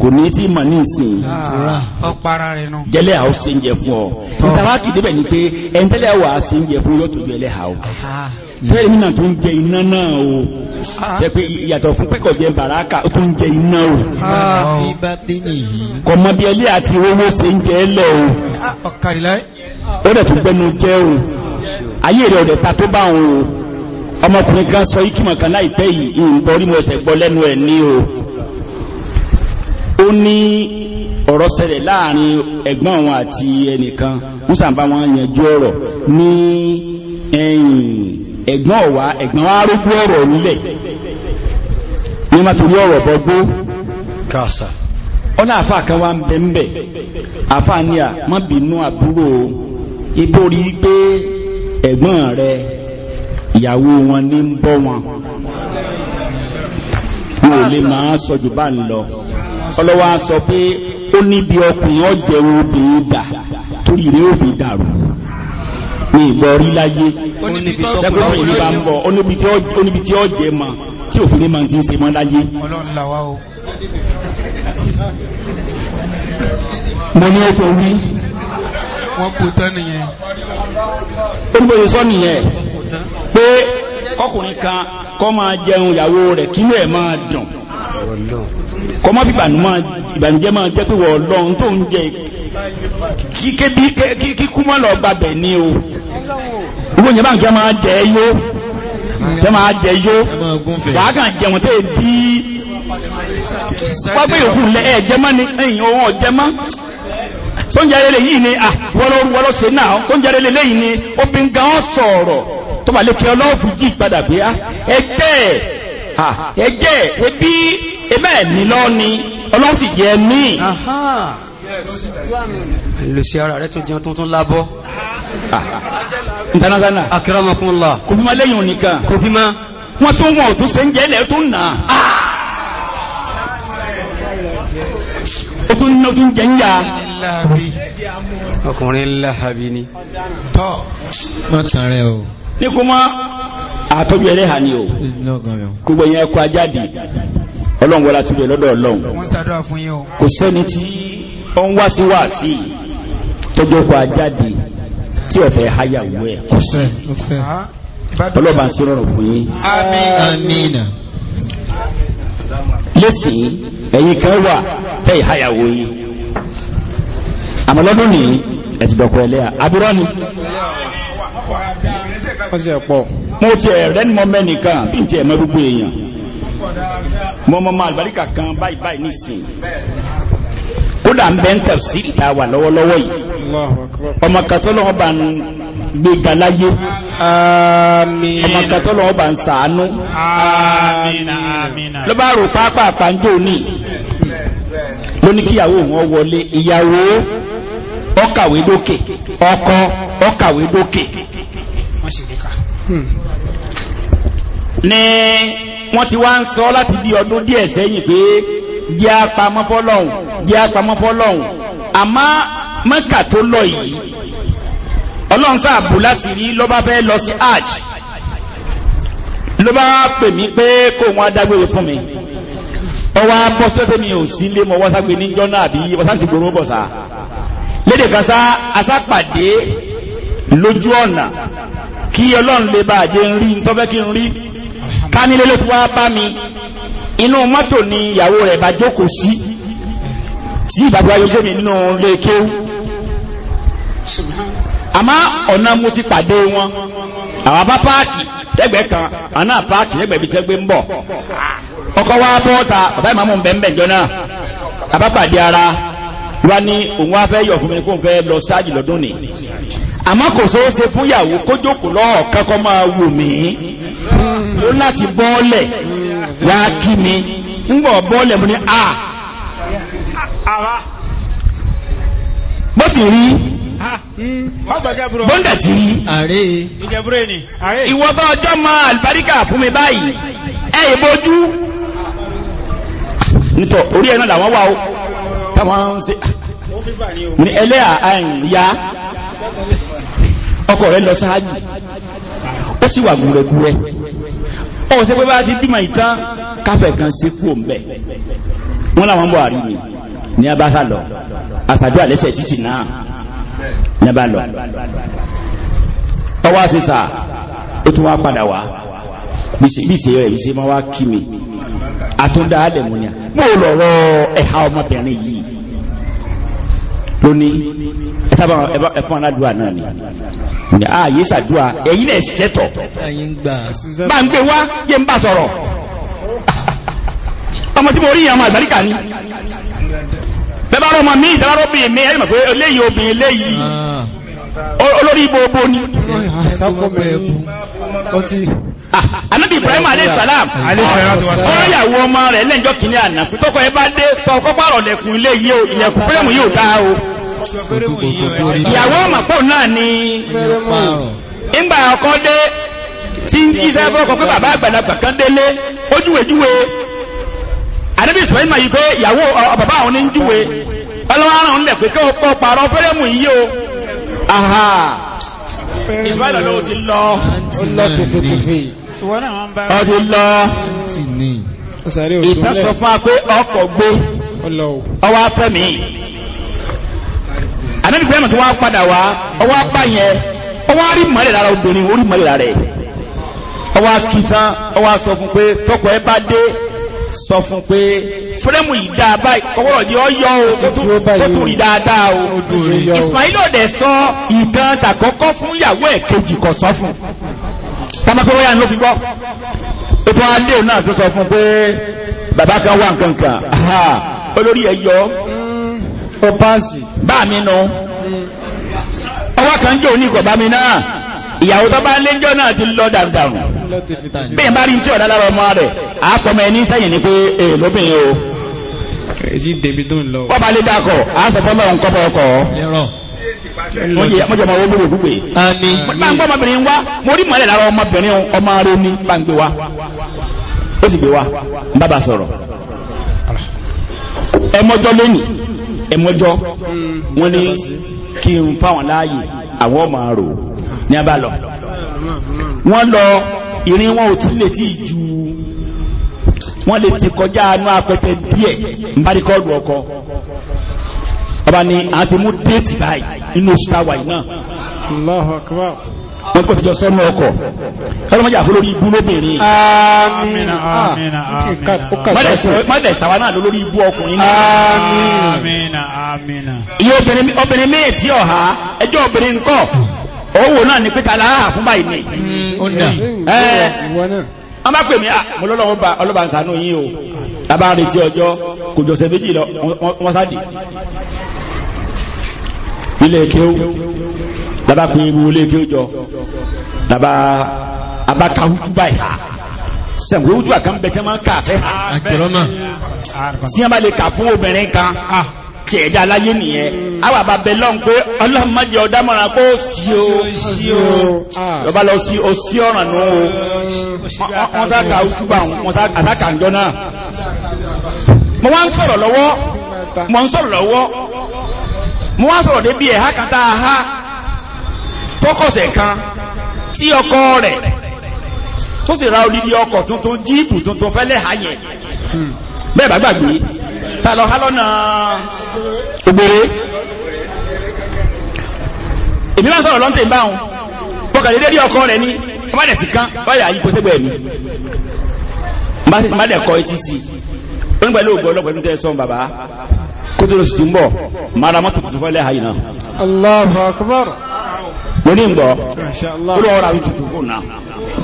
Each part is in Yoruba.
kò ní tí mà ní ìsìn jẹ́lẹ̀ àwọn ṣe ń jẹ fún ọ ìtawákì débẹ̀ ni pé ẹ̀ntẹ́lẹ̀ wà ṣe ń jẹ fún yóò tó jọ ẹlẹ́ tẹ́lẹ̀ mìíràn tó ń jẹ iná náà o jẹ́ pé ìyàtọ̀ fún pẹ́kọ̀ jẹ bàrákà ó tó ń jẹ iná o kọ̀ mọ́ bí ẹlẹ́ àti owó ṣe ń jẹ ẹlẹ́ o ó dẹ̀ tún gbẹnu jẹ́ o ayé rẹ̀ ọ̀dẹ̀ ta tó bá òun o ọmọkùnrin kan sọ ikimọ̀ kan láìpẹ́ yìí ìgbọ́rí mo ṣẹ̀ gbọ́ lẹ́nu ẹ̀ ní o ó ní ọ̀rọ̀ ṣẹlẹ̀ láàrin ẹ̀gbọ́n wọn àti ẹnìkan wọ́n sàǹbá wọn yanjú ọ̀rọ̀ ní ẹ̀yìn ẹ̀gbọ́n ọ̀wá ẹ̀gbọ́n wa rójú ọ̀rọ̀ nílẹ̀ ní má torí ọ̀rọ̀ bọ́gbó kàṣà ọ̀nà àfa kan wa ń ń ni à má bínú àbúrò pé rẹ ìyàwó wọn ní ń bọ́ wọn wọn ò lè máa sọ jù bá ń lọ ọlọ́wọ́ sọ pé ó níbi ọkùnrin ọ̀jẹ̀ obìnrin dà torí rẹ̀ ó fi dàrú ní ìgbọ́ orí láyé dẹ́gbẹ́sẹ̀ ìlú bá ń bọ̀ ó níbi tí ọ̀jẹ̀ mọ̀ tí òfin ní ma ti ń ṣe mọ́ láyé mo ní ètò wí wọ́n kò tán nìyẹn ó gbèrè sọ nìyẹn pé ọkùnrin kan kọ́ máa jẹun ìyàwó rẹ̀ kí ló ẹ̀ máa dùn kọ́mọ́ bí ìbànújẹ́ máa jẹ́ pé wọ́n ọlọ́run tó ń jẹ kíkú mọ́ lọ gbàbẹ̀ ni o owó yẹn bá ń jẹ́ máa jẹ yó jẹ́ máa jẹ yó wàákàn jẹun tẹ́ di pápá ìhù lẹ ẹ jẹ mọ́ ni ẹ̀yìn ohun ọ̀jẹ́ mọ́ tó ń jẹ́ lé yìí ni wọ́lọ́sẹ̀ náà tó ń jẹ́ lé yìí ni obìnrin gan sọ̀rọ̀ tó bá lè kí ọlọ́ọ̀fù jì padà bí i ẹgbẹ́ ẹjẹ́ ẹbí ẹbẹ́ ní lọ ni ọlọ́sì jẹ́ ní lùsí ara rẹ̀ tó jẹun tuntun lábọ́ ìtànàtànà akíramakunlá kò bí ma lẹ́yìn oníkan kò bí ma wọ́n tún wọ́n tún se ń jẹ́ ilẹ̀ tó nà ó tún náà tún jẹ́ ń yà ọkùnrin láhàbí ni tọ́ mọ́tàn o ní kò mọ́ àtọ́jú ẹlẹ́hà ni o gbogbo yẹn kó ajáde ọlọ́run wọlá ti bẹ̀ lọ́dọ̀ ọlọ́run kò sẹ́ni tí ó ń wá sí wá sí tọ́jú kó ajáde tí ọ̀fẹ́ háyàwó ẹ̀ kò sẹ́ ah, ọlọ́ba ń sọ̀rọ̀ fún yín. àmín. lẹ́sìn ẹ̀yin kan wà fẹ́ ìháyàwó yín àmọ́ lọ́dún nìyí ẹ̀ ti dọ̀kọ̀ ẹlẹ́hà abúrọ́ ni wọ́n sì pọ̀ mo ti ẹ̀rẹ́ ni mo mẹ́ nìkan bí n ti ẹ̀ mọ gbogbo èèyàn mo mọ mọ àlùbáríkà kan báyìí báyìí nísìnyí kódà ń bẹ́ ń tẹ̀sí ìta wà lọ́wọ́lọ́wọ́ yìí ọmọ katọ́lọ́wọ́ bá ń gbé galáyé àmín ọmọ katọ́lọ́wọ́ bá ń sàánú àmín ló bá rò pápá àpánjò ní ló ní kíyàwó wọn wọlé ìyàwó ọkàwé lókè ọkọ ọkàwé dókè ní hmm. wọ́n ti wá ń sọ láti bí ọdún díẹ̀ sẹ́yìn pé jẹ́ apamọ́ fọ́lọ́hun jẹ́ apamọ́ fọ́lọ́hun àmọ́ mẹ́kà tó lọ yìí ọlọ́run sáàbù lásìrí ló bá lọ sí arch ló pè mí pé kó wọn adágbére fún mi ọwọ́ apọ́sítọ́tẹ́ mi ò sí lé mọ́ wọ́ságbé ní jọ́nà àbí wọ́sántì gbòòrò bọ̀sà lédè kan sá asápàdé lójú ọ̀nà kí ọlọ́run lè bá àjẹ́ ń rí tọ́fẹ́ kí n rí ká ló ti wá bá mi inú mọ́tò ni ìyàwó rẹ̀ bá jókòó sí tí ìbàbá yọjọ́ mi nínú ilé kéwú àmọ́ ọ̀nà mo ti pàdé wọn àwọn bá páàkì tẹ́gbẹ́ kan àná páàkì tẹ́gbẹ́ bí tẹ́gbẹ́ ń bọ̀ ọkọ̀ wá bọ́ọ̀ta bàbá ìmàmù bẹ̀m̀bẹ̀ jọ náà àbápàdé ara wá ní òun wá fẹ́ yọ̀ fún mi kó fẹ́ lọ sáàjì lọ́dún ni àmọ́ kò ṣeé ṣe fún ìyàwó kó jókòó lọ́ọ̀ kẹ́kọ́ máa wò mí ó láti bọ́ọ̀lẹ̀ wá kí mi ń gbọ̀ bọ́ọ̀lẹ̀ mo ní à bó ti rí bọ́ndà ti rí ìwọ́bá ọjọ́ máa àlùbáríkà fún mi báyìí ẹ ìbojú nítọ̀ ẹ̀ náà làwọn wà ó táwọn ń ṣe ní ẹlẹ́à àìyá ọkọ rẹ̀ lọ sáájì ó sì wà gúrẹ́gúrẹ́ ó ṣe pé bá ti bímọ ìtàn káfẹ̀ kan sí kú òun bẹ̀ wọ́n làwọn bọ̀ àrí ni ní a bá sá lọ àṣàdúrà lẹ́sẹ̀ títì náà ní a bá lọ ọwọ́ àṣìṣà ó tún wá padà wá bí ṣe rẹ̀ bí máa wá kí mi àtúndà alẹ̀ mú ni à mo lọ̀rọ̀ ẹ̀ha ọmọbìnrin yìí ló ní ẹ̀sábà ẹ̀fún aládùá náà ni ààyè sàdúà èyí lẹ̀ ṣẹ́tọ̀ bá ń gbé wá yé ń bá sọ̀rọ̀ ọmọ tí mo rí àwọn àgbàríkà ni bẹ́bá rọmọ mi ìdára rọ́bìn mi ẹ̀rìmọ̀ pé eléyìí obìnrin eléyìí ah. olórí ibo obo ni anábì ibrahim aleyhisalaam ọ̀rọ̀ ìyàwó ọmọ rẹ̀ lẹ́njọ́ kìíní àná pípọ́kọ̀ ẹ bá dé sọ fọ́pàrọ̀ lẹ́kùn ilé yìí o ìyẹ̀kùn fẹ́rẹ̀mù yóò dáa o ìyàwó ọmọpọ̀ náà ni ńgbà ọkọ dé tí ń jíṣẹ́ fọ́kọ̀ pé bàbá àgbàlagbà kan délé ó júwèjúwe anábì ibrahim yìí pé ìyàwó bàbá àwọn ní ń júwe ọlọ́wọ́ àrùn lẹ̀ pé kí ó pọ̀ fẹ́rẹ̀mù yìí o aha ìsìláìlọ́lọ́wọ́ ti lọ ọdúnlọ ìfẹ́sọ̀fà pé ọkọ̀ gbé ọwọ́ afẹ́mi àdébí pé ẹ̀mọ̀ tó wá padà wá ọwọ́ apá yẹn ọwọ́ arí mọ́lẹ̀ lára obìnrin orí mọ́lẹ̀ lára ẹ̀ ọwọ́ akitán ọwọ́ sọ fún pé tọkọ ẹ bá dé sọ fún pé fúrẹ́mù yìí dáa báyìí kọ́kọ́rọ̀ jẹ́ ọyọ́ o tó tún rí dáadáa o Ismail ọ̀dẹ̀ sọ ìkan tàkọ́kọ́ fún ìyàwó ẹ̀ kejì kọ̀ sọ fún un tọ́mọ́ pé wáyà ló fi gbọ́ ó tún alé òun náà tó sọ fún pé bàbá kan wà nǹkan kan olórí ẹ̀ yọ ó páàsì bá mi nù ọwọ́ kan jò ní ìkọ̀ bá mi náà ìyàwó tó bá lé jọ náà ti lọ dandan bẹ́ẹ̀ bá rí tí ọ̀dá lára ọmọ rẹ̀ àápọ̀mọ ẹni sẹ́yìn ni pé èè lóbìnrin o wọ́n bá lé dákọ̀ àá sọ fọ́lọ́run kọ́pọ̀ ọkọ̀ mọ́jẹ̀ máa wọ́n gbogbo gbé gbàǹgbọ́ ọmọbìnrin wá mo rí lára ọmọbìnrin ọmọ aró ní wa ó sì gbé wa ń sọ̀rọ̀ lónìí kí n fáwọn láàyè àwọn lọ lọ wọn ò tí lè tí ju lè ti kọjá ọba ni a ti mú déètì báyìí inú ṣáwà iná Akbar wọ́n kò ti jọ sọ́nà ọkọ̀ ẹ̀rọ mọ́jà fún lórí ibú lóbìnrin àmín àmín àmín mọ́dẹ̀ sàwà náà ló lórí ibú ọkùnrin àmín àmín iye obìnrin mẹ́ẹ̀ tí ọ̀há ẹjọ́ obìnrin ńkọ́ owó náà ní pété aláhà fún báyìí ní wọ́n bá pè mí à ah, mo lọ́lọ́wọ́ bá ọlọ́bà ń sànú yín o lábá retí ọjọ́ kò jọ̀sẹ̀ méjì lọ wọ́n sáà dì ilé kéwú lábá pé ewu ilé kéwú jọ lábá abáka hútúbà ìhà sẹ̀mùgbé hútúbà kan bẹ̀ tẹ́ máa ń kà fẹ́ ha tí wọ́n bá lè kà fún obìnrin kan ah, tí ẹ̀dá aláyé nìyẹn àwọn àbá bẹ̀ lọ́n pé ọlọ́run ọ̀dá mọ́ra pé sí o sí o lọ́ba lọ sí o sí ọ̀ràn nù o wọ́n sá ka hútúbà wọ́n sá àtàkà ńjọ náà mo wá ń sọ̀rọ̀ lọ́wọ́ mo ń sọ̀rọ̀ lọ́wọ́ mo wá sọ̀rọ̀ débi ẹ̀há kan tá a há tọkọ̀sẹ̀ kan tí ọkọ rẹ̀ tó sì ra odidi ọkọ̀ tuntun jíìpù tuntun fẹ́lẹ́ ha yẹn bẹ́ẹ̀ bá gbàgbé ta lọ há lọ́nà ògbèrè èmi máa sọ̀rọ̀ lọ́ntẹ̀ báwọn bọ́kàlẹ̀ dédé ọkọ rẹ̀ ní ọmọdé sí kan báyà ayípo tẹ́gbẹ̀ẹ́ mi má dẹ̀ kọ́ etí sí i ó ní pẹ̀lú ògbọ́ ọlọ́pàá tó tẹ́ sọ́n bàbá kótó lọ sí ti ń bọ̀ mara mọ́tò tuntun fọ́lẹ́ ha yìí náà. Allahu akbar. mo ní ngbọ́ ó lọ ra tuntun fún náà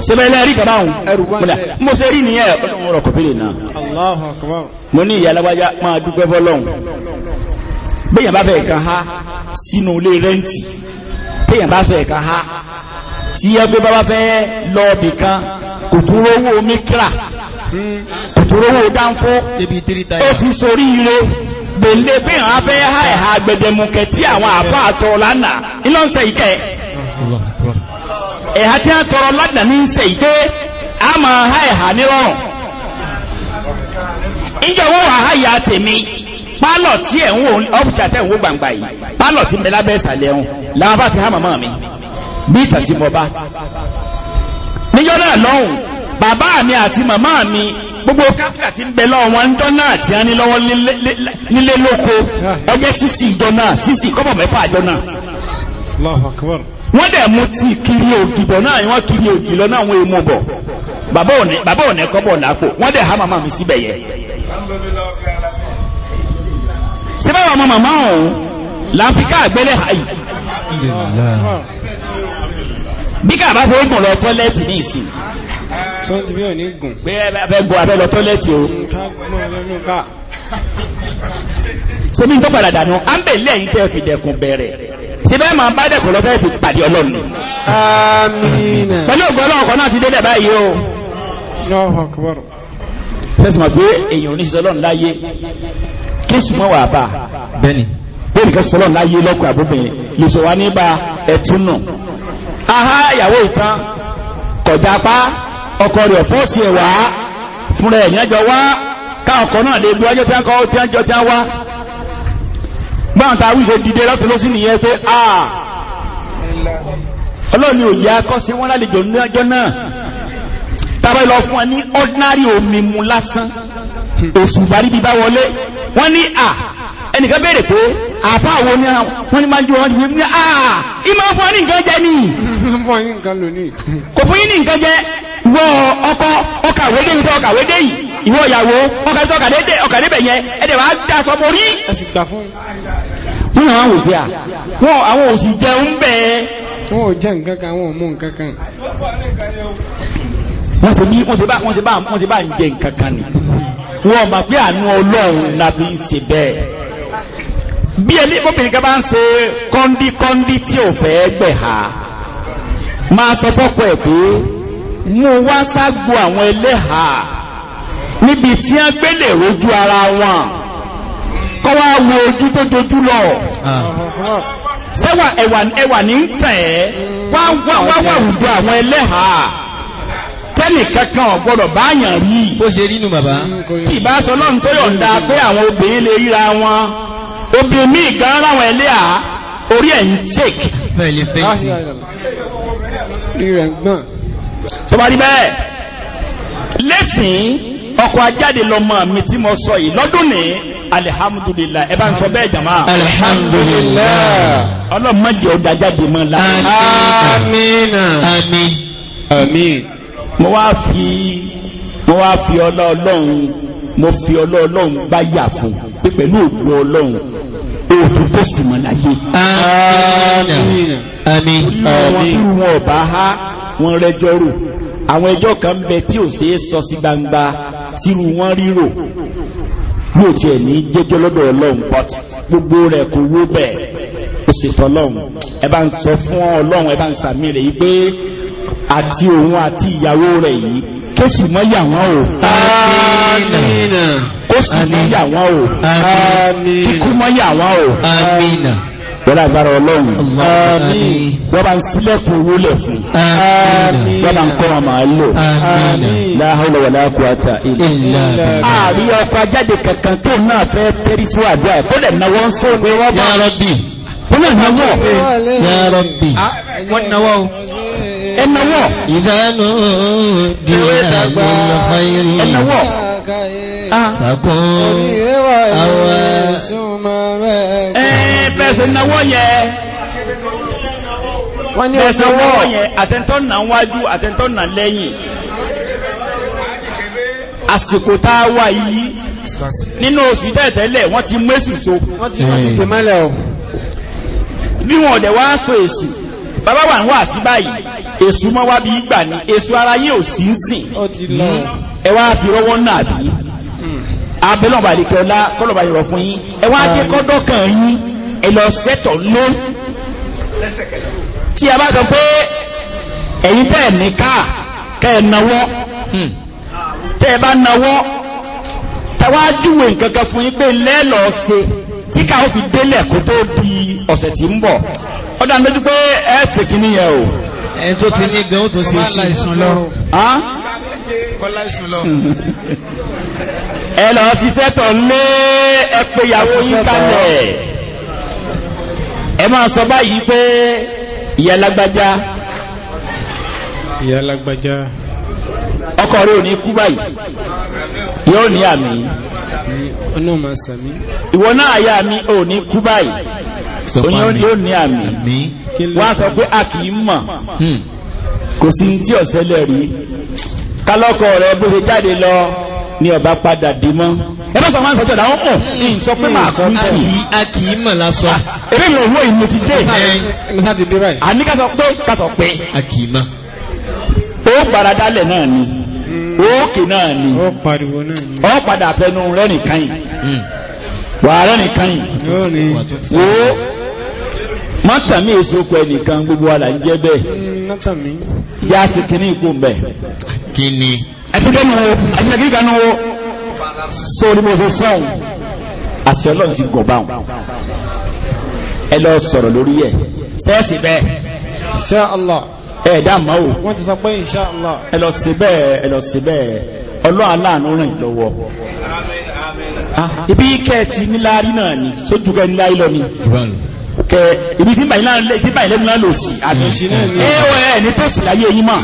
sẹ́bẹ̀ ilé rí kaba ọ̀hún mo ṣe rí nìyẹn ọdún ọ̀rọ̀ kọ̀pẹ́lẹ̀ náà. Allahu akbar. mo ní ìyá alágbájá máa dúpẹ́ fọlọ́hún bẹ́yàn bá fẹ́ ẹ̀kan ha sínú ilé rẹ́ǹtì bẹ́yàn bá fẹ́ ẹ̀kan ha tí ẹgbẹ́ bá bá fẹ́ lọ́ọ̀bì kan kò tún rówó mikra hmm. kò tún ó ti sorí ire gbèlé pé àwọn ha ẹ̀ha gbẹ̀dẹ̀mùkẹ̀ tí àwọn àbá àtọrọ lánàá iná ń sẹ ìkẹ́ ẹ̀ha tí a tọrọ lánàá ní ń sẹ ìkẹ́ a máa ha ẹ̀ha nírọ̀rùn ìjọ wọ́n wà háyà tèmi pálọ̀ tí ẹ̀ ń wò ọ́fíṣà tẹ̀ ń wò gbangba yìí pálọ̀ tí ń bẹ lábẹ́ ẹ̀hún làwọn bá ti há màmá mi bí ìtàtí mọ̀ bá níjọ́ náà lọ́hùn bàbá mi àti gbogbo kápítà ti ń bẹ lọ́wọ́ wọn ń jọ náà tí a ní lọ́wọ́ nílé lóko ọjẹ́ sísì ìjọ náà sísì kọ́bọ̀ mẹ́fà àjọ náà wọ́n dẹ̀ mú ti kiri ògìbọ̀ náà wọ́n kiri ògìlọ náà wọ́n èmú bọ̀ bàbá òní kọ́bọ̀ lápò wọ́n dẹ̀ há màmá mi síbẹ̀ yẹ síbẹ̀ wà mọ́ màmá ọ̀hún láfíkà àgbélẹ̀ àyè bí kàbá fẹ́ gùn lọ tọ́lẹ́tì ní ìsìn tó ti bí ò ní gùn. pé abẹ́gun abẹ́lọ tó lẹ́tì o. sẹ́mi tó padà dànù à ń bẹ̀ lẹ́yìn tẹ́ fi dẹkùn bẹ̀rẹ̀ síbẹ̀ máa bá dẹkùn lọ́fẹ́ fi pàdé ọlọ́run. pẹ̀lú ògbọ́n ọkọ̀ náà ti dé dẹ̀ báyìí o. sẹ́sì máa fi èèyàn oníṣẹ́ ọlọ́run láyé kí sùnmọ́ wà bá. bẹ́ẹ̀ni. bẹ́ẹ̀ni kẹ́ sọ́lọ́ láyé lọ́kọ̀ àbúbẹ̀yẹn lè sọ wá níbà ẹ̀tún aha ìyàwó ìtàn kọjá pa ọkọ rẹ̀ fọ́ọ̀sì ẹ̀ wá fúnra ẹ̀ yẹn jọ wá ká ọkọ náà lè bu ajọ́ tí wọ́n kọ́ tí wọ́n jọ tí wọ́n wá báwọn ta wíṣe dìde lọ́tún lọ́sí nìyẹn pé a ọlọ́ni òye akọ́sí wọn lálejò ní ọjọ́ náà tàbá lọ fún ẹ ní ordinary omi mu lásán òṣùfà níbi bá wọlé wọ́n ní a ẹnìkan béèrè pé àfá àwo ní wọ́n ní máa ń jú wọ́n jú ní àà ah, ìmọ̀ fún ní nǹkan jẹ́ ní kò fún yí ní nǹkan jẹ́ wọ́ ọkọ ọkàwédé yìí ọkàwédé yìí ìwọ ìyàwó ọkàdébẹ̀ yẹn ẹ̀dẹ̀ wàá dá sọ mọ́ rí ah, wọ́n àwọn òbí à wọ́n àwọn òsì jẹun bẹ́ẹ̀ wọ́n ò jẹ́ nǹkan kan wọ́n ò mú pé àánú ọlọ́run la ṣe bẹ́ẹ̀ bí ẹni fóbìnrin kan bá ń ṣe kọ́ndíkọ́ndí tí ò fẹ́ gbẹ̀ ha máa sọ fọ́kọ ẹ̀ pé mú wá ságbo àwọn ẹlẹ́hà níbi tí wọ́n gbé lè rojú ara wọn kọ́ wá wo ojú tó dojú lọ sẹ́wà ẹ̀wà ní tẹ̀ ẹ́ wá wà wùdú àwọn ẹlẹ́hà tẹ́nì kankan ọ̀gbọ́dọ̀ báyàn rí bó ṣe rí nù bàbá kì bá sọ tó yọ̀ǹda pé àwọn obìnrin lè ríra wọn obìnrin míì gan ráwọn ẹlẹ́ à orí ẹ̀ ń tèk tó bá rí bẹ́ẹ̀ lẹ́sìn ọkọ̀ ajáde lọ́mọ mi tí mo sọ yìí lọ́dún ní alihamdulilayi ẹ bá ń sọ bẹ́ẹ̀ jama. alihamdulilayi ọlọ́mọdé ọ̀dà jáde mọ́ la. amiina. àmín. àmín. mo wá fi mo wá fi ọlọ́ mo fi ọlọ́ ọlọ́run yà fún pẹ̀lú òògùn ọlọ́run òtún tó sì mọ̀ láyé àwọn ẹjọ́ kan bẹ tí ò sí sọ sí gbangba tírú wọn ríro yóò ti ẹ̀ ní jẹ́jọ́ lọ́dọ̀ ọlọ́run but gbogbo rẹ̀ kò wó bẹ́ẹ̀ ó sì fọlọ́run ẹ bá ń sọ fún ọlọ́run ẹ bá ń sàmì rẹ̀ yìí pé àti òun àti ìyàwó rẹ̀ yìí késù mọ́ yà wọ́n o ó sì ní yàwá o kíkú mọ́ yàwá o wọ́n agbára ọlọ́run wọ́n bá ń sílẹ̀kùn owó lẹ̀ fún wọ́n bá ń kọ́ wọn máa lò láhùn wọ̀lá kúwàtà ilẹ̀ ààrí ọkọ̀ ajáde kankan tó náà fẹ́ tẹ́rí sí wàdí àì lẹ̀ náwó ń sọ pé wọ́n fàkún àwọn ẹ̀ẹ́fẹ́sẹ̀ náwọ́ yẹ ẹ̀ẹ́sẹ̀ náwọ́ yẹ àtẹ́ntọ́ nà wájú àtẹ́ntọ́ nà lẹ́yìn àsìkò tá a wà yìí nínú oṣù tẹ́ẹ̀tẹ́lẹ̀ wọ́n ti mú èsù so bí wọn ọ̀dẹ̀ wá so èsì bàbá wà ń wà sí báyìí èsù mọ́ wá bí gbà ní èsù ara yìí sí ń sìn ẹ fi rọwọ́ náà bí abẹ́lọ́ba àdìkẹ́ ọlá kọ́lọ́ba yọ̀rọ̀ fún yín ẹ wá dé kọ́dọ̀ kan yín ẹ lọ sẹ́tọ̀ ló tí a bá sọ pé ẹ̀yin tẹ́ ẹ̀ ní káà kẹ́ ẹ̀ náwó hmm. tẹ́ ẹ bá náwó tẹ́wá júwe nǹkan kan fún yín pé lẹ́lọ́ọ̀ tí ká ó fi délẹ̀ kó tó di ọ̀sẹ̀ tí ń bọ̀ ọ̀dà lójú pé ẹ̀ ṣèkínní yẹn o. ẹni tó ti ní gan ó tó ṣe sí i kọ́lá ìsùn lọ. ẹ lọ ṣiṣẹ́ tọ̀ lé ẹpẹyàwó yín kalẹ̀ ẹ máa sọ báyìí pé ìyá lágbájá ìyá lágbájá ọkọ rẹ̀ ò ní kú báyìí yóò ní àmì ìwọ náà yá mi ò ní kú báyìí yóò ní àmì wọ́n sọ pé a kì mọ̀ hmm. kò sí tí ọ̀sẹ́lẹ̀ rí kálọ́kọ̀ rẹ̀ bó ṣe jáde lọ ní ọba padà dé mọ́ ẹbá sọ wọn sọjọ́ dáwọn pọ̀ ní sọ pé máa kọ́ ń sọ a kì í mọ̀ lásán ah, eré mi ò wọ́ ìmú ti dé àní ká sọ pé ká sọ pé a kì í mọ̀ ó faradálẹ̀ náà ni òkè náà ni ó padà fẹnu rẹ̀ yìí hmm. wà rẹ̀ yìí ó mọ́tàmí èso kọ ẹnìkan gbogbo wa là ń jẹ́ bẹ́ẹ̀ mm, yá sí kìíní ikú ń bẹ̀. kìíní. ẹsẹ̀ kẹ́nu wo ẹsẹ̀ kìíní kanú wo sórí mo fi sọ́hùn àṣẹ ọlọ́run ti gọ̀ báwọn ẹ lọ sọ̀rọ̀ lórí ẹ̀ sẹ́ẹ̀sì bẹ́ẹ̀. insha Allah. ẹ dá mọ́ o. wọ́n ti sọ pé insha Allah. ẹ lọ sí bẹ́ẹ̀ ẹ lọ sí bẹ́ẹ̀ ọlọ́run aláàánú ràn yín lọ́wọ́. Ah, ibi kẹ́ẹ̀tì níláàrí náà ni sójú kẹ́ẹ̀ níláàrí lọ ni kẹ ibi tí bàyí lẹ́nu náà lò sí àmì ẹ̀ẹ́wẹ̀ ẹni tó sì láyé yín mọ̀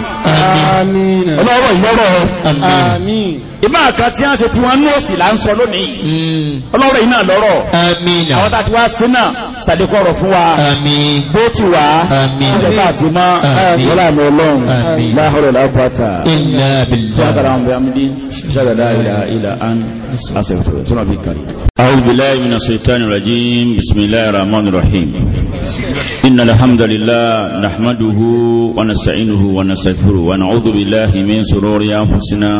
ọlọ́rọ̀ ìlọ́rọ̀ ìbá àkà tí a ṣe tí wọ́n ní òsì là ń sọ lónìí ọlọ́rọ̀ iná lọ́rọ̀ àwọn tàbí wá sí náà sàdékọ̀ ọ̀rọ̀ fún wa bó ti wà ọlọ́pàá sí mọ́ ọlọ́run ọlọ́run láhọ́rọ̀ lápáta sọ́kàrà بالله من الشيطان الرجيم بسم الله الرحمن الرحيم إن الحمد لله نحمده ونستعينه ونستغفره ونعوذ بالله من شرور أنفسنا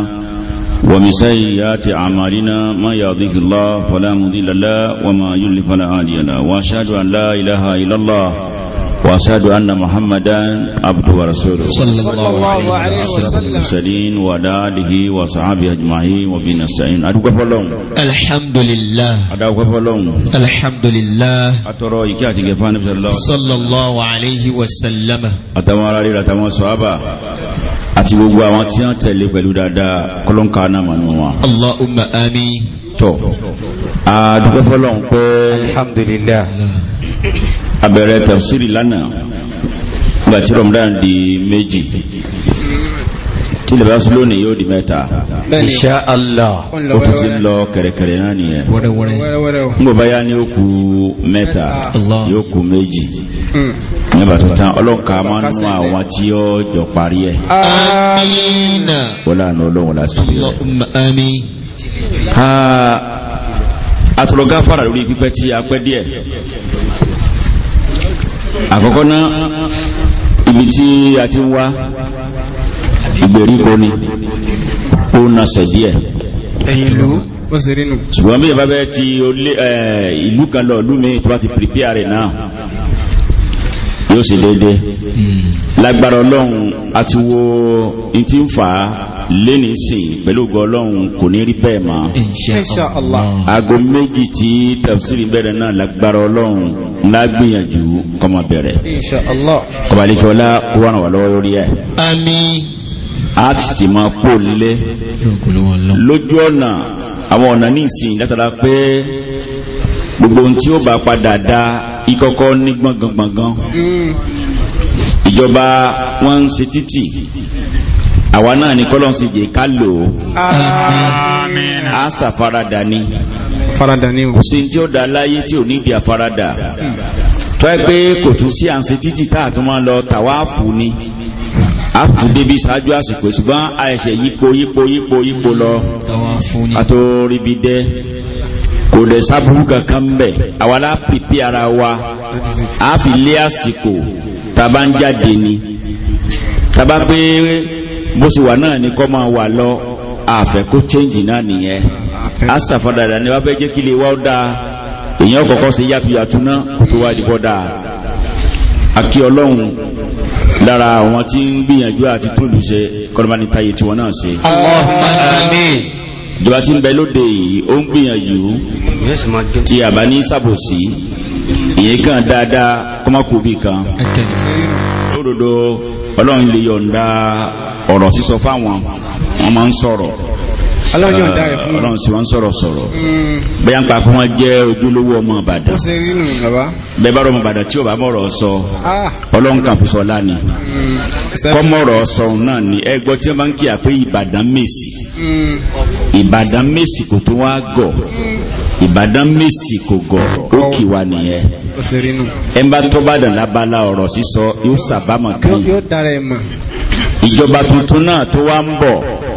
ومن سيئات أعمالنا ما يهده الله فلا مضل له وما يضلل فلا هادي له وأشهد أن لا إله إلا الله وأشهد أن محمدا عبده ورسوله صلى الله عليه وسلم سلين وداله وصحابه أجمعين وبين السعين أدوك فلون الحمد لله أدوك فلون الحمد لله أترى إكاتي كفان صلى الله صلى الله عليه وسلم أتمارى لي أتمارى صحابة أتي بقوا تلي فلودا دا كلون كانا منوا اللهم آمين tọ̀ àdúgbò fọ́lọ́n pé alhamdulillah abẹ̀rẹ̀ tafsiri lánàá gbàtí Ramadan di méjì tí lè bá sún lónìí yóò di mẹ́ta insha Allah ó tún ti lọ kẹ̀rẹ̀kẹ̀rẹ̀ náà nìyẹn ń bọ̀ báyá ní òkú mẹ́ta yóò kú méjì hmm. nígbà tó tán ọlọ́nkà máa nú àwọn tí ó jọ parí ẹ̀ àmín wọ́n lànà ọlọ́run láti tóbi àtọ̀rọ̀ gáfàrà lórí pípẹ́ tí a pẹ́ díẹ̀ àkọ́kọ́ náà ibi tí a ti ń wá ìgbèríko ni ó na sẹ̀ díẹ̀ ṣùgbọ́n bí ìbábẹ́ ti ìlú kan lọ ìlú mi tó bá ti pìrìpíà rẹ̀ náà yóò sì dédé lágbára ọlọ́run àti wo in ti ń fà á lé ní sìn pẹ̀lú ògo ọlọ́run kò ní rí bẹ́ẹ̀ mọ́ insha Allah aago méjì tí tafsiri bẹ̀rẹ̀ náà lágbára ọlọ́run lágbìyànjú kọ́mọ bẹ̀rẹ̀ insha kó wà náà wà lọ́wọ́ lórí ẹ̀. àmín a sì máa kó lé lójú ọ̀nà àwọn ọ̀nà ní ìsìn látara pé gbogbo ohun tí ó bá padà da ikọ́kọ́ ní gbọ̀ngàngbọ̀ngàn ìjọba wọn ń ṣe títì àwa náà ní kọ́lọ́n sì jẹ́ ká lò ó a ṣàfaradà ni faradà ni o sí tí ó da láyé tí ò nídìí àfaradà tó ẹ pé kò tún sí à ń ṣe títì tá a tún máa lọ tàwáàfù ni a tù débi ṣáájú àsìkò ṣùgbọ́n àìsẹ̀ yípo yípo yípo yípo lọ àtòríbi dẹ́ kò dẹ̀ sábúrú kankan bẹ̀ àwàlá pípí ara wa a fi lé àsìkò tàbá ń jáde ni tàbá pé bó ṣe wà náà ni kọ́ máa wà lọ àfẹ́ kó chẹ́ǹjì náà nìyẹn a sàfọ́dàdà ni wọ́n fẹ́ jẹ́ kí lè wá ó dáa èèyàn kọ̀ọ̀kan sí yàtúyàtú náà kò tó wá dìbọ́ dáa àkí ọlọ́run lára àwọn tí ń gbìyànjú àti tóòlù ṣe kọ́lọ́mánítayé tí wọ́n náà ṣe. Allahumma àmín ìjọba tí ń bẹ lóde yìí ó ń gbìyànjú tí a bá ní sàbòsí ìyẹn kan dáadáa kọ́mákùbì kan lódodo ọlọ́run lè yọ̀ǹda ọ̀rọ̀ sísọ fáwọn wọn máa ń sọ̀rọ̀ Ọlọ́run yóò ah, dáre fún Ọlọ́run sì wọ́n sọ̀rọ̀ sọ̀rọ̀ mm. bẹ́yà ń pa fún wọn jẹ́ ojúlówó ọmọ Ìbàdàn bẹ́ẹ̀ bá rọ ọmọ Ìbàdàn tí ò bá mọ̀rọ̀ sọ ah. Ọlọ́run kàn fún sọ lánàá mm. kọ́ mọ̀rọ̀ sọ náà ni ẹ gbọ́ tí wọ́n bá ń kíyà pé Ìbàdàn mèsì mm. Ìbàdàn mèsì kò tó wá gọ̀ Ìbàdàn mèsì kò gọ̀ ó kì wá nìyẹn ẹ bá tó bá dàn lábala ọ̀rọ̀ sísọ ìjọba tuntun náà tó wá ń bọ̀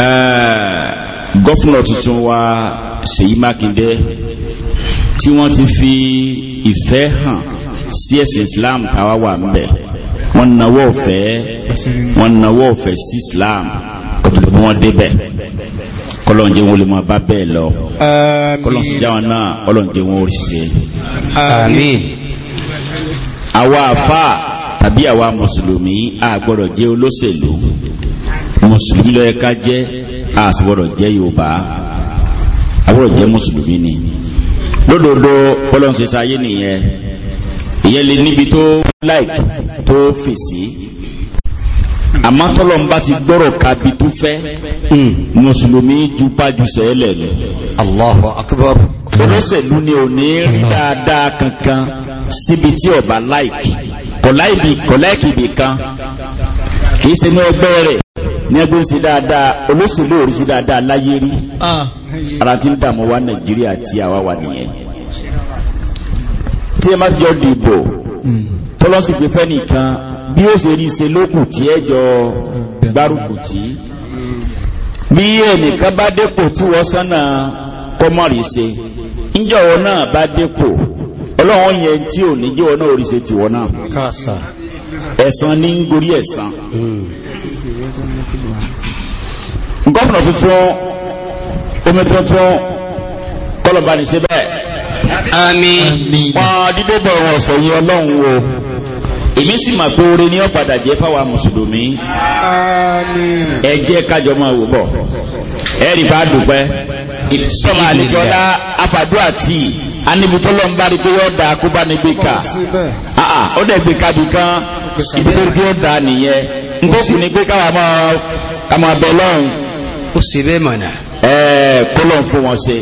Eh, gọ́fúnà tuntun wa Ṣèyí Mákindé tí wọ́n ti fi ìfẹ́ hàn sí ẹ̀sìn Islam káwá wà ń bẹ̀ wọ́n nawọ́ ọ̀fẹ́ wọ́n nawọ́ ọ̀fẹ́ sí Islam kòtòkòtò wọn débẹ̀ kọlọ́njẹ́ wọn lè máa bá bẹ́ẹ̀ lọ kọlọ́njẹ́ wọn náà kọlọ́njẹ́ wọn orí ṣe. àmín. àwa àfa tàbí àwa mùsùlùmí a gbọ́dọ̀ jẹ́ olóṣèlú mùsùlùmí lọ́yẹ ká jẹ́ àsìgbọ́dọ̀ jẹ́ yorùbá àbúrò jẹ́ mùsùlùmí ni lódodo bọ́lọ́nsẹsẹ ayé nìyẹn ìyẹn lè níbi tó like tó fèsì àmọ́ tọ́lọ́n bá ti gbọ́rọ̀ kábi tó fẹ́ hmm. mùsùlùmí ju pájú sẹ́lẹ̀ lọ. Allahu akbar. olóṣèlú ni ò ní rí dáadáa kankan síbi tí ọba like kọ̀láìkì ibì kan kì í ṣe ní ẹgbẹ́ rẹ̀ ní ẹgbẹ́ ń ṣe dáadáa olóṣèlú ò rí sí dáadáa láyé rí ah. ara tí ń dààmú wa nàìjíríà tí àwa wà nìyẹn tí ẹ má fi jọ dìbò tọ́lọ́sì pé fẹ́ nìkan bí ó ṣe rí ṣe lókùn tí ẹ jọ gbárùkù tí bí ẹnìkan bá dépò tí wọ́n sánà kọ́mọ̀rì ṣe níjọ́wọ́ náà bá dépò ọlọ́run yẹn tí ò níjọ́wọ́ náà orí ṣe náà ẹ̀san ní ń gorí ẹ̀san hmm gómìnà tuntun omi tuntun kọlọba ní síbẹ̀ àmín wọn dídé bọ̀ wọn ọ̀sẹ̀ yìí ọlọ́run wo èmi sì mà pé ní ọ̀padà jẹ́ fáwa mùsùlùmí àmín ẹ jẹ́ kájọ máa wò bọ̀ ẹ rí bá dùpẹ́ sọmọ àlejòlá afàdúrà tí anibutọ́lọ́ ń bá rí pé yọ̀ọ́ da kó bá ní gbé ká ah, ah, ó dẹ̀ gbé ká bí kan ibi tó rí pé yọ̀ọ́ da nìyẹn nkókù ni pé káwa máa bẹ̀ lọ́rùn ó sì bẹ́ẹ̀ mọ̀nà. ẹ̀ẹ́ kó lọ́n fún wọn ṣe.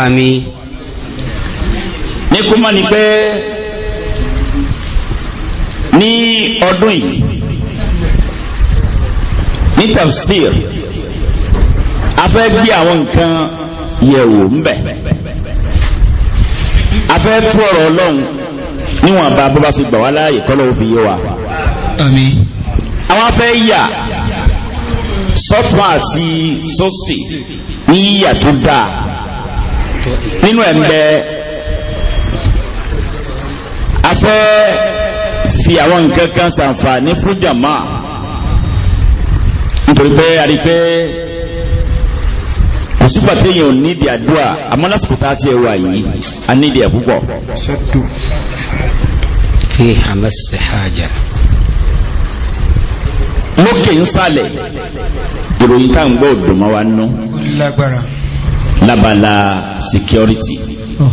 àmín. ní kó má pé ní ọdún yìí ní tafsir a fẹ́ gbé àwọn nǹkan yẹ̀wò ńbẹ̀ a fẹ́ tú ọ̀rọ̀ ọlọ́run níwọ̀n bá bó bá ṣe gbà wá láàyè kọ́lọ́ òfin yé wa. àmín. àwọn afẹ́ yà sọ́tún àti sósì ní yíyà tó dáa nínú ẹ̀ ń bẹ afẹ́ fi àwọn nǹkan kan ṣàǹfààní fún jàmá nítorí pé a rí pé kò sí pàtẹ́ yẹn ò nídìí àdúrà àmọ́ lásìkò tá a ti wà yìí a nídìí ẹ̀ púpọ̀. fi hàmẹ́sì hájà lókè ń sálẹ̀ ìròyìn tá à ń gbọ́ òdòmọ́ wa nú lábala security oh.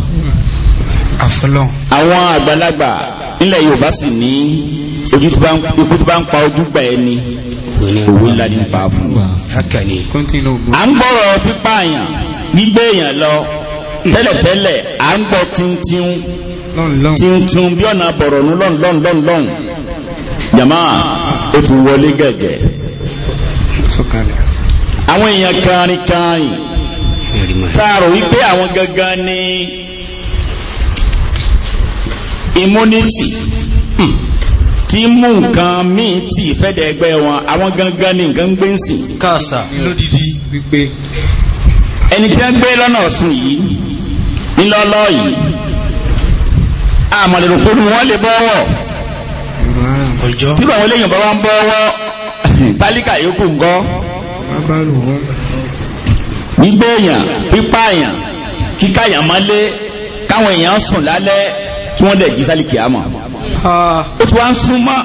àwọn àgbàlagbà nílẹ̀ Yorùbá sì ní ojú tó bá ń pa ojú gbà ẹni òwe ńlá ní pa fún un à ń gbọ́rọ̀ pípààyàn gbígbé èèyàn lọ tẹ́lẹ̀tẹ́lẹ̀ à ń gbọ́ tíntún tíntún bí ọ̀nà bọ̀rọ̀ nú lọ́nlọ́nlọ́n jama ó ti wọlé gẹ̀jẹ̀ àwọn èèyàn kárìnkárìn táàrò wípé àwọn gangan ní immunity hmm. tí mú nǹkan míì tí ìfẹ́dẹ̀ ẹgbẹ́ wọn àwọn gangan ní nǹkan gbé ń sìn káàsà lódìdí wípé ẹni tí wọ́n gbé lọ́nà ọ̀sùn yìí ńlọ́lọ́ yìí àmọ̀lẹ̀rùn ni wọ́n lè bọ́wọ̀ tí báwọn lẹ́yìn bá wá ń bọ́ wọ́ tálíkà yókù ń gọ́ gbígbé èèyàn pípa èèyàn kíká èèyàn máa lé káwọn èèyàn sùn lálẹ́ kí wọ́n dẹ̀ jí sálìkì àmọ́ ó ti wá ń súnmọ́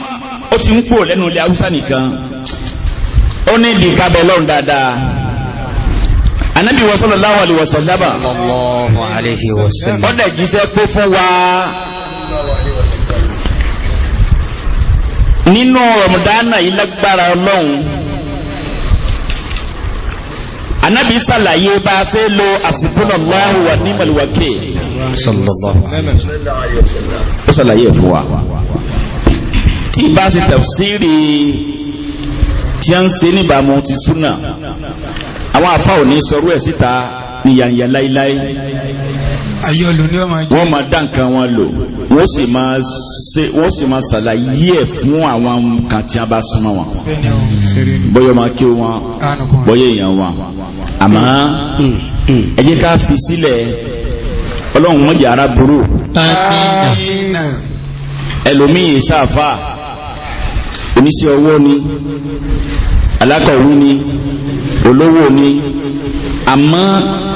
ó ti ń kúrò lẹ́nu ilẹ̀ haúsá nìkan ó ní ìdí kábẹ̀ lọ́rùn dáadáa anábì wa sallallahu alaihi wasallam ó dẹ̀ jíṣẹ́ pé fún wa nínú rọmọdánà yìí lágbára ọlọ́run anabi ṣàlàyé bá a ṣe lo àsìkúnàláhùn wa ní màlúwàkè ó ṣàlàyé fún wa tí bá ṣe tafsiri tí a ń ṣe níbàámu ti súnà àwọn afa ní sọrú ẹ̀ síta ní yànyàn láíláí wọ́n máa dá nǹkan wọn lò wọ́n sì máa ṣe wọ́n sì máa ṣàlàyé ẹ̀ fún àwọn kan tí a bá súnmọ́ wọn bóyá máa kí wọn bóyá èèyàn wọn àmọ́ mm, mm. ẹ jẹ́ ká fi sílẹ̀ ọlọ́run wọn yàrá burú ẹlòmíyìn sáfà oníṣẹ́ ọwọ́ ni alákọ̀wé ni olówó ni àmọ́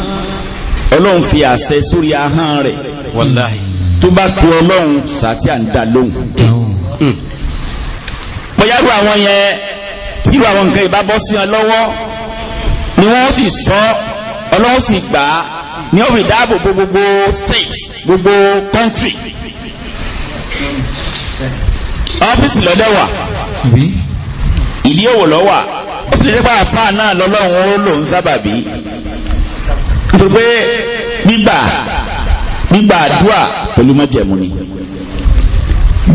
ọlọ́run fi àṣẹ sórí ahán rẹ̀ wàláhì tó bá tó ọlọ́run sàtí à ń dá lóhùn pẹ̀yàrú hmm. àwọn yẹn irú àwọn nǹkan ìbá bọ́ sí ọ lọ́wọ́ ni wọ́n sì sọ ọlọ́run sì gbà á ni ó fi dáàbò bo gbogbo state gbogbo country ọ́fíìsì lọ́dẹ̀ wà ìdí òwò lọ́wà ó sì lè dẹ́pà àfáà náà lọ́lọ́run ó lòun sábàbí nítorí pé gbígbà gbígbà àdúà pẹ̀lú májẹ̀mú ni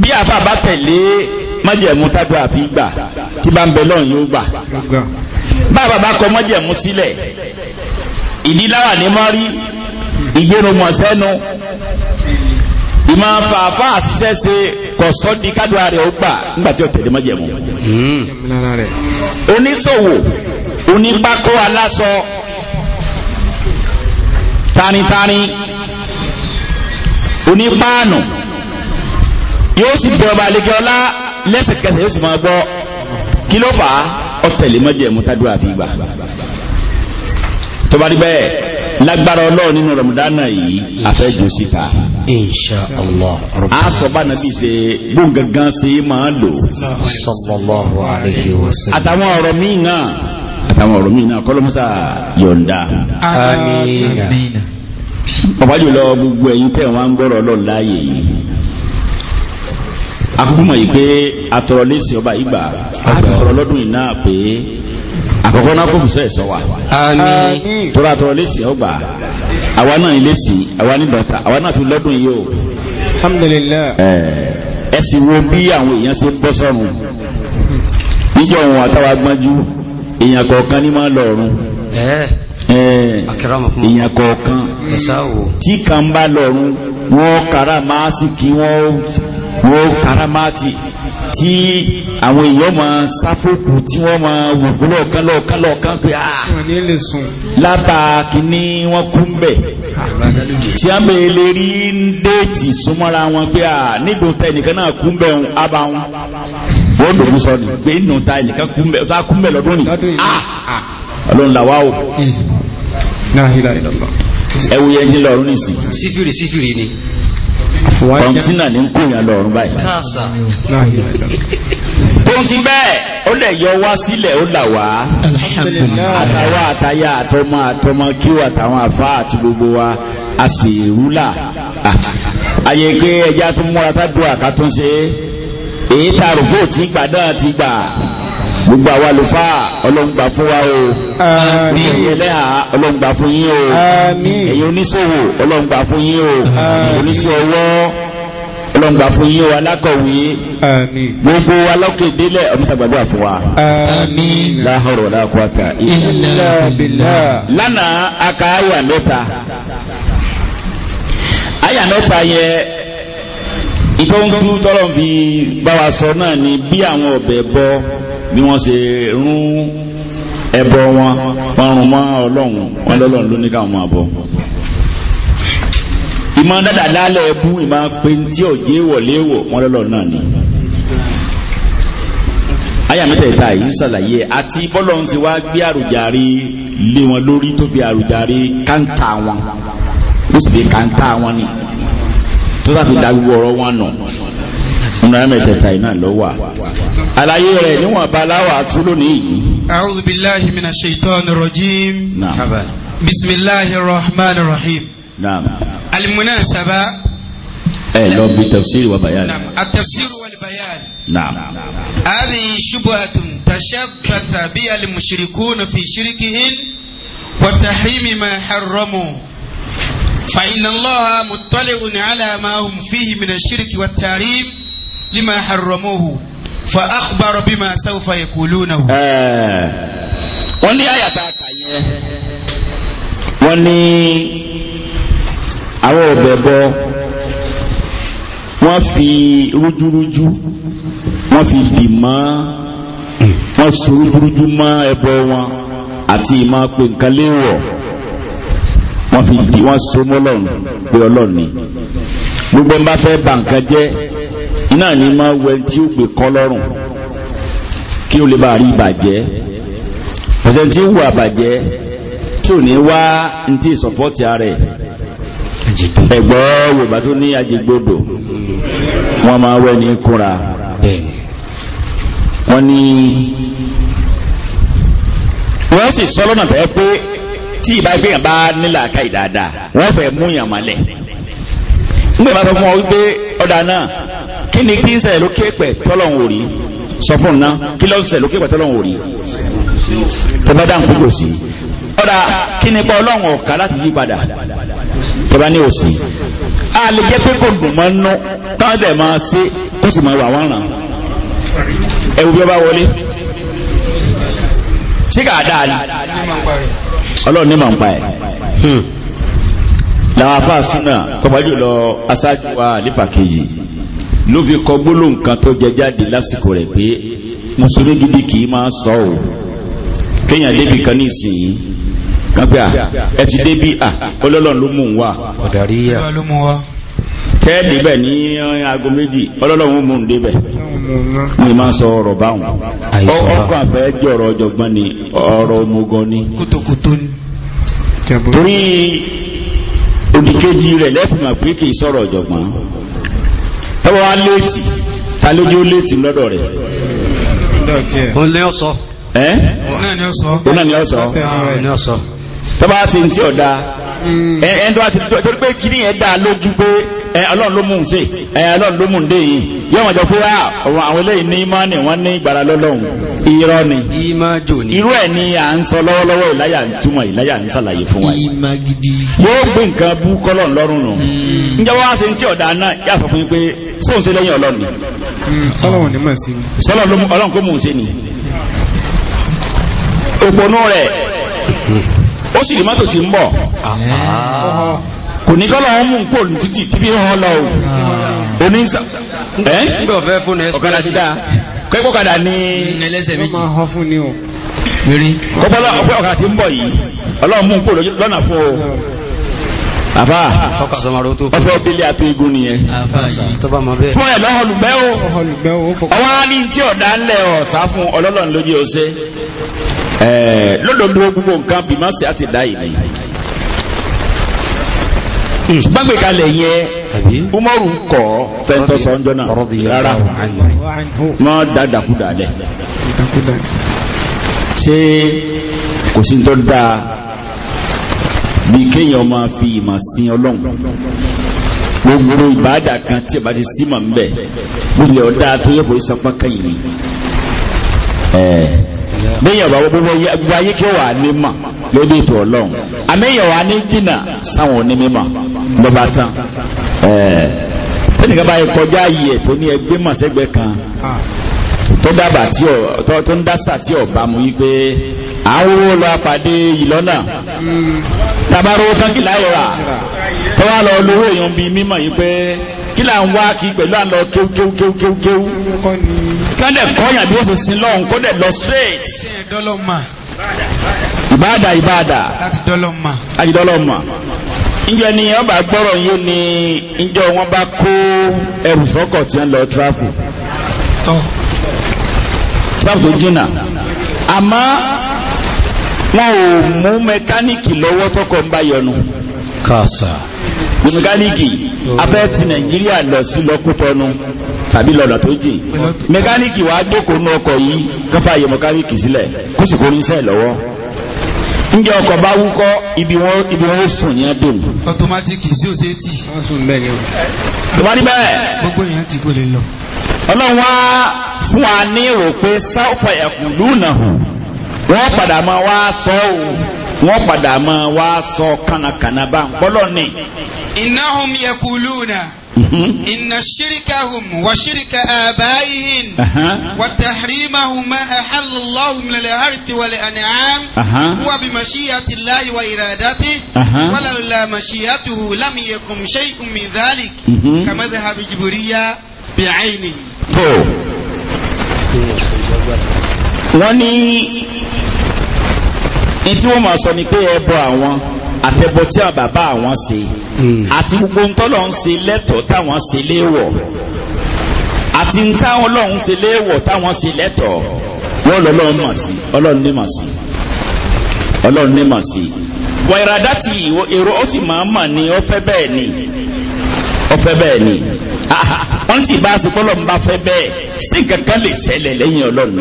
bí àfa bá tẹ̀lé májẹ̀mú tádùn àfi gbà tí bá ń bẹ lọ́run yóò gbà bàbá bá kọ májẹ̀mú sílẹ̀ ìdíláwà ní mọ́rí ìgbéròmọ̀ sẹ́nu ìmọ̀ fàáfà àṣìṣẹ́ ṣe kò sọ́ di kádùá rẹ̀ ó gbà nígbà tí ó tẹ̀lé májẹ̀mú. Hmm. Hmm. oníṣòwò onípákó aláṣọ tánítání onípaanu yóò sì bẹ ọba àlejò ọlá lẹ́sẹ̀kẹsẹ̀ yóò sì máa gbọ́ kí ló fà á ọ̀tẹ̀lẹ̀ mọ́jẹ̀mú tádùn àfi gbà tó bá rí bẹ́ẹ̀ lágbára ọlọ́run nínú ramadana yìí àfẹ́jù síta insha Allah a sọ bá nàbí ṣe gbóǹgangan ṣe máa lò sallallahu alaihi wasallam àtàwọn ọ̀rọ̀ míì náà àtàwọn ọ̀rọ̀ mìíràn kọlọmọsà yọ̀ǹda. ọ̀pájú lọ gbogbo ẹ̀yìn tẹ̀ wọ́n ń gbọ́rọ̀ lọ láàyè yìí akúkúmọ̀ yìí pé atọ̀rọ̀ ọba ìgbà atọ̀rọ̀ lọ́dún iná pé àkọ́kọ́ náà kò ẹ̀sọ́ wa. atọ̀rọ̀ àwa náà ní àwa ní àwa náà fi lọ́dún yìí o. wo bí àwọn èèyàn ṣe bọ́ sọ́run àtàwọn èyàn kọ̀ọ̀kan ní máa lọ̀run èyàn kọ̀ọ̀kan tí kan bá lọ̀run wọ́n kàrà máa sì kí wọ́n kàrà máa ti tí àwọn èèyàn ma sáfòkù tí wọ́n ma wùkú lọ́ọ̀kan lọ́ọ̀kan lọ́ọ̀kan pé kìíní ah! wọ́n kú ń bẹ̀ tí a mẹ́ lè rí ń déètì súnmọ́ra wọn pé ah! nìkan náà kú ń bẹ̀ wọ́n dojú sọ ni pé nù ta ilẹ̀ ká kúmbẹ̀ lọ́dún ni ah, ah. ọlọ́run làwá o ẹwù yẹn jí lọ́rùn nìsí sífìrì sífìrì ni kọ̀ǹtínà ní ń kòyàn lọ́rùn báyìí tó ń ti bẹ́ẹ̀ ó lẹ̀ yọ wá sílẹ̀ ó là wá àtàwà àtàyà àtọmọ àtọmọ kí wà táwọn àfá àti gbogbo wa a sì rúlà ah, ayé pé ẹjá tó múra sádùn àkátúnṣe èyí tá a rò pé òtí gbà náà ti gbà gbogbo àwa lùfà ọlọ́ngbà fún wa o àmín ẹ̀yin ẹlẹ́hà ọlọ́ngbà fún yín o àmín ẹ̀yin oníṣòwò ọlọ́ngbà fún yín o àmín oníṣẹ́ ọwọ́ ọlọ́ngbà fún yín o alákọ̀wé àmín gbogbo wa délẹ̀ ọmọsàgbàdúrà fún wa àmín la hawla wala billah lánàá aka àyà mẹ́ta àyà mẹ́ta yẹ ìtọ́ ń tú tọ́lọ̀ fi bá wa sọ náà ni bí àwọn ọ̀bẹ bọ bí wọ́n ṣe rún ẹbọ wọn wọn rún mọ́ ọlọ́run wọn lọ́lọ́run ló ní káwọn máa bọ. ìmọ̀ dáadáa lálẹ́ ẹbú ìmọ̀ pé tí òjé wọ̀léwọ̀ wọn lọ́lọ́run náà ni. àyà mẹ́tẹ̀ẹ̀ta yìí ń ṣàlàyé àti bọ́lọ̀ ń ṣe wá gbé àrùjàre lé wọn lórí tó fi àrùjàre káńtà wọn ó sì fi káńtà wọn ni tó sáfi dàgbò ọ̀rọ̀ wọn nù ọmọdé mẹ́tẹ̀ẹ̀ta iná lọ wà àlàyé rẹ̀ níwọ̀n baláwà tú lónìí yìí. a'udhu billahi minash shaitani rajim bismillahir rahmanir rahim. al-munasaba. ẹ lọ bí tafsiri wa bayan. at-tafsiri wal bayan. هذه شبهة تشبث بها المشركون في شركهم وتحريم ما حرموا فإن الله مطلع على ما هم فيه من الشرك والتحريم لما حرموه فأخبر بما سوف يقولونه wọ́n ní àyà tá a kà yẹn wọ́n ní àwọn òbẹ̀bọ wọ́n fi rújúrújú wọ́n fi dì mọ́ wọ́n so rújúrújú mọ́ ẹbọ wọn àti ìmọ̀ pé nǹkan léwọ̀ wọ́n fi di wọ́n so mọ́lọ́run pé ọlọ́run ni gbogbo ẹ̀ bá fẹ́ bà nǹkan jẹ́ náà ni máa wẹ tí ó gbé kọ́ lọ́rùn kí ó lè bá rí ìbàjẹ́ ọ̀sẹ̀ tí ó wù àbàjẹ́ tí ò ní wá ntí sọ̀pọ́tì ààrẹ ẹ̀gbọ́ yorùbá tó ní ajégbodò wọ́n máa wẹ́ ní kúra wọ́n ní wọ́n sì sọ tẹ́ pé tí ìbá gbé yàn bá nílà ká ìdáadáa wọ́n fẹ́ mú yàn mọ́lẹ̀ nígbà bá sọ fún ọ wípé ọ̀dà náà kí ni kí ń ṣẹlẹ̀ lókè pẹ̀ tọ́lọ́hún ò rí sọ fún un ná kí ló ń ṣẹlẹ̀ lókè pẹ̀ tọ́lọ́hún ò rí tó bá dáhùn kúrò sí ọ̀dà kí ni pa ọlọ́run ọ̀ka láti yí padà tó bá ní òsì a lè jẹ́ pé kò dùn mọ́ nú táwọn dẹ̀ máa ṣe kó sì máa wà wọ́n ràn ẹ̀wù bí ó bá wọlé tí kà á dáa ni ọlọ́run ní mọ̀ ń pa ẹ̀ hmm. làwọn afá súnà kọbajú lọ aṣáájú wa nípa kejì ló fi kọ gbólóhùn kan tó jẹ jáde lásìkò rẹ̀ pé mùsùlùmí gidi kì í máa sọ ò kéèyàn débi kan ní ìsìn kápẹ́ à ẹ ti débi à ọlọ́run ló mú un wá ọ̀dàríyà tẹ́ẹ̀lì bẹ̀ ní aago méjì ọlọ́run mú un débẹ̀ ní máa sọ ọ̀rọ̀ báwọn ọkọ̀ àfẹ́ jẹ́ ọjọ́gbọ́n ni ọ̀rọ̀ omugan ni torí òdìkejì rẹ̀ lẹ́fìmọ̀ pé kì í sọ̀rọ̀ ọ̀jọ̀gbọ́n tọ́wọ́ wá léètì ta ló jẹ́ ó léètì lọ́dọ̀ rẹ̀ òun ni ó sọ tọ́bá sí ti ọ̀dá ẹ̀ẹ́n tó ti torí pé kí ní ẹ̀ lójú pé ọlọ́run ló mú un ṣe ọlọ́run ló mú un dé yìí yóò jọ pé ah, àwọn eléyìí ní ni irú ẹ̀ ni à ń sọ lọ́wọ́lọ́wọ́ ìláyà túmọ̀ ìláyà ń ṣàlàyé fún wa yóò gbé nǹkan bú lọ́rùn nù hmm. wọ́n á ṣe sọ fún yín pé sóun ṣe lẹ́yìn ọlọ́run ni hmm, ó sì mọ́tò tí ń bọ̀ kò ní kọ́lọ̀ wọn mú pò tí bí wọ́n lọ òní ẹ́ ọ̀kadà sí dáa kẹ́kọ̀ọ́ kadà ní ẹlẹ́sẹ̀ méjì kọ́pọ́lọ́ ọ̀pẹ́ ọ̀kadà tí ń bọ̀ yìí ọlọ́run mú lọ́nà fún o àfá ọ̀fẹ́ òbílẹ̀ àtò igun nìyẹn fún ẹ̀ lọ́họ̀lùgbẹ́ o ọwọ́ á ní tí ọ̀dá ńlẹ̀ ọ̀sá fún ọlọ́lọ́run lójú Eh, lọ́dọ̀dún gbogbo nǹkan bí má ṣe á ti dá yìí ni hmm. gbàgbé kalẹ̀ yẹ umaru kọ fẹ́ntọ́ sọ́njọ́ náà rárá mọ́ dáadákúdà lẹ̀ ṣé kò sí tó dáa bí kéèyàn máa fi ìmọ̀ sin ọlọ́run gbogbo ìbáàdà kan tí a bá ti sí mọ̀ ń bẹ̀ nílẹ̀ ọ̀dá tó yẹ fòrí sapá kẹ́yìn ni. Eh bẹ́yàn bá gbogbo ayé kí ó wà ní mà lórí ètò ọlọ́run àmẹ́yàn wà ní dínà sáwọn onímọ̀ lọ́ba tán tẹ́nìkan bá yẹ kọjá yìí ẹ̀ tó ní ẹgbẹ́ mọ̀sẹ́gbẹ́ kan tó dábà tí ọ tó ń dásà tí ọ bá mú wípé àwọn lọ àpàdé ìlọ́nà tabaró tánkì láyọ̀rà tó wá lọ lówó èèyàn bíi mímọ̀ yìí pé kí là ń wá kí pẹ̀lú à ń lọ kéw kéw kéw kọ́yà bí ó sì sin lọ́hùn kó dẹ̀ lọ straight. ìbáàdà ìbáàdà láti dọ́lọ́mà. ìjọ ni ọba gbọ́rọ̀ yé ni ìjọ wọn bá kó ẹrù fọ́kọ̀ tí lọ tó jìnnà àmọ́ wọn ò mú mẹkáníìkì lọ́wọ́ ń bá yọnu. kàṣà. ní mẹkáníìkì afẹ́ ti nàìjíríà lọ sí lọ́kútọ́nu tàbí lọ́nà tó jìn mẹkáníìkì wàá jókòó nú ọkọ̀ yìí káfá yẹ mẹkáníìkì sílẹ̀ kó sì kó níṣẹ́ lọ́wọ́ njẹ ọkọ̀ bá wúkọ́ ibi wọn ibi wọn sùn ní adùn. ọtọmátìkì sí òsè tì. wọn sùn bẹ́ẹ̀ ni o. tó gbogbo èèyàn ti kò lè lọ. ọlọ́run wá fún wa ní ìrò pé sáfà ẹ̀kú lùnà hù wọ́n padà máa wá sọ ọ́ wọ́n padà máa wá sọ kànàkànà bá ń bọ́lọ̀ ni. innahum yakuluna. إن شركهم وشرك آبائهم وتحريمهم ما أحل الله من الأرض والأنعام هو بمشيئة الله وإرادته ولولا مشيئته لم يكن شيء من ذلك كما ذهب جبرية بعينه. wọ́n ní tí wọ́n máa sọ ni pé ẹbọ àwọn àtẹbọ tí àwọn bàbá àwọn ṣe hmm. àti gbogbo ń tọ́lọ̀ ń ṣe lẹ́tọ̀ọ́ táwọn ṣe léèwọ̀ àti ń táwọn lọ́hún ṣe léèwọ̀ táwọn ṣe lẹ́tọ̀ọ́ wọ́n lọ lọ́hún mọ̀ sí ọlọ́run ní mọ̀ sí ọlọ́run ní mọ̀ sí. wà ìràdá ti èrò ó sì máa ń mọ̀ ni ó fẹ́ bẹ́ẹ̀ ni ó fẹ́ bẹ́ẹ̀ ni wọ́n ti bá a ṣe pọ́lọ́ ń bá fẹ́ bẹ́ẹ̀ sí kankan lè ṣẹlẹ̀ lẹ́yìn ọlọ́run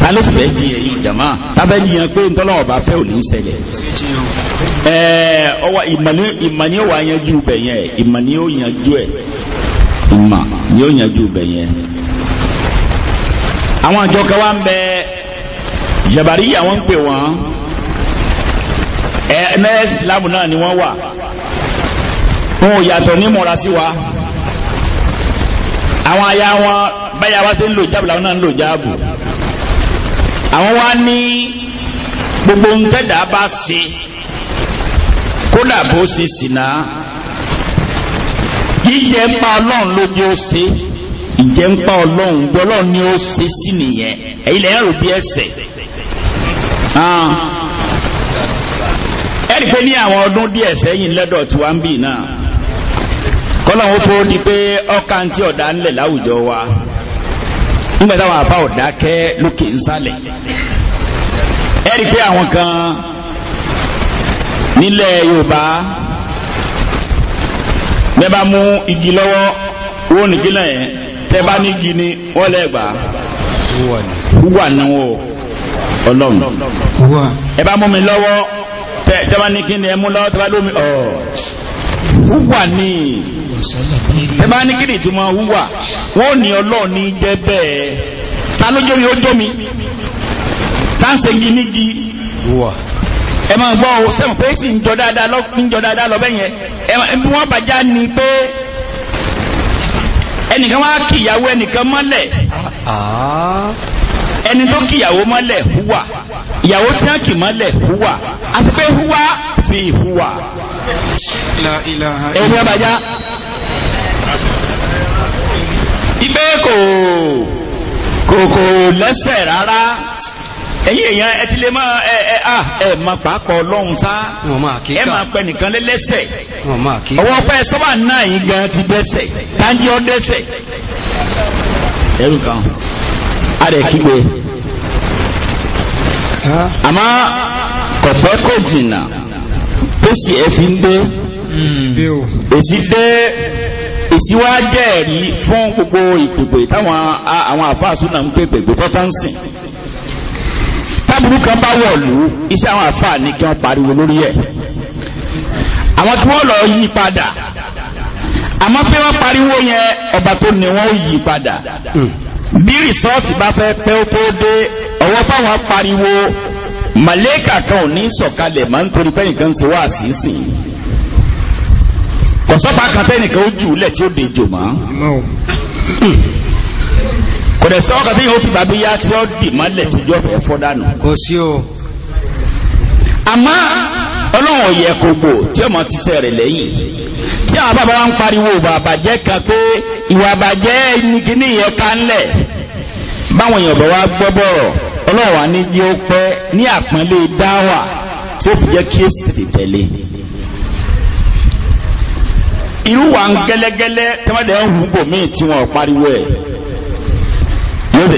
ta ló fẹ́ di ẹ̀yìn jama tábẹ́ yíyan pé ntọ́lọ́wọ́ bá fẹ́ ò ní ṣẹlẹ̀ ẹ̀ẹ́ ọwọ́ ìmọ̀ni ó wà yanjú bẹ̀ yẹn ìmọ̀ni ó yanjú ẹ̀ ìmọ̀ ni ó yanjú bẹ̀ àwọn àjọ kan wá ń bẹ jabari àwọn ń pè wọ́n ẹ ẹ Islam náà ni wọ́n wà wọn ò yàtọ̀ ní mọ̀ra sí wa àwọn aya wọn báyà wá sí ń lò jáàbù làwọn náà ń lò jáàbù. àwọn wa ní gbogbo ń bá se kódà bó ṣe sìnà jíjẹ ń pa ọlọ́run lójú ó se ìjẹ ń pa ọlọ́run gbọ́ ọlọ́run ni ó se sí nìyẹn ẹ̀yìn lẹ́yìn rò bí ẹsẹ̀ ah. ẹ̀rí pé ní àwọn ọdún díẹ̀ sẹ́yìn lẹ́dọ̀ tí ń bì náà pé ọkàn tí ọ̀dà ń wa. nígbà táwọn àfa ọ̀dákẹ́ lókè nsàlẹ̀ ẹ i pé àwọn kan nílẹ̀ Yorùbá bẹ́ẹ̀ bá mú igi lọ́wọ́ wọ́n nìgí náà yẹn tẹ́ bá ní igi ni wọ́n lẹ́ gbà wúwà náwó ọlọ́run ẹ bá mú mi lọ́wọ́ tẹ́ bá ní kí ni ẹ mú lọ́wọ́ tẹ́ bá lómi ọ̀ọ́ húwà ní ẹ bá ní kíni ìtumọ̀ húwà wọ́n ní ọlọ́run ní jẹ́ bẹ́ẹ̀ ta ló jómi ó jómi ta ń ṣe gini gi ẹ máa gbọ́ ọ sẹ́wọ̀n pé sì ń jọ dáadáa lọ ń jọ dáadáa lọ bẹ́yẹn ẹ bí wọ́n bàjá ni pé ẹnìkan wá kí ìyàwó ẹnìkan mọ́lẹ̀ ah, ah ẹni tó kí ìyàwó mọ́lẹ̀ húwà ìyàwó tí wọ́n kì mọ́lẹ̀ húwà àti pé húwà fi húwà ẹni ọbàjá ibẹ̀ kò kòkò lẹ́sẹ̀ rárá ẹ̀yìn èèyàn ẹ ti lè máa ẹ ẹ à ẹ máa pàápọ̀ ọlọ́run tá ẹ máa pẹ nìkan lẹ́lẹ́sẹ̀ ọwọ́ pẹ́ sọ́bà náà yìí gan ti dẹ́sẹ̀ tájí ọ dẹ́sẹ̀ ẹrù kan àrẹ̀ kígbe àmọ́ kọ̀pẹ́ kò jìnnà tó sì ẹ fi ń dé èsì dé èsì wá jẹ́ẹ̀rí fún gbogbo ìpèpè táwọn àwọn àfáàsù náà ń pèpè pé tọ́tà ń sìn tábùrú kan bá wọ̀lú iṣẹ́ àwọn àfáà ní kí wọ́n pariwo lórí ẹ̀ àwọn tí wọ́n lọ yí padà àmọ́ pé wọ́n pariwo yẹn ọba tó ní wọ́n yí padà. Mm bí rìsọ́ọ̀tì bá fẹ́ pẹ́ ó tó dé ọwọ́ fáwọn pariwo màlẹ́kà kan ò ní sọ̀kalẹ̀ máa ń torí pẹ́yìn kan ṣe wá sínsìn kọ̀sọ́pàá kan pẹ́yìn kan ó jù lẹ̀ tí ó dé jò mọ́ kò dẹ̀ sọ́wọ́ kan pẹ́yìn ó ti bàbí yá tí ó dì mọ́lẹ̀ tí ó fẹ́ fọ́ dànù. kò sí o. àmọ́ ọlọ́run ọ̀yẹ̀ kò gbò tí ọmọ ti sẹ́ rẹ̀ lẹ́yìn tí àwọn bàbá wa ń pariwo bàbàjẹ́ kan pé ìwà àbàjẹ́ nìkíní yẹn ká ńlẹ̀ báwọn èèyàn bá wá gbọ́ bọ̀rọ̀ ọlọ́run wa ní yóò pẹ́ ní àpọ́nlé dáwà tí ó fi jẹ́ kí èsì tètè tẹ̀lé irú wa ń gẹ́lẹ́gẹ́lẹ́ tí ń hù bò míì tí wọ́n pariwo ẹ̀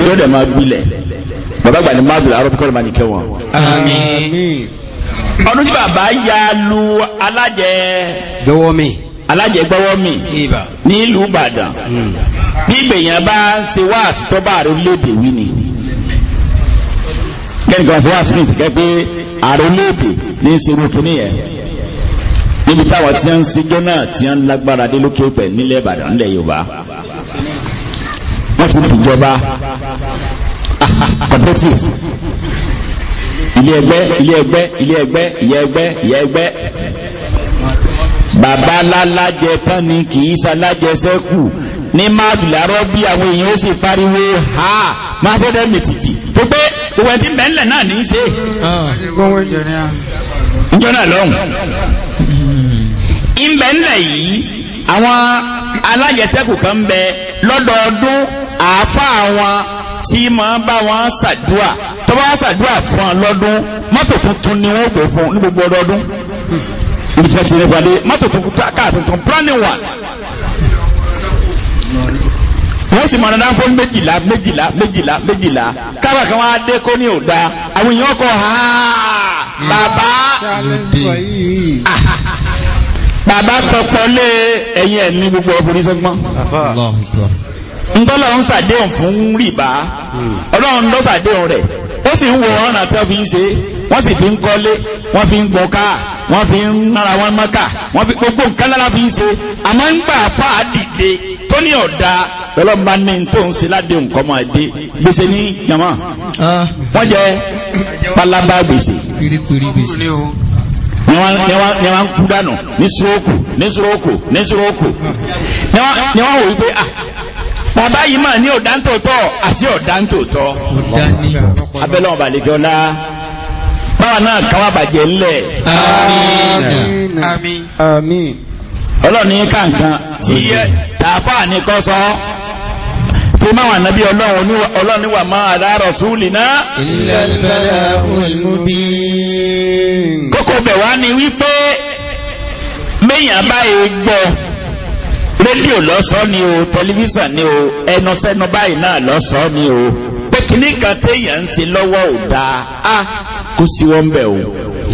yóò dẹ̀ máa gbilẹ̀ bàbá gbà ní mábìlì ọdún tí bàbá ya lu alájẹ gbọ́wọ́mì alájẹ gbọ́wọ́mì nílùú Ìbàdàn hmm. bí ìgbèyàn bá ṣe wá àsìtọ́bà àrólóde wí ni kẹ́nìkan ṣe wá àsìtọ́bà àrólóde pé àrólóde ní ìṣòro kìíní yẹn níbi táwọn tí wọ́n ń síjọ́ náà tí wọ́n ń lágbára dé lókè pẹ̀ nílẹ̀ Ìbàdàn nílẹ̀ Yorùbá wọ́n ti dìjọba cooperative ilé ẹgbẹ́ ilé ẹgbẹ́ ilé ẹgbẹ́ ilé ẹgbẹ́ ilé ẹgbẹ́ bàbá lálájẹ tán ni kì í ṣalájẹ sẹ́kù ní máàbù bí àwọn èèyàn ó sì fariwo ha máa ṣẹ́dẹ̀ mìtìtì tó pé òwe tí mẹ́lẹ̀ náà ní í ṣe. ìjọba lọ́hùn. ìmẹ́lẹ̀ yìí àwọn alájẹsẹ́kù kan bẹ lọ́dọọdún àáfàá wọn tí máa bá wọn ṣàdúà tó bá wọn ṣàdúà fún ọ lọ́dún mọ́tò tuntun ni wọ́n gbé fún ní gbogbo ọdọọdún ibi tí wọ́n ti rẹ̀fà lé mọ́tò tuntun káà tuntun planning wà wọ́n sì mọ̀nà náà fún méjìlá méjìlá méjìlá méjìlá kábà kan wá dé kó ní òdá àwọn èèyàn kọ ha bàbá bàbá tọpọ lé ẹ̀yìn gbogbo ọkùnrin sọ́gbọ́n ntọ́lọ̀ ń sàdéhùn fún rìbá hmm. ọlọ́run ló sàdéhùn rẹ̀ ó sì ń wo ọ̀nà tí wọ́n fi ń ṣe wọ́n sì fi ń kọ́lé wọ́n fi ń gbọ́ káà wọ́n fi ń nára wọn mọ́kà wọ́n fi gbogbo nǹkan lára fi ń ṣe àmọ́ ń gbà fà á dìde tó ní ọ̀dà lọ́lọ́mọba ní tó ń ṣe ládéhùn kọ́ máa dé gbèsè ah. ní yàmọ́ wọ́n jẹ́ palaba gbèsè ni wọ́n kú dànù ní sùrókù ní sùrókù ní sùrókù ni wọ́n wò wípé ah bàbá yìí mà ní ọ̀dántòótọ́ àti ọ̀dántòótọ́ abẹ́lẹ̀ ọba àlejò ọlá báwa náà káwà bàjẹ́ ńlẹ̀ àmín ọlọ́ni kàǹkan tí tààfà ní kọ́ sọ tó máwà nábí ọlọ́ni wà máa àdárọ̀ súlì náà illal bala'ul mubin kókò bẹ̀ wá wípé méyàn báyìí gbọ́ rédíò lọ́sọ́ ni o tẹlifíṣàn ni o ẹnusẹ́nu báyìí náà lọ́sọ́ ni o pé kìíní kan téèyàn ń ṣe lọ́wọ́ ò dáa á ah, kó sí wọn bẹ̀ o.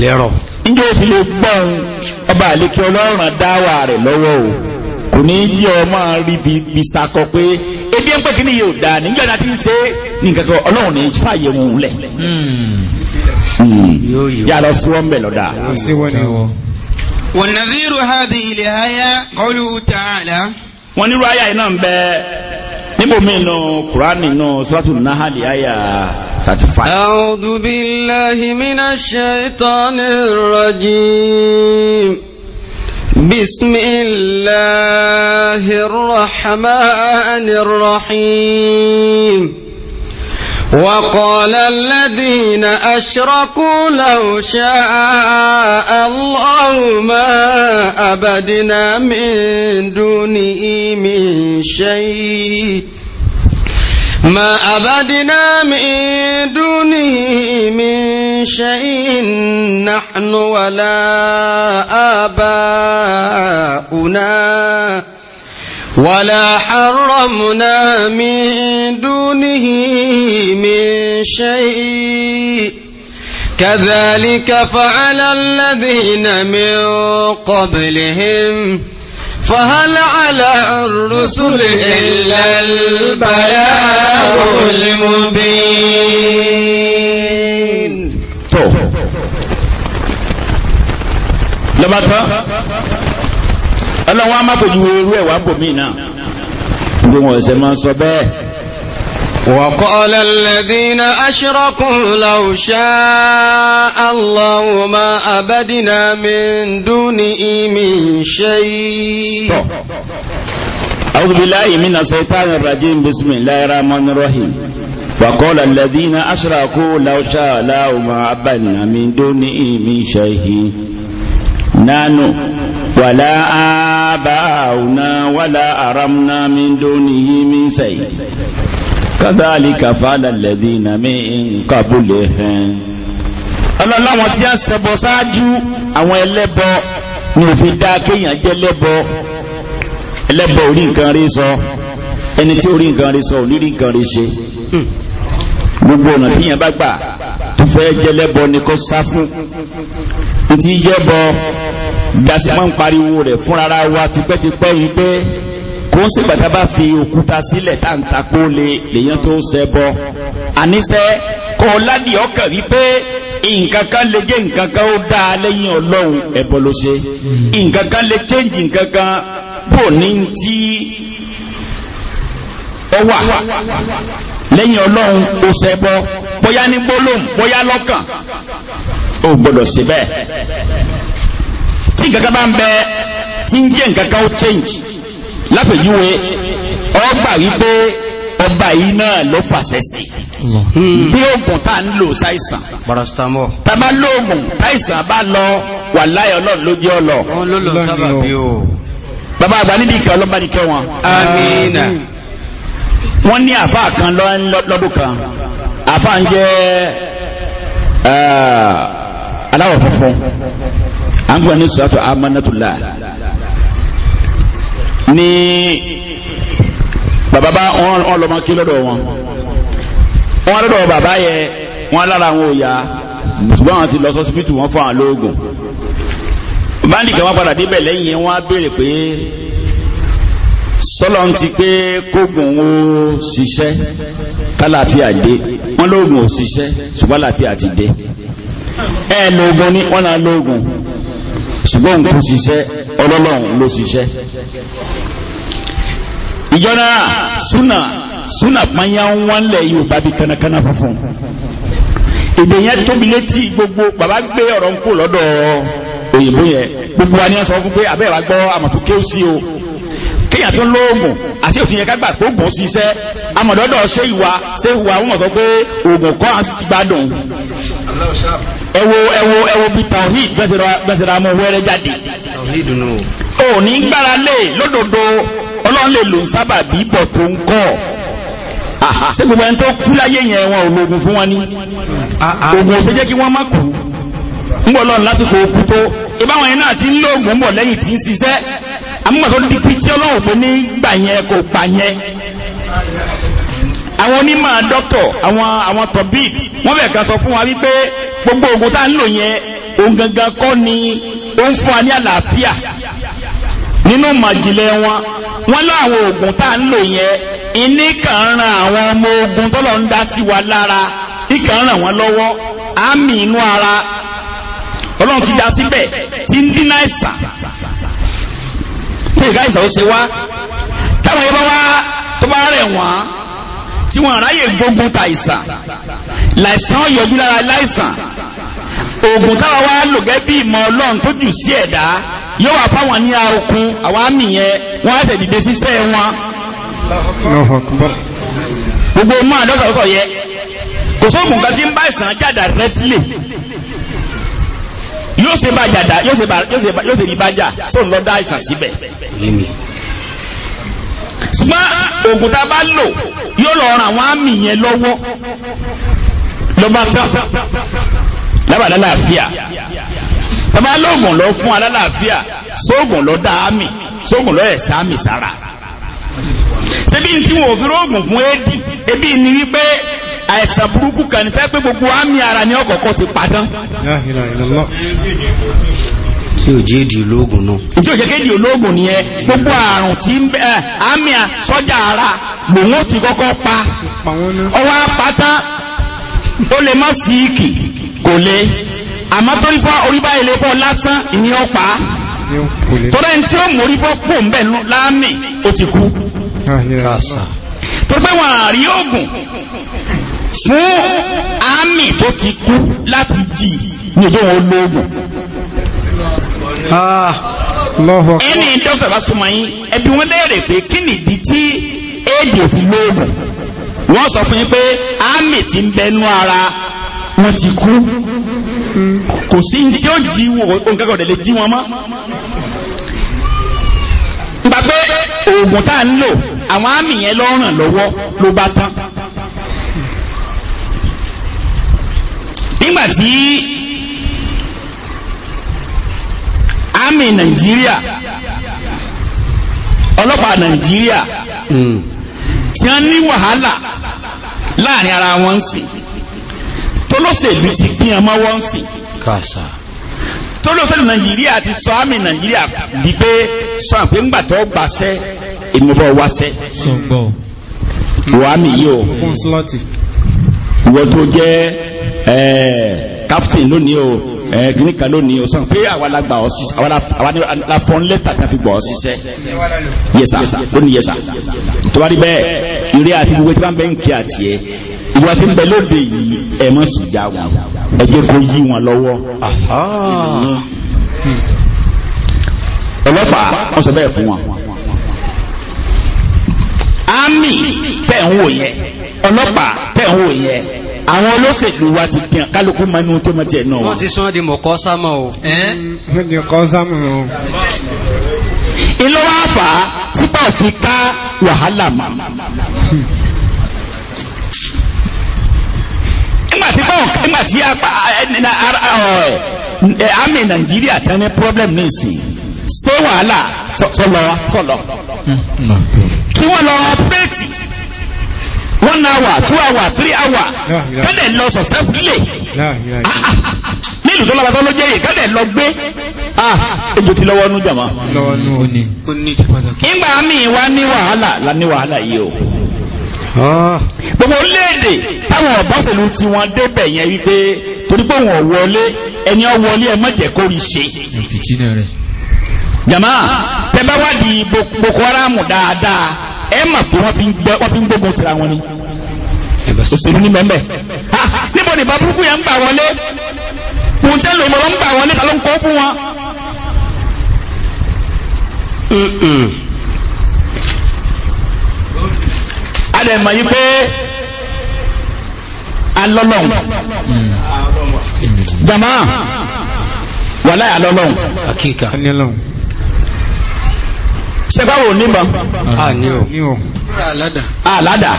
lérò. njẹ́ o fi lè gbọ́n ọba àlekí ọlọ́run dáwà rẹ̀ lọ́wọ́ o kò ní í jẹ́ ọ máa rí bí sakọ pé ebi ń pè yóò dáa níjọ́ náà ti ń ṣe ní nǹkan kan ọlọ́run ní fààyè wọn lẹ̀. Hmm. Hmm. yà sí wọn bẹ̀ lọ́dà. والنذير هذه الآية قوله تعالى wọ́n nírú àyà iná ń bẹ níbòmí inú kùránì inú suratul nahali àyà 35. أعوذ بالله من الشيطان الرجيم بسم الله الرحمن الرحيم وقال الذين أشركوا لو شاء الله ما أبدنا من دونه من شيء ما أبدنا من دونه من شيء نحن ولا آباؤنا ولا حرمنا من دونه من شيء كذلك فعل الذين من قبلهم فهل على الرسل إلا البلاغ المبين طيب. لما ọlọ́wọ́n á má fojú eérú ẹ̀ wá bòmí náà bí wọ́n ṣe máa sọ bẹ́ẹ̀. وقال الذين أشركوا لو شاء الله ما أبدنا من دونه من شيء أعوذ بالله من الشيطان الرجيم بسم الله الرحمن الرحيم وقال الذين أشركوا لو شاء الله ما أبدنا من دونه من شيء نانو ولا آباؤنا ولا أرمنا من دونه من شيء كذلك فعل الذين من قبلهم ọlọ́láwọn tí a ṣẹbọ ṣáájú àwọn ẹlẹ́bọ ni òfin dá kéèyàn jẹ́ lẹ́bọ ẹlẹ́bọ orí nǹkan rí sọ ẹni tí orí nǹkan rí sọ onírí nǹkan rí ṣe gbogbo ọ̀nà tíyàn bá gbà tó fẹ́ jẹ́ lẹ́bọ ni kó sá fún ní ti jẹ́ bọ gbàsí máa ń pariwo rẹ̀ fúnrara wa tipẹ́tipẹ́ yìí pé kò ń ṣègbà tá a bá fi òkúta sílẹ̀ tá n ta kó lè lèyàn tó ṣẹbọ àníṣe kọ́ ládìí ọkàn wípé nǹkan kan lè jẹ́ nǹkan kan ó dáa lẹ́yìn ọlọ́run ẹbọ ló ṣe nǹkan kan lè chẹ́ǹjì nǹkan kan bò ní tí ọ wà lẹ́yìn ọlọ́run ó ṣẹbọ bóyá ní gbólóhùn bóyá lọ́kàn ó gbọ́dọ̀ ṣe bẹ́ẹ̀ nǹkan kan bá ń bẹ tí ń jẹ́ nǹkan ó change lápèjúwe ọgbà wípé ọba yìí náà ló fàṣẹ sí hmm. bí oògùn tá à ń lò ṣàìsàn parastamọ tá a bá lóògùn ṣàìsàn bá lọ wà láyé ọlọ́run ló jẹ́ ọlọ. bàbá àgbà níbi ìkẹ́ ọlọ́ba ni kẹ́ wọn. amiina. wọ́n ní àfa kan lọ́dún kan àfa ń jẹ́ eh, aláwọ̀ funfun an fún wa ní sọ́fà amanatullah ní bàbá bá wọn lọ́mọ kí lọ́dọ̀ wọn wọn lọ́dọ̀ bàbá yẹ wọn lára wọn ò yá ṣùgbọ́n àwọn ti lọ sọ́sibítù wọn fún àwọn lóògùn báńdì kan wọn padà débẹ̀ lẹ́yìn wọn á pé sọ́lọ́ ń ti pé kógùn ó ṣiṣẹ́ kálàáfíà dé wọ́n lóògùn ò ṣiṣẹ́ ṣùgbọ́n àlàáfíà ti dé ẹ lóògùn ni wọ́n náà lóògùn ṣùgbọ́n kò ṣiṣẹ́ ọlọ́lọ́run ló ṣiṣẹ́ ìjọra súnà súnà pányá ń wọ́n lẹ̀ yóò bá bí kánakáná funfun èdè yẹn tóbi létí gbogbo bàbá gbé ọ̀rọ̀ ń kó lọ́dọ̀ òyìnbó yẹn gbogbo wa ni wọ́n sọ fún pé abẹ́ gbọ́ àmọ̀tò kéw sí o kéèyàn tó lóògùn àti òfin yẹn ká gbà pé ògùn ṣiṣẹ́ àmọ̀dọ́dọ̀ ṣé ìwà ṣé ìwà wọn sọ pé ògùn kọ́ ẹwọ ẹwọ ẹwọ bí tawhid bẹ́sẹ̀rẹ̀ amọ̀ wẹ́rẹ́ jáde ò ní gbára lè lódodo ọlọ́run lè lò ń sábà bí bọ̀ tó ń kọ́ ṣé gbogbo ẹni tó kú láyé yẹn wọn ò lògùn fún wọn ni ògùn ò ṣe jẹ́ kí wọ́n má kú ń bọ̀ lọ́run lásìkò okú tó ìbáwọn yẹn náà ti ń lóògùn ń bọ̀ lẹ́yìn tí ń ṣiṣẹ́ amúgbàtọ́ dídí pí tí ọlọ́run pé ní gbà yẹn kò pa yẹn àwọn onímọ̀ dọ́tọ̀ àwọn àwọn tọ̀bí wọ́n sọ fún wa wípé gbogbo oògùn tá ń lò yẹn òun gangan kọ́ ni ó ń fún wa ní àlàáfíà nínú màjìlẹ̀ wọn wọ́n lọ àwọn oògùn tá ń lò yẹn iní ran àwọn ọmọ ogun tọ́lọ̀ ń dá sí wa lára ìkan ràn wọ́n ara ọlọ́run ti dá síbẹ̀ ń dínà ẹ̀sà ìka ẹ̀sà ó ṣe wá táwọn yẹn bá wá tó bá tí wọ́n ráyè gbógun ta ìsàn láìsàn yọjú lára láìsàn oògùn táwa wá lò gẹ́ bí ìmọ̀ ọlọ́run tó jù sí ẹ̀dá yóò wà fáwọn ní arokun àwọn àmì yẹn wọ́n á ṣẹ̀ dìde síṣẹ́ wọn. gbogbo máa lọ́sọ̀ọ́sọ̀ yẹ kò sóògùn kan tí ń bá ìsàn jàdà rẹ́tílè yóò ṣe bá jàdà yóò ṣe bá jà sóògùn lọ́dá ìsàn síbẹ̀ ṣùgbọ́n oògùn tá a bá lò yóò lọ ran àwọn àmì yẹn lọ́wọ́ lọ́ba tán lábàá lálàáfíà bàbá lóògùn lọ fún alálàáfíà sóògùn lọ dá àmì sóògùn lọ ẹ̀sà àmì sára ṣebí tí wọn ò fi róògùn fún éèdì ebi ni wípé àìsàn burúkú kan ní fẹ́ pé gbogbo àmì ara ní ọ̀kọ̀ọ̀kan ti padán. tí ò jẹ́ èdè ológun náà jẹ́ ni ẹ gbogbo àrùn tí ń bẹ eh, àmì sọ́jà ara lòun ó ti pa ọwọ́ apáta ó lè má síìkì kò lè àmọ́ tó rí fọ́ orí báyìí fọ́ lásán ìní ọ̀pá tọ́lá ẹni tí ó mórí fọ́ pò ń bẹ̀ láàmì ó ti kú wọn fún àmì Ah, ẹni dọ́fẹ̀ bá súnmọ́ yín ẹbí wọ́n léèrè pé kí nìdí tí éèdì òfin lóògùn wọ́n sọ fún yín pé ámì ti ń bẹnu ara wọ́n ti kú kò sí ní tí ó jí òǹkẹ́kọ̀ọ́ dẹ̀ jí wọn mọ́ nígbà pé oògùn tá à ń lò àwọn ámì yẹn ló ràn lọ́wọ́ ló bá tán nígbà tí àmì nàìjíríà ọlọ́pàá nàìjíríà hmm. tí wọ́n ní wàhálà láàrin ara wọn ń sìn tólóṣèlú ti pín ọmọ wọn ń sìn kàṣà tólóṣèlú ti sọ àmì nàìjíríà di pé sọ àpé ńgbà tó gbàṣẹ èmi bọ́ wáṣẹ. sọgbọ. wàá mi yìí o. tó jẹ ẹẹ captain lónìí o ẹ̀ kìnnìkà lónìí o sọ pé àwa la gbà ọ la fọn lẹ́tà tá a fi gbà ọ sísẹ yẹsà lónìí yẹsà tó bá rí bẹ́ẹ̀ ìrẹ́ àti gbogbo tí wọ́n bẹ́ ń kí àti ẹ̀ ìwà tí ń bẹ lóde yìí ẹ̀ mọ̀ sí ìjà wọn ẹ jẹ́ kó yí wọn lọ́wọ́ ọlọ́pàá wọ́n sọ bẹ́ẹ̀ fún wọn àmì tẹ̀ ń wò yẹ ọlọ́pàá tẹ̀ ń wò yẹ àwọn olóṣèlú wa ti dìn kálukú manú tó mọ̀ tiẹ̀ náà. wọ́n ti sọ di mọ̀kọ́ sámọ̀ o. ẹ́ di mọ̀kọ́ sámọ̀ o. ilé wa fà á sípà fi ká wàhálà mọ́. nígbà tí bọ́ọ̀ nígbà tí àmì nàìjíríà tẹ́ ní problem ní ìsìn ṣé wàhálà sọlọ sọlọ hmm, kí wọ́n lọ ọpẹ́ẹ̀tì one hour two hour three hour kálẹ̀ lọ sọ̀sẹ́ fúlẹ̀ ah, ah, ah. nílùú tó lọ́wọ́ tó ló jẹ́ yìí kálẹ̀ lọ gbé ètò ti lọ́wọ́ nú jàmá. nígbà míì wá ní wàhálà la ní wàhálà yìí o. gbogbo orílẹ̀-èdè táwọn ọ̀básẹ̀lú tí wọ́n débẹ̀ yẹn wípé torí pé wọ́n wọlé ẹni ọ wọlé ẹ má jẹ́ kó rí ṣe. jàmá tẹ bá wá di Boko Haram dáadáa ẹ mà pé wọ́n fi ń gbógun tira wọn ni òṣèlú ní mẹ́mẹ́ níbo ni baburúkú yẹn ń bà wọlé kùnsẹ́ ló ìmọ̀ràn ń bà wọlé ta ló ń kọ́ fún wọn. a mọ̀ yí pé alọ́lọ́hun jama wàláyà alọ́lọ́hun ṣẹgbáwò níbọn àládà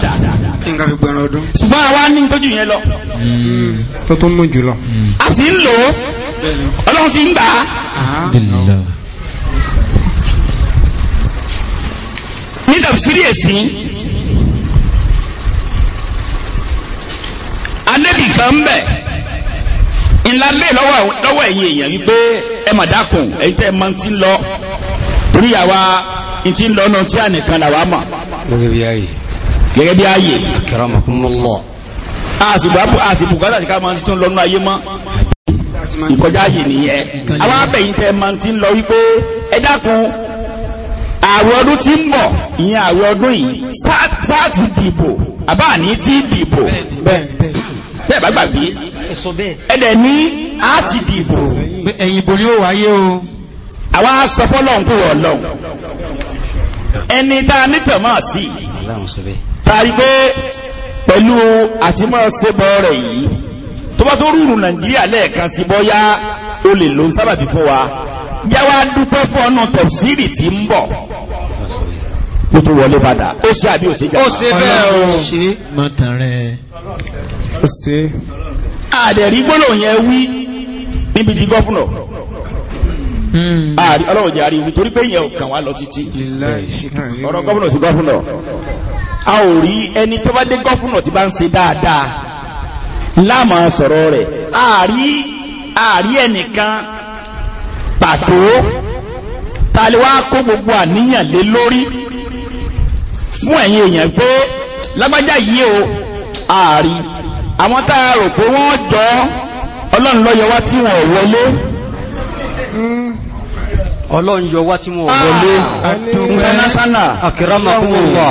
ṣùgbọ́n wa ní tójú yẹn lọ hmm, tó tó mú jùlọ a sì ń lò ọlọ́run sì ń gbà ní tàbísírí èsì anẹ́bì kan bẹ̀ ńlá lé lọ́wọ́ ẹ̀yìn èèyàn wípé ẹ mà dákun ẹ̀yìn tẹ́ ẹ máa ti lọ torí àwa ìtí ń lọ́nà tí ànìkan làwa mọ̀ gẹ́gẹ́ bí ayé àsìbùkátà sí ká máa ti tún lọ́nà ayé mọ́ ìkọjá ayé nìyẹn àwọn abẹ́yìn tẹ́ máa ti ń lọ wípé ẹ dákun ààrẹ ọdún tí ń bọ̀ ìyẹn ààrẹ ọdún yìí sáàtì dìbò àbá ní tí dìbò tẹ́ ẹ̀ bá gbàgbé ẹ̀dẹ̀ ní á dìbò ẹ̀yìnbó ni ó wáyé o àwa sọ fọ́lọ́n kúrò ọlọ́run ẹni tá a nítọ̀ máa sí tàbí pé pẹ̀lú àtìmọ́ sébọ̀ rẹ̀ yìí tó bá tó rúrù nàìjíríà lẹ́ẹ̀kan sí bọ́yá o lè lo sábàbí fún wa jáwá dúpẹ́ fún ọ̀nà tẹ̀síìrì tí ń bọ̀ kó tó wọlé padà ó ṣe àbí òṣèjà ó ṣe bẹ́ẹ̀ o ṣe mọ́tàn rẹ̀ ó ṣe àdẹ̀rí gbólóhùn yẹn wí níbi ti gọ́fúnà ààrí hmm. ah, ọlọ́wọ̀ jẹ́ àríwí torí pé ìyẹn kàn wá lọ títí ọ̀rọ̀ gọ́fúnà sí gọ́fúnà a ò rí ẹni tó bá dé gọ́fúnà tí bá ń ṣe dáadáa láàmà sọ̀rọ̀ rẹ̀ ààrí ẹnìkan pàtó taliwa kó gbogbo àníyàn lé lórí fún ẹ̀yin èèyàn pé lágbájá yìí o ààrí àwọn tá a rò pé wọ́n jọ ọlọ́run lọ́yọ wá tí wọ́n wọlé ọlọ́run yọ wá tí wọ́n wọlé international ah, akiramakumullah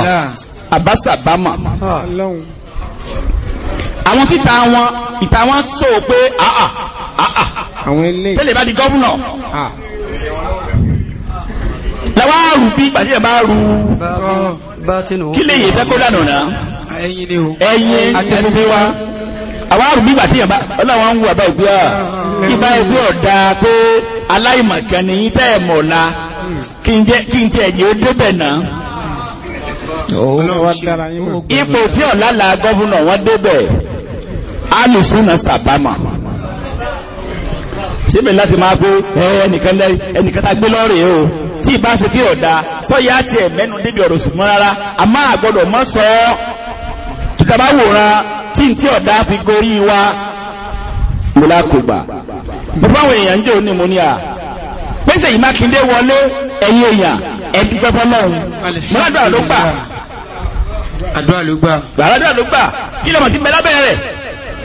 abasabama àwọn títa wọn ìta wọn sọ pé àà ah, ah, àà tẹ́lẹ̀ bá di gọ́vùnà lọ́wọ́ rú bí ìgbàdí ẹ̀ bá rú kí lè yẹ fẹ́ kó dànù náà ẹ̀yìn ẹ̀sẹ̀ wa àwọn arùgbígbà tí yàmbá ọlọ́wọ́n ń wù àbá ìgbé à ah, ìbá ẹgbẹ́ ọ̀dá pé aláìmọ̀kan ni yín tẹ́ mọ̀ la kí n tẹ́ ẹ̀yẹ́ ó débẹ̀ náà ipò tí ọ̀la la gọ́vùnà wọ́n débẹ̀ alùsùnà sàbámà ṣébẹ̀ láti máa pé ẹnìkan ẹnìkan tá gbé lọ́rẹ̀ o tí ìbá ṣe kí ọ̀dá sọ́yà tiẹ̀ mẹ́nu débi ọ̀rọ̀ ṣùgbọ́n rárá àmọ́ àgbọ̀dọ̀ mọ́ sọ ọ́ tìkàbá wòran tí n tí ọ̀dá fi gorí wa mùlákùgbà bàbá èèyàn ń jò ní mo ní à pèsè yìí wọlé ẹ̀yin èèyàn ẹ̀dí pẹ́pẹ́ lọ́hùn mọ́ládùá ló gbà àdúrà ló gbà àdúrà ló gbà kí lọ́mọ ti bẹ lábẹ́ rẹ̀.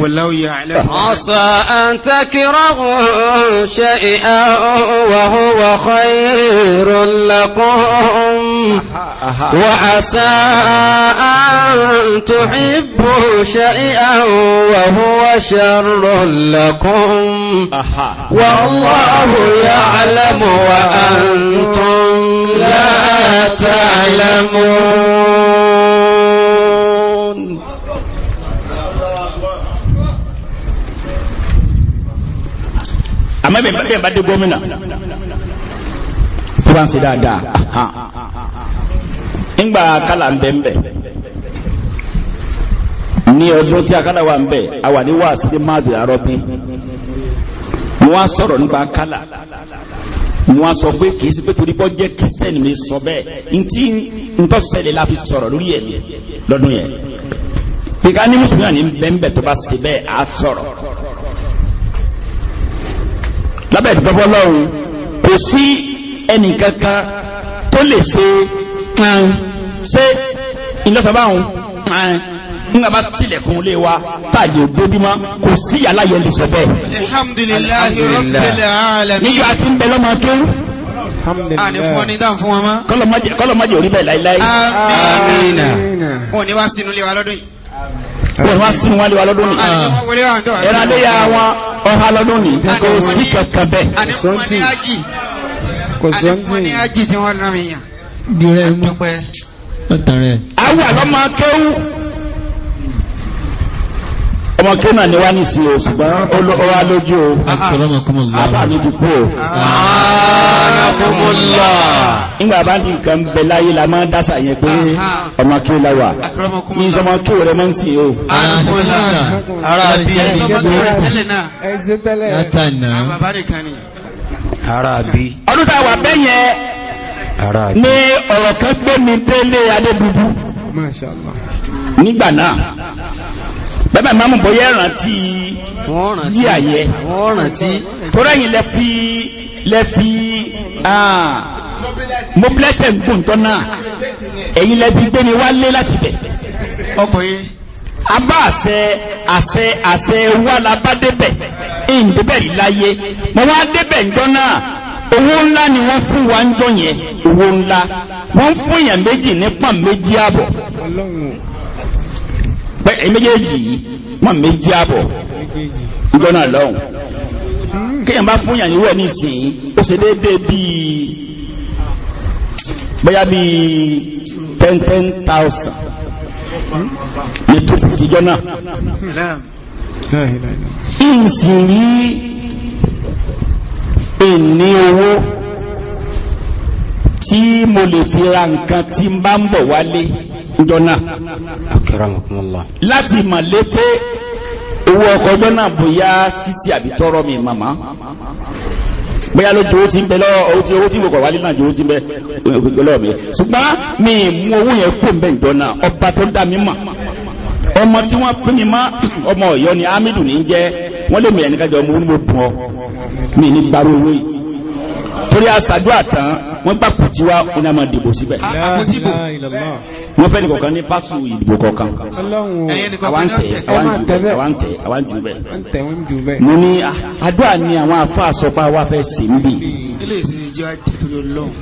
والله يعلم عسى أن تكرهوا شيئا وهو خير لكم وعسى أن تحبوا شيئا وهو شر لكم والله يعلم وأنتم لا تعلمون أما ìbẹ̀bẹ̀ bá dé gómìnà tó ńgbà kálà ń bẹ ń bẹ ní ọdún tí akálà wà ń bẹ àwa ní wàásù ní máàdì àrọ́bí wọ́n á sọ̀rọ̀ nípa kálà wọ́n á sọ pé kìí sí pé torí bọ́ jẹ́ kírísítẹ́nì mi sọ bẹ́ẹ̀ ntí ntọ́sẹ̀lẹ̀ la fi sọ̀rọ̀ lórí ẹ̀ lọ́dún yẹn pèkà ní mùsùlùmí àní bẹ́ẹ̀ tó bá ṣe bẹ́ẹ̀ á sọ̀rọ̀ lábẹ́ ìdúpọ́pọ́ lọ́run kò sí ẹnìkankan tó lè ṣe pààrùn ṣé ìlọ́sọ̀báhùn pààrùn nígbà bá tilẹ̀kùn lé wa táàyè ògbóbímọ́ kò sí aláyẹ̀ lè sọ bẹ́ẹ̀. alhamdulillahi rabbil alamin. níjọ́ àti ń bẹ lọ́mọ tó. àní fún ọ ní dáhùn fún wọn mọ́. kọ́lọ́mọ́jì orí bẹ́ẹ̀ láíláí. amiina. òní wá sínú lé wa lọ́dún yìí ah. wọ́n wá sínú wálé wa lọ́dún ní ẹ̀rọ adéyà wọn ọha lọ́dún ní kò sí kankan bẹ́ẹ̀ kò sọ́ntì kò sọ́ntì dìrẹ́ mú ọ̀tàn rẹ̀. àwọn àlọ́mọ akéwú ọmọ kéwú náà ni wá ní sí o ṣùgbọ́n ọwá lójú o ah, ah. àbáni ti kú o. nígbà bá ní nǹkan bẹ láyé la máa dásà yẹn pé ah, ọmọ kéwú la wà ní sọmọ kéwú rẹ máa ń sìn o. ara bí ẹ ṣe náà ẹ ṣe ara bí. ọdún tá a wà bẹ́yẹn. ní ọ̀rọ̀ kan gbé mi délé adébúbú nígbà náà bẹ́ẹ̀ máa mú bóyá rántí yí àyẹ tórẹ́yìn lẹ fi lẹ fi mobilẹ́tẹ̀ ń gùn tán náà ẹ̀yìn lẹ fi gbé mi wálé láti bẹ̀. ọkùnrin. a bá àṣẹ àṣẹ àṣẹ wà lábá débẹ̀ ń láyé mo wá débẹ̀ ń náà owó ńlá ni wọ́n fún wa ń jọ yẹn owó ńlá wọ́n fún èèyàn méjì ní pọ̀n méjì àbọ̀ pẹ́ méjèèjì pọ̀n méjì àbọ̀ gbọ́nà lọ́hùn kéèyàn bá fún èèyàn irú ẹ̀ nísìnyí ó ṣe déédéé bíi bóyá bíi ten ten thousand ní two fifty jọ náà ìsìn yìí. ìní owó tí mo lè fi ra nǹkan tí n bá ń bọ̀ wálé jọ́nà láti mà lété owó ọkọ̀ jọ́nà bóyá sísí àbí tọ́rọ mi màmá bóyá lójú owó tí ń bẹ lọ́wọ́ owó tí mo kọ̀ wálé náà eh, mi ṣùgbọ́n mi mú owó yẹn kó ń bẹ jọ́nà ọba tó ọmọ tí wọ́n ọmọ ọ̀yọ́ ni ní jẹ́ wọ́n lè mìíràn nígbàjọ mo ní mo bùn ọ mi ní gbàrú owó yìí torí aṣàdúrà tán wọ́n gbà kùtì wá oní àmọ́ ìdìbò síbẹ̀. wọ́n fẹ́ nìkọ̀kan ní pásù ìdìbò kọ̀ọ̀kan àwọn tẹ̀ àwọn tẹ̀ mo ní ah, àdúrà ni àwọn afọ àsọpá wa fẹ́ sí níbí.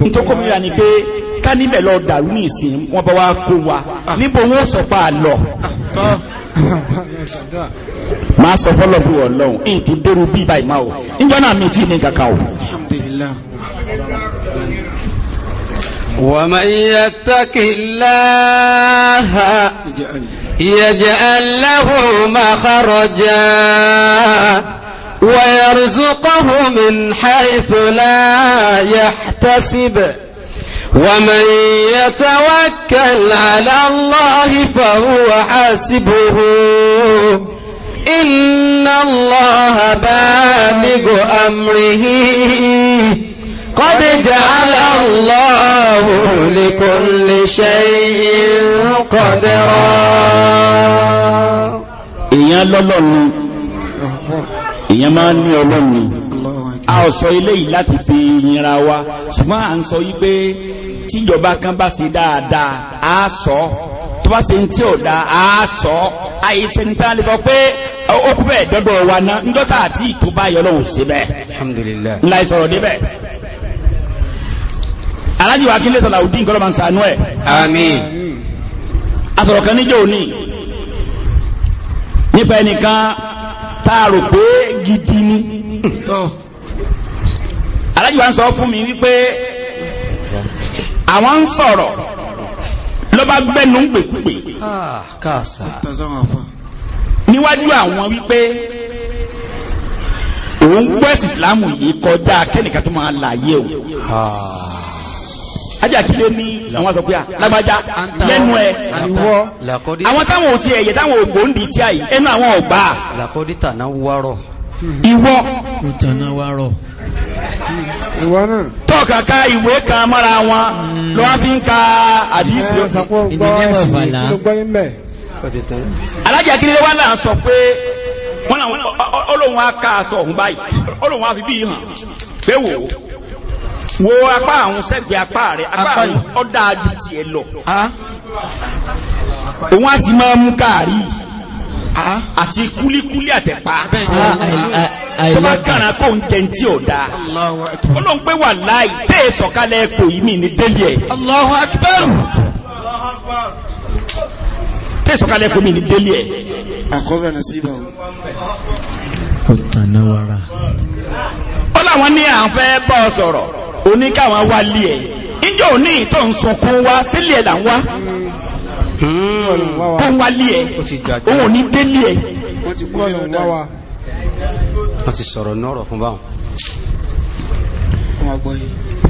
ntọ́kọ́ mi rà ni pé ká níbẹ̀ lọ dàrú ní ìsìn wọn bá wa kó wa ah. níbo wọn sọ pa àlọ́ máa sọ fọ́lọ̀ bí wọ́n lọ́hùn èdè dérú bí ibà ìmáwò níjọ́ náà mi tí ní kankan o. ومن يتق الله يجعل له مخرجا ويرزقه من حيث لا يحتسب ومن يتوكل على الله فهو حاسبه إن الله بالغ أمره قد جعل الله لكل شيء قدرا إيا لولون إيا ما ني a ọ̀sọ̀ ilé yìí láti fi yìnra wa ṣùgbọ́n à ń sọ yí pé tíjọba kan bá ṣe dáadáa a sọ tó bá ṣe ń tí ò dá a sọ àìsẹ́ ní tán lè sọ pé ó kú bẹ́ẹ̀ dọ́dọ̀ wa ná ńdọ́ta àti ìtúbá yọ sí bẹ́ẹ̀ alhamdulillah ńlá ìsọ̀rọ̀ débẹ̀ alájì wa kílẹ̀ sọ̀lá òdì nǹkan máa ń sànú ẹ̀ àmín asọ̀rọ̀ kan níjọ́ òní nípa ẹnìkan tá a rò pé gidi ni alájì wa ń sọ fún mi wípé àwọn ń sọ̀rọ̀ ló bá gbẹ́nu ń gbègbè ah, níwájú àwọn wípé òun gbọ́ ẹ̀sìn ìsìlámù yìí kọjá kẹ́nìkan tó máa láàyè o ah. ajakile ní àwọn sọ pé ah, lágbájá lẹ́nu ẹ̀ àwọn táwọn ò ti ẹ̀yẹ táwọn ògbóǹdì tí a yìí ẹnu àwọn ọ̀gbà Iwọ. tọ́kàká ìwé ka mara wọn hmm. lọ wá fi ka àdísì alájà kiri wá náà sọ pé olóhun á àtọ̀ ọ̀hún báyìí olóhun bí hàn pé wò wo apá àwọn apá rẹ̀ apá ọ̀dà àdìtì ẹ̀ lọ òun sì máa Ah, ah. àti kúlíkúlí àtẹ̀pá ah, tó bá kàrà kó ń jẹ tí ò dáa ọlọ́run pé wà láì bẹ́ẹ̀ sọ̀kalẹ̀ ẹ̀kọ́ yìí ní ní délé ẹ̀ tẹ́ sọ̀kalẹ̀ ẹ̀kọ́ mi ní délé ẹ̀ ó láwọn ní oníkàwọn Hmm. kó ń wálé ẹ̀ òun ò ní délé ẹ̀ wọ́n ti sọ̀rọ̀ nọ́rọ̀ fún báwọn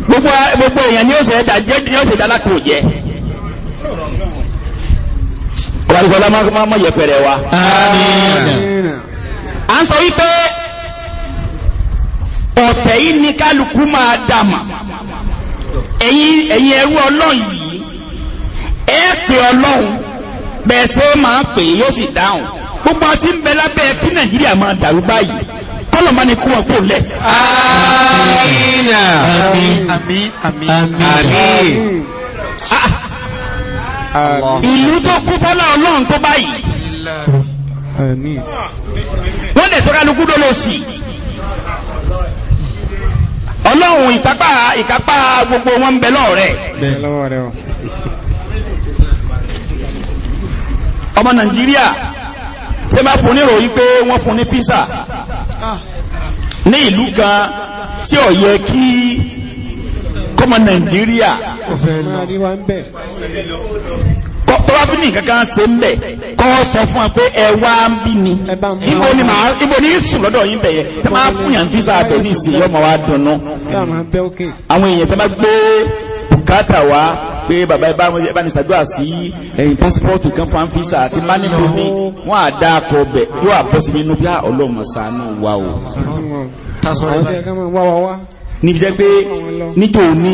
gbogbo èèyàn ni ó ṣe ẹ̀dà jẹ́ ni ó ṣe dáná kò jẹ́ ọ̀rọ̀lọ́lá máa mọ̀ yẹpẹrẹ wa a ń sọ wípé ọ̀tẹ̀ yìí ni kálukú máa dàmà ẹ̀yin ẹ̀rú ọlọ́yìn ẹ pè ọlọ́run bẹ́ẹ̀ ṣe máa pè yóò sì dáhùn gbogbo àti ń bẹ lábẹ́ kí nàìjíríà máa dàrú báyìí kọ́lọ̀mọ́ ni kún ọ̀pọ̀ lẹ̀. ami. àmín àmín àmín ah, ìlú tó kú fọ́lá ọlọ́run tó báyìí wọ́n lè sọ́rọ̀ alukú ló lọ sí ọlọ́run ìkápá gbogbo wọn ń bẹ lọ́rẹ̀ ọmọ nàìjíríà tí wọ́n fún ní ròyìn pé wọ́n fún ní físà ní ìlú kan tí ó yẹ kí kọmọ nàìjíríà tó bá bí ní kankan ṣe ń bẹ̀ kọ́ sọ fún wa pé ẹ wá ń bí ni ibo ni sùn lọ́dọ̀ yín bẹ̀yẹ tẹ máa fún yàn físà abẹ ní ìsìn yọmọ wa dùnú àwọn èèyàn tẹ bá gbé bùkátà wa pé bàbá ẹ bá ní sàdúrà sí ẹ̀yìn pásípọ́ọ̀tù kan fún àǹfíìsà àti mánífò ní wọ́n á dá akọ bẹ̀ tó àbọ́sí nínú bí ah, ọlọ́mọ ṣàánú wa o. níbi jẹ́ pé nítòní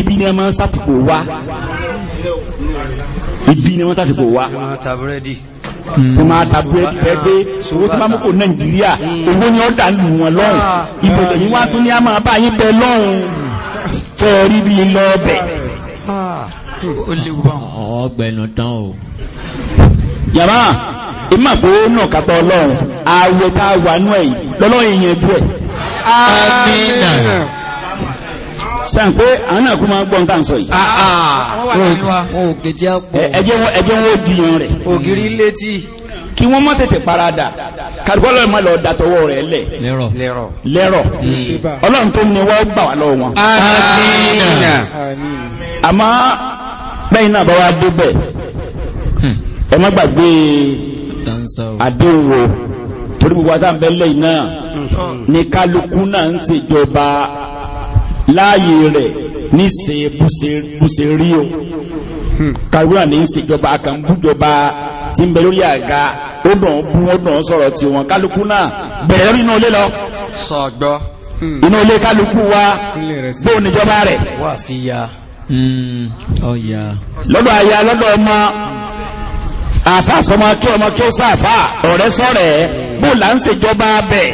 ibi ni wọ́n máa ń sàtìkò wá ibi ni wọ́n sàtìkò wá tó máa ta búrẹ́dì pẹ́gbé owó tó máa mú kò nàìjíríà owó ni ó dà lù wọn lọ́rùn ìbòlẹ̀ yìí wá tó ní a máa bá yín bẹ lọ́rùn tẹ́ẹ̀rí bí lọ́ọ̀bẹ̀ Ah, ó léwu bá wọn. tán o. yàrá ìmàgbó kàtọ Ọlọ́run tá a wà nú ẹ lọ́lọ́run yẹn bú ẹ. amina. sàn àwọn náà kú máa gbọ́ nǹkan sọ yìí. Ah, ah. wọ́n wọn ògiri létí kí wọ́n parada ma lọ lẹ̀ lẹ́rọ̀ lẹ́rọ̀ ọlọ́run tó ní wọ́n gbà lọ́wọ́ àmọ́ bẹ́yìn náà bá wá débẹ̀ hmm. ẹ má gbàgbé àdéhùn torí gbogbo àtàbẹ́lẹ̀ náà hmm. ní kálukú náà ń ṣèjọba láàyè rẹ̀ ní ṣe búṣe rí o hmm. kálukú náà ní ṣèjọba àkànbújọba tí ń bẹ lórí àga ó dàn bú ó dàn sọ̀rọ̀ tí kálukú náà bẹ̀rẹ̀ lórí inú ilé lọ sọ̀gbọ́ inú ilé kálukú wa bóun níjọba rẹ̀ wà sí ya Hmm. Oh, lọ́dọ̀ aya lọ́dọ̀ ọmọ àfá sọmọ kí ọmọ kí ó sáfà ọ̀rẹ́ sọ́rẹ̀ bó là ń ṣèjọba bẹ̀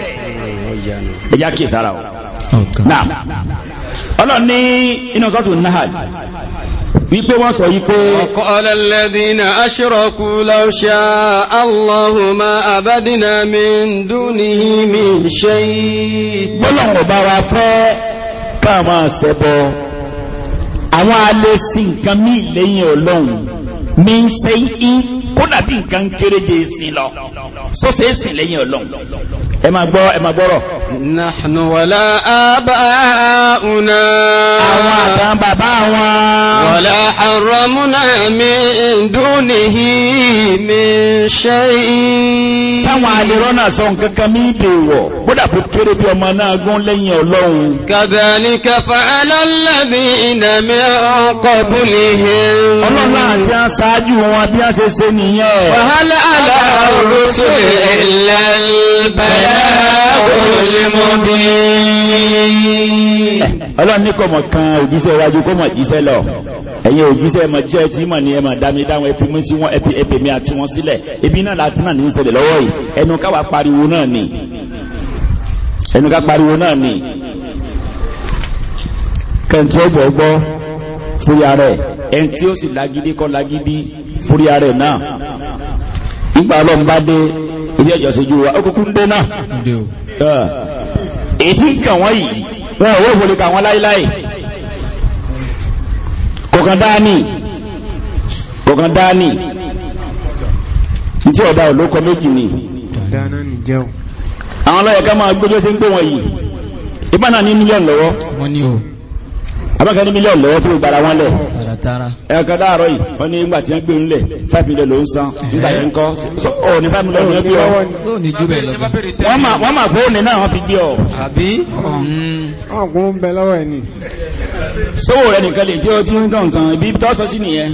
ẹjá kí sára o náà ọlọ́ni inú sọ́tù náà wípé wọ́n sọ yí pé qala alladhina ashraku law sha'a Allahu ma abadna min dunihi min shay gbọ́lọ̀ ọ̀bá wa fẹ́ káàmà sẹ́bọ̀ àwọn alẹ́ sí nǹkan mí lẹ́yìn ọlọ́run mi ń sẹ́yìn kódà bí nǹkan kéréje sí lọ sọ́sẹ̀ sí lẹ́yìn ọlọ́run ẹ ma gbọ́ ẹ ma gbọ́rọ̀ nahnu wala aba'una àwọn àtàn bàbá wọn wala harramna min dunihi min shay'in sáwọn alẹ́rọ́ náà sọ nkankan mi dèwọ̀ bódà bó kéré bí ọmọ náà gún lẹ́yìn ọlọ́run kadhalika fa'ala alladhina min qablihim ọlọ́run àti àṣáájú wọn bí a ṣe ṣe nìyẹn wàhálà àlà ar-rusul illa ọlọ́run ní kọ̀mọ̀ kan òjíṣẹ́ iwájú kọ̀mọ̀ jíṣẹ́ lọ ẹ̀yin òjíṣẹ́ ẹ̀mọ̀ jẹ́ tí mọ̀ ní ẹ̀mọ̀ dámi dáwọn ẹ̀fí mú sí wọn ẹ̀fí ẹ̀fí mi àti wọn sílẹ̀ ebi náà láti náà ní í ṣẹlẹ̀ lọ́wọ́ yìí ẹnu káwa pariwo náà ni ẹnu ká pariwo náà ni kẹntì ọ̀bọ̀ gbọ́ fúri arẹ̀ ẹni ó sì lágídí kọ́ lágídí fúri arẹ̀ náà ìgbà ọlọ́run bá dé ibi ẹjọ́ sojú wa okùnkù ń dé náà ètí nǹkan wọ́n yìí wọ́n ò wọ́n ìwòlè kà wọ́n láíláì kọ̀kan dání kọ̀kan dání tí ọ̀dá olókọ méjì ni àwọn ọlọ́yẹ̀ká máa gbójó sí ń pè wọ́n yìí ìbánà ní mílíọ̀nù lọ́wọ́ abákan ní mílíọ̀nù lọ́wọ́ tí ó gbára wọn lẹ̀ ẹ̀kan láàárọ̀ yìí wọ́n ní ìgbà tí wọ́n gbé lẹ̀ five million ló ń san nígbà yẹn ń kọ́ ọ ní five million ló ń gbé ọ. wọ́n mà bó ní náà wọ́n fi gbé ọ. àbí ọ̀gùn ń bẹ lọ́wọ́ ẹ̀ ni. sówó rẹ nìkan lè tí ó ti ń dàn tán ibi tó sọ sí nìyẹn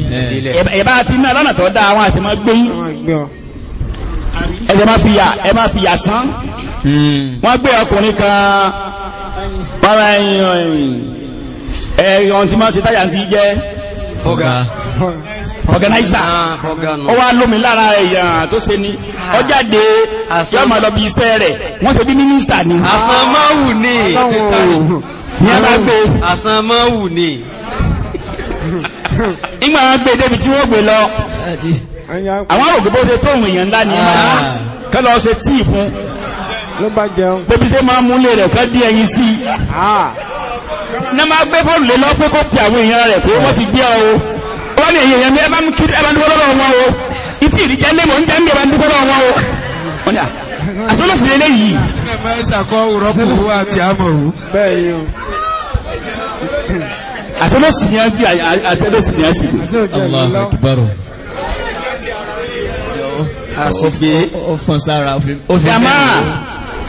ẹ̀bá ti ná lọ́nà tó dáa wọn àti máa gbé ẹ máa fìyà san hmm. wọ́n gbé ọkùnrin kan wọ́n ra ẹyin ẹ̀yọ̀n tí máa ṣe táyà ti jẹ́ fọ̀gánáìsà ah, ó wá lómi lára èèyàn tó ṣe ni ọjáde ah. yọ́ ma lọ bí iṣẹ́ rẹ̀ wọ́n ṣe bí mínísà ni àsánmáwù ni àsánmáwù ni ìgbà wọn gbé débi tí wọ́n gbé lọ àwọn ògbébó ṣe tóhùn èèyàn ńlá ni ah. kẹ́lọ ṣe tíì fún ló bá jẹun gbébí ṣe máa múlé rẹ̀ fẹ́ dí ẹyin sí náà máa gbé bọ́ọ̀lù lé lọ́pẹ́ kó pe àwọn èèyàn rẹ̀ pé wọ́n ti gbé ọ o wọ́n ní èèyàn mi ẹ bá ń kí ẹ bá ń dúpọ́ lọ́wọ́ wọn o ìtì ìrìjẹ́ lé mọ̀ ń jẹ́ ń bí ẹ bá ń dúpọ́ lọ́wọ́ wọn o. àtúntò lè léyìí. mẹ́sàkọ́ rọ́pò àti àmọ̀ òun. bẹ́ẹ̀ yìí o àtẹ́lọ́sì ni a bí àtẹ́lọ́sì ni a sì gbé àṣìgbé ọfàn sára òfin àmáà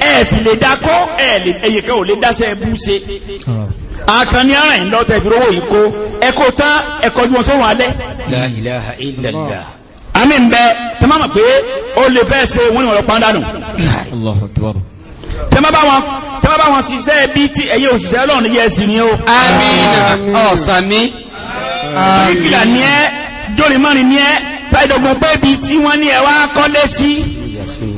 ẹ̀ sì lè dákọ́ ẹ̀yẹ̀kẹ́ ò lè dáṣẹ́ ẹbú ṣe àkàn ní ara ìlọ́ tẹ̀bírówò ìkó ẹkọ́ tán ẹkọ́ jú wọn sóhun alẹ́ La ilaha illallah àmì ń bẹ tẹ́ máa mọ̀ pé ó lè fẹ́ ṣe wọ́n ni wọ́n lọ pàdánù Allahu Akbar tẹ́mọ́ bá wọn ṣiṣẹ́ bí tí ẹ̀yẹ òṣìṣẹ́ ọlọ́run yẹ sí ni ó àmìnà ọ̀sàmí ìkìlà ní ẹ́ dórí mọ́rin ní ẹ́ pẹ́dọ̀gbọ̀n pé bí tí wọ́n ní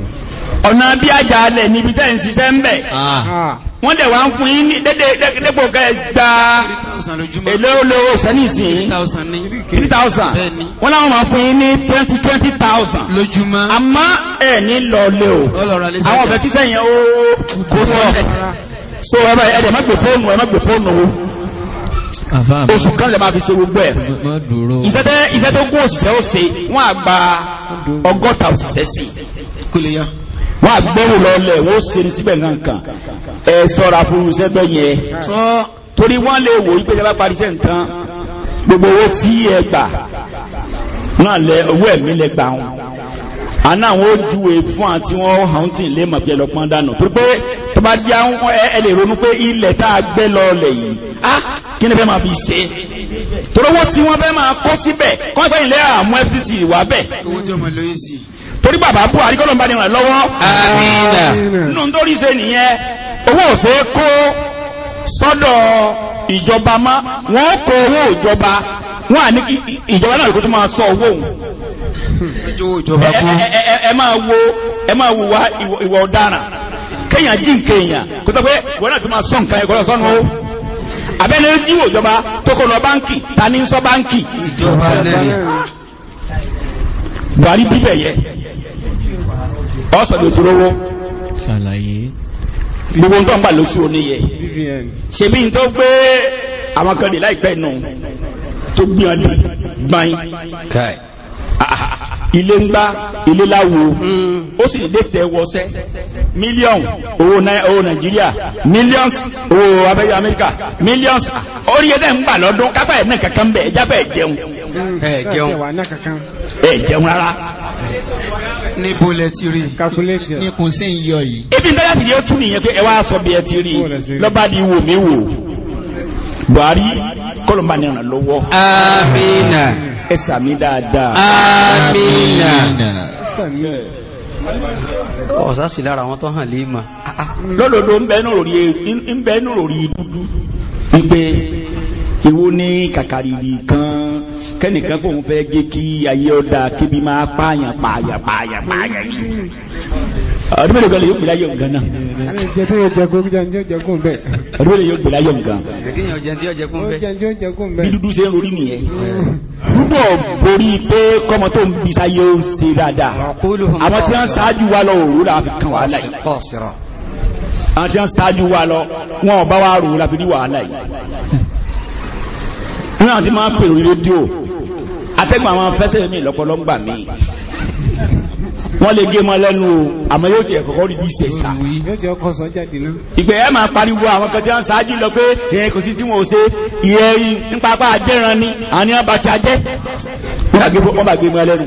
ọ̀nà bí àjàalẹ̀ níbi tẹ́ ń ṣiṣẹ́ ń bẹ̀ ah. Ah. wọ́n dẹ̀ wá ń fún yín ní dépò kẹta èlé olówó sẹ́nìsìn 3000 wọ́n láwọn máa fún yín ní 20,000 lójúmọ́ àmọ́ ẹ̀ ní lọ́ọ̀lẹ́ o àwọn ọ̀bẹ̀ kí sẹ́yìn ó kó sọ́ọ̀lẹ̀ so ẹ̀rọ ẹ̀dẹ̀ má gbé fóònù ẹ̀ má gbé fóònù o oṣù kan lè máa fi ṣe gbogbo ẹ̀ iṣẹ́ tó gún òṣìṣẹ́ ó ṣe wọ́n àgbà ọgọ́ta òṣìṣẹ́ sí kò lè yá wọ́n àgbẹ̀wò lọ́lẹ̀ wọ́n ṣe ní síbẹ̀ nǹkan ẹ sọ́ra fún iṣẹ́ tó yẹ torí wọ́n lè wò wípé ìjọba parí iṣẹ́ nǹkan gbogbo owó tí ẹ gbà náà lẹ owó ẹ̀mí lẹ gbà wọn àná àwọn ojúwe fún àti wọn hàn tí ń lé màbí ẹlọpọn dànù torí pé tó bá ti àwọn ẹ lè ronú pé ilẹ̀ tá a gbẹ́ lọ́ọ̀lẹ̀ yìí á kí ni fẹ́ máa fi ṣe torówó tí wọ́n fẹ́ máa kó síbẹ̀ kọ́ ìpẹ́yìn àmú fcc wà bẹ́ẹ̀. owó tí ọmọ lóye sí i torí bàbá Buhari kọ́ ló ń bá ní ràn lọ́wọ́ nínú nítorí ṣe nìyẹn owó òṣè kó sọ́dọ̀ ìjọba má wọ́n kó owó ìjọba wọ́n à ìjọba náà kó tó máa sọ owó òun ẹ máa wo ẹ máa wo wá ìwà ọ̀daràn kéèyàn jí nkéèyàn kó tó pé wọ́n náà tó máa sọ nǹkan ẹ̀kọ́ lọ sọ́nu o abẹ́lẹ́ yíwò ìjọba tó kó lọ báńkì ta ní sọ báńkì ìjọba lẹ́yìn Buhari bíbẹ̀ yẹ ọ̀sọ̀ ló ti rówó gbogbo nǹkan gbà lóṣù oníyẹ ṣe bí n tó gbé àwọn kan lè láìpẹ́ nù tó gbìyàn lè gbain ilé ń gbá ilé láwo hmm. ó sì lè tẹ wọṣẹ mílíọ̀n owó nàìjíríà mílíọ̀n owó abẹ́yẹ amẹ́ríkà mílíọ̀n orí ẹ̀dẹ̀ ń gbà lọ́dún kápá ẹ̀ náà kankan bẹ̀ ẹ̀jábẹ̀ jẹun ẹ jẹun ẹ jẹun rárá ní bólẹ̀ ti rí ní kùn sí yọ yìí ibi ìdájá sì yóò tún nìyẹn pé ẹ wá sọ bí ẹ ti rí lọ́ba di wò mí wò Buhari kọlọmba ní ọ̀nà lọ́wọ́ amina ẹ sàmì dáadáa amina ọ̀sá sì lára wọn tó hàn lè mà lọ́lọ́dọ̀ ń bẹ́ẹ̀ nù lórí dúdú wípé ìwọ ní kàkàrìrì kan kẹ́nìkan kò ń fẹ́ gé kí ayé ọ̀dà kébi máa pààyàn pààyàn pààyàn pààyàn yìí ọdún mélòó kan lè yóò gbé láyé nǹkan náà. jẹ́tí yóò jẹ́kún jẹ́ntí yóò jẹ́kún bẹ́ẹ̀. ọdún mélòó yóò gbé láyé nǹkan. jẹ́tí yóò jẹ́ntí yóò jẹ́kún bẹ́ẹ̀. bí dúdú ṣe ń rorí nìyẹn. Mm. rúbọ̀ borí pé kọ́mọ tó ń bisa yóò ṣe dáadáa. àwọn tí wọ́n ṣáájú wa lọ òru la fi kan wàhálà yìí. àwọn tí wọ́n ṣáájú wa lọ wọn ò bá wa rò la fi ní wàhálà yìí nínú àti máa pè orí rédíò atẹ́gbọ̀n àwọn afẹ́sẹ̀ ní ìlọ́pọ̀lọ́ ń gbà mí wọ́n lè gé mọ́ lẹ́nu o àmọ́ yóò tiẹ̀ kọ́kọ́ rí bí sẹ̀sà ìgbẹ́ ẹ̀ máa pariwo àwọn kan tí wọ́n ṣáájú lọ pé ìyẹn kò sí tí wọ́n ṣe ìyẹn nípa apá àjẹran ni àní ọba ti ajẹ́ wọ́n bá gbé mọ́ lẹ́nu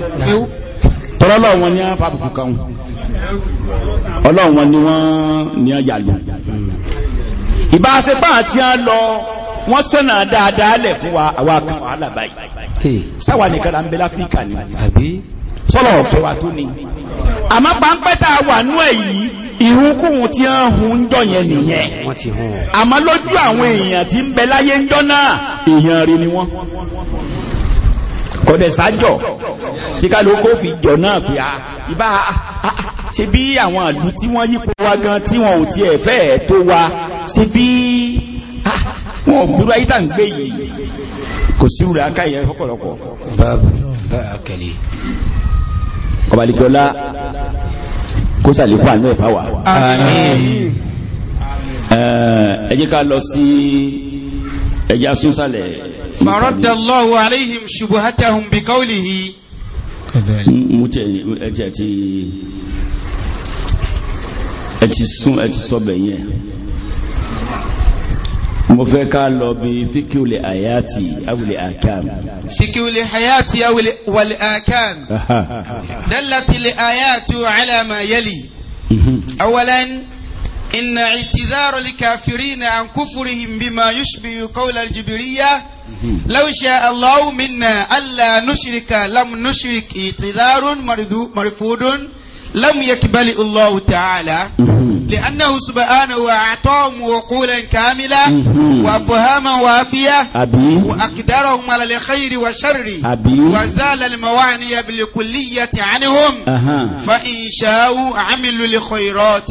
tọ́rọ ọlọ́run ni wọ́n fàbùkù kan ọlọ́run ni wọ́n ni wọ́n yà lò ìbáṣepá àti à wọ́n sẹ́nà dáadáa lẹ̀ fún wa àwa kan sáwà nìkan là ń bẹ láfíríkà ni sọ́lọ̀ ọ̀kẹ́ wa tó ni àmọ́ pàǹpẹ́ tá a wà nú ẹ̀ yìí ìhunkúhun tí ń hun ń jọ yẹn nìyẹn àmọ́ lójú àwọn èèyàn tí ń bẹ láyé ń jọ náà èèyàn rí ni wọ́n kọ̀dẹ̀ sájọ̀ tí kálukó fi jọ náà pé a ah, ìbá ah, ah, ṣe bí àwọn àlú tí wọ́n yípo wa gan tí wọn ò tiẹ̀ fẹ́ tó wa ṣe bí wọn ò gbúrú ayé tá ń gbé yìí kò sírù rẹ̀ akáyẹ fọ́pọ̀lọpọ̀ ọbalikọ́lá kó sàlékún àánú ẹ̀fà wà ẹ jẹ́ ká lọ sí ẹjá súnsàlẹ̀ faradallahu alayhim shubuhatahum bi qawlihi mú ẹ̀tì sún ẹ̀tì sọ́bẹ̀ yẹn مفكا لوبي ká لاياتي او لاكام àyàtì لحياتي او fíkíulè دلت awulè على ما يلي أولا إن اعتذار الكافرين عن كفرهم بما يشبه قول الجبرية لو شاء الله منا ألا نشرك لم نشرك اعتذار مرفوض لم يقبل الله تعالى لأنه سبحانه أعطاهم عقولا كاملة وأفهاما وافية وأقدارهم على الخير والشر وزال الموانع بالكلية عنهم فإن شاءوا عملوا لخيرات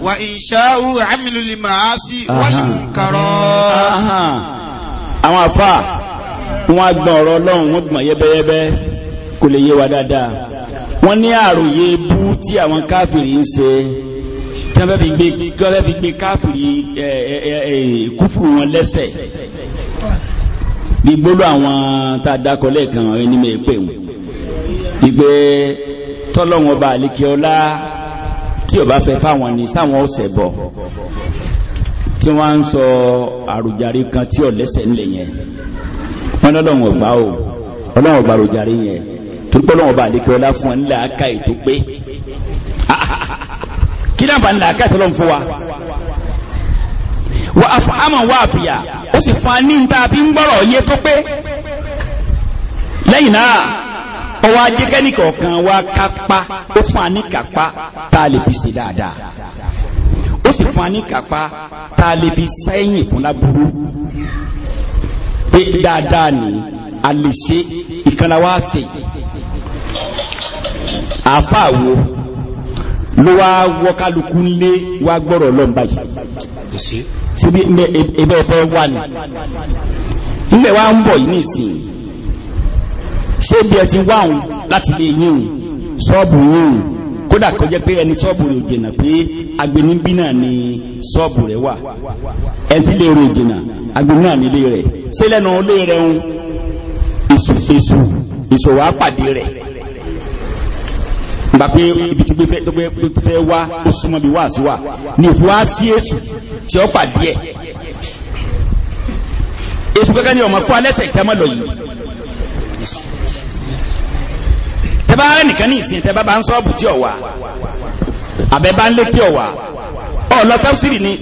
وإن شاءوا عملوا للمعاصي والمنكرات àwọn فا؟ wọn gbọ́n ọ̀rọ̀ Ọlọ́run wọn gbọ́n yẹ́bẹ́yẹ́bẹ́ kò lè wọ́n ní àròyé bú tí àwọn káfìrí ń ṣe tí wọ́n fẹ́ fi gbé káfìrí kúfùrù wọn lẹ́sẹ̀ gbígbóló àwọn tá a dákọ lẹ́ẹ̀kan ẹni mẹ́ pé wọn ìgbé tọ́lọ́wọ́n bá àlékè ọlá tí ọba fẹ́ fáwọn ní sáwọn ọ̀sẹ̀ bọ̀ tí wọ́n ń sọ àròjàre kan tí ọ̀lẹ́sẹ̀ ńlẹ̀ yẹn wọ́n lọ́lọ́wọ́n gbá o ọlọ́wọ́n gbàròjàre yẹn torípọ́lọ́wọ́ bá àlékẹ́ ọlá fún wọn láàká ètò pé kí láǹfà ní láàká ìtọ́lọ́m fún wa wà ámà wà àfìyà ó sì fún a ní ta fi ń gbọ́rọ̀ yé tó pé lẹ́yìn náà ọwọ́ ajẹ́kẹ́ni kọ̀ọ̀kan wa kápá ó fún a ní kápá tá a lè fi ṣe dáadáa ó sì fún a kápá tá a lè fi sẹ́yìn fún láburú pé dáadáa ni a lè ṣe ìkànnà wa ṣe yìí. àfà wo ló wá wọ́kálukú lé wá gbọ́rọ̀ lọ́n báyìí bí ẹbẹ́ fẹ́ wà ní ilẹ̀ wa ń bọ̀ yìí nìsín ṣé bí ẹ ti wá láti lè sọ́ọ̀bù kódà pé ẹni ṣọ́ọ̀bù rẹ̀ pé náà ni wà ẹni tí lè rò òjìnà náà rẹ̀ ṣé lẹ́nu ilé rẹ̀ ń gba pé ibi tí gbé fẹ́ wá ó súnmọ́ bí wá sí wá ní òfin wá sí èṣù tí ó pàdé ẹ̀ èṣù kankan ní ọmọ kó alẹ́sẹ̀ kí lọ yìí tẹ́bá nìkan ní ìsìn tẹ́bá bá ń sọ́ọ̀bù tí ọ̀wà àbẹ́ bá ń lé tí ọ̀wà ọ̀lọ́ tafsiri ni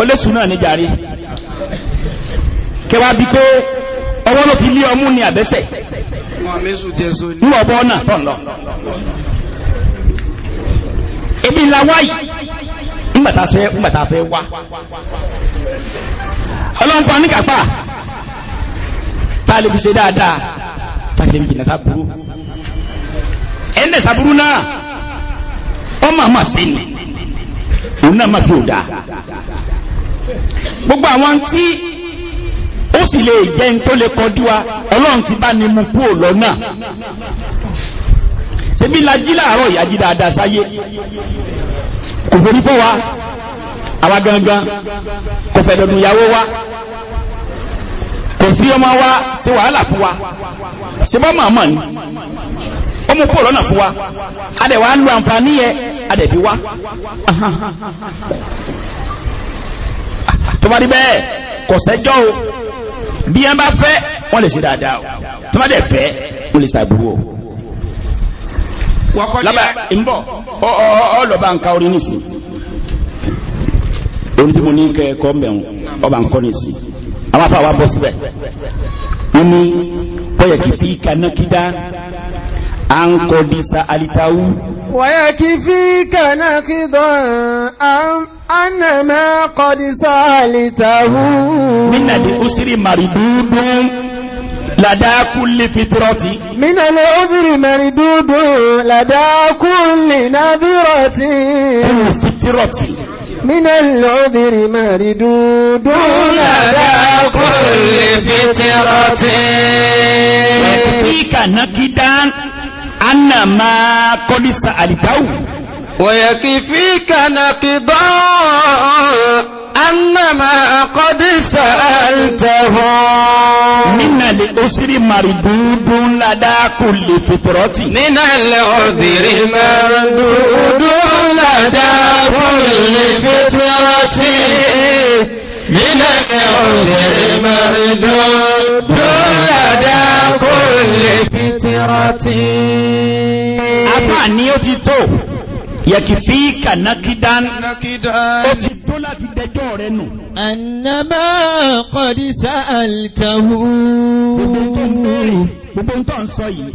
olóṣù náà ní jàre kẹwàá bí pé ọwọ́ ló fi lé ọmú ní àbẹ́sẹ̀ ń wọ̀ bọ́ náà tọ̀ lọ ebi ńlá wáyì ńgbàtà fẹ́ ńgbàtà fẹ́ wá ọlọ́run fún aníkàpá táà lè fi ṣe dáadáa táà lè fi jìnà sábúrú ẹ̀ndẹ̀ sábúrú náà ọmọ àmà sí ni òun náà má fi ò dáa gbogbo àwọn tí ó sì lè jẹ́ tó lè kọjú wa ọlọ́run ti bá ní mú kúrò lọ́nà ṣe bí lají láàárọ̀ ìyájí dáadáa sáyé kò forí fún wa àwa gangan kò fẹ́ dọ̀dún ìyàwó wa kò sí ọmọ wa ṣe wàhálà fún wa ṣe bá màmá ni ó mú pọ̀ lọ́nà fún wa a dẹ̀ wá ń àǹfààní yẹ a dẹ̀ fi wá tó bá rí bẹ́ẹ̀ kò sẹ́jọ́ o bí ẹ bá fẹ́ wọ́n lè ṣe dáadáa o tó bá dẹ̀ fẹ́ wọ́n lè ṣàbúrò o lábà ńbọ̀ ọlọ́ba ń ka orin nìsí orin tí mo ní kẹ́ ẹ̀kọ́ mẹ́rin ọba ń kọ́ nìsí àwọn afọ àwọn bọ́ síbẹ̀ wọ́n ní bọ́yẹ̀ kì na fi kanákídá an kodisa alitawu waya kifi kana kidan am anama kodisa alitawu minna di usiri maridudun لدى كل فترة من العذر مردود لدى كل نذرة فترة من العذر مردود لدى كل فترة ويكفيك نكدا أن ما قد سألته ويكفيك نقضا أنما قد سألتهم من الأسر مردود لدى كل فترة من العذر مردود لدى كل فترة من العذر مردود لدى كل فترة أفعني تتو yẹ̀kìfíkà nákídán ó ti tó láti dẹjọ́ rẹ nù. ànàmá kọ́dí sáàlìtàwù. gbogbo ń tọ́ ń sọ yìí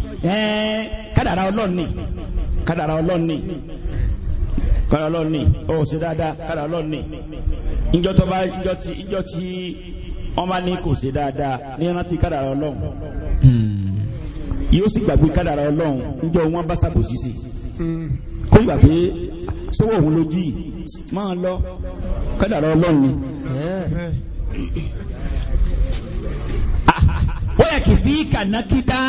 kádàrá ọlọ́ọ̀ni kádàrá ọlọ́ọ̀ni kádàrá ọlọ́ọ̀ni ó ṣe dáadáa kádàrá ọlọ́ọ̀ni ìjọ tó bá ìjọ tí ìjọ tí wọ́n bá ní kò ṣe dáadáa ní rántí kádàrá ọlọ́ọ̀n hmm. yóò sì gbàgbé kádàrá ọlọ́ọ̀n níjọ wọn bá ṣàbòsí sí i kó ìgbà pé sówọ́ òun lójú yìí máa lọ kádàrá ọlọ́run ni wọ́n yẹ kì fi kànákítá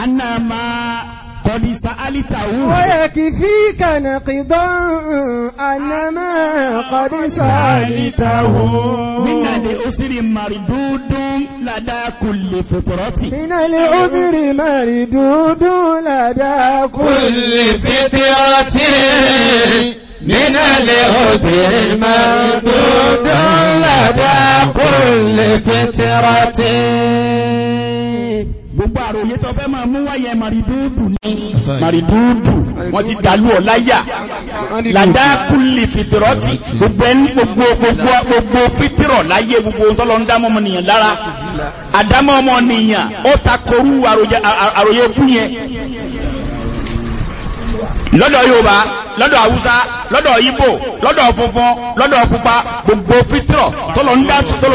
anamá kọ̀dí sàálítàwù. Ó yẹ kì fí kànà kìdán ànàmà kọ̀dí sàálítàwù. Mínà lè ó sì rí màrí dúdún ládá kùlè fètòrọ́tì. Mínà lè ó sì rí màrí dúdún ládá kùlè fètòrọ́tì. Mínà lè ó sì rí màrí dúdún ládá kùlè fètòrọ́tì gbogbo àròyé tó fẹ́ máa mú wáyẹ màrìdúdù ní màrìdúdù wọ́n ti dàlú ọ̀ láyà làdákùlì fìtìrọ́tì gbogbo ẹni gbogbo gbogbo gbogbo fìtìrọ̀ láyé gbogbo ohun tọ́lọ ń dámọ́ ọmọ nìyàn lára àdámọ́ ọmọ ó takorú àròyé kú yẹn lọ́dọ̀ Yorùbá lọ́dọ̀ Haúsá lọ́dọ̀ ibo, lọ́dọ̀ funfun lọ́dọ̀ pupa gbogbo fitrọ tọ́lọ̀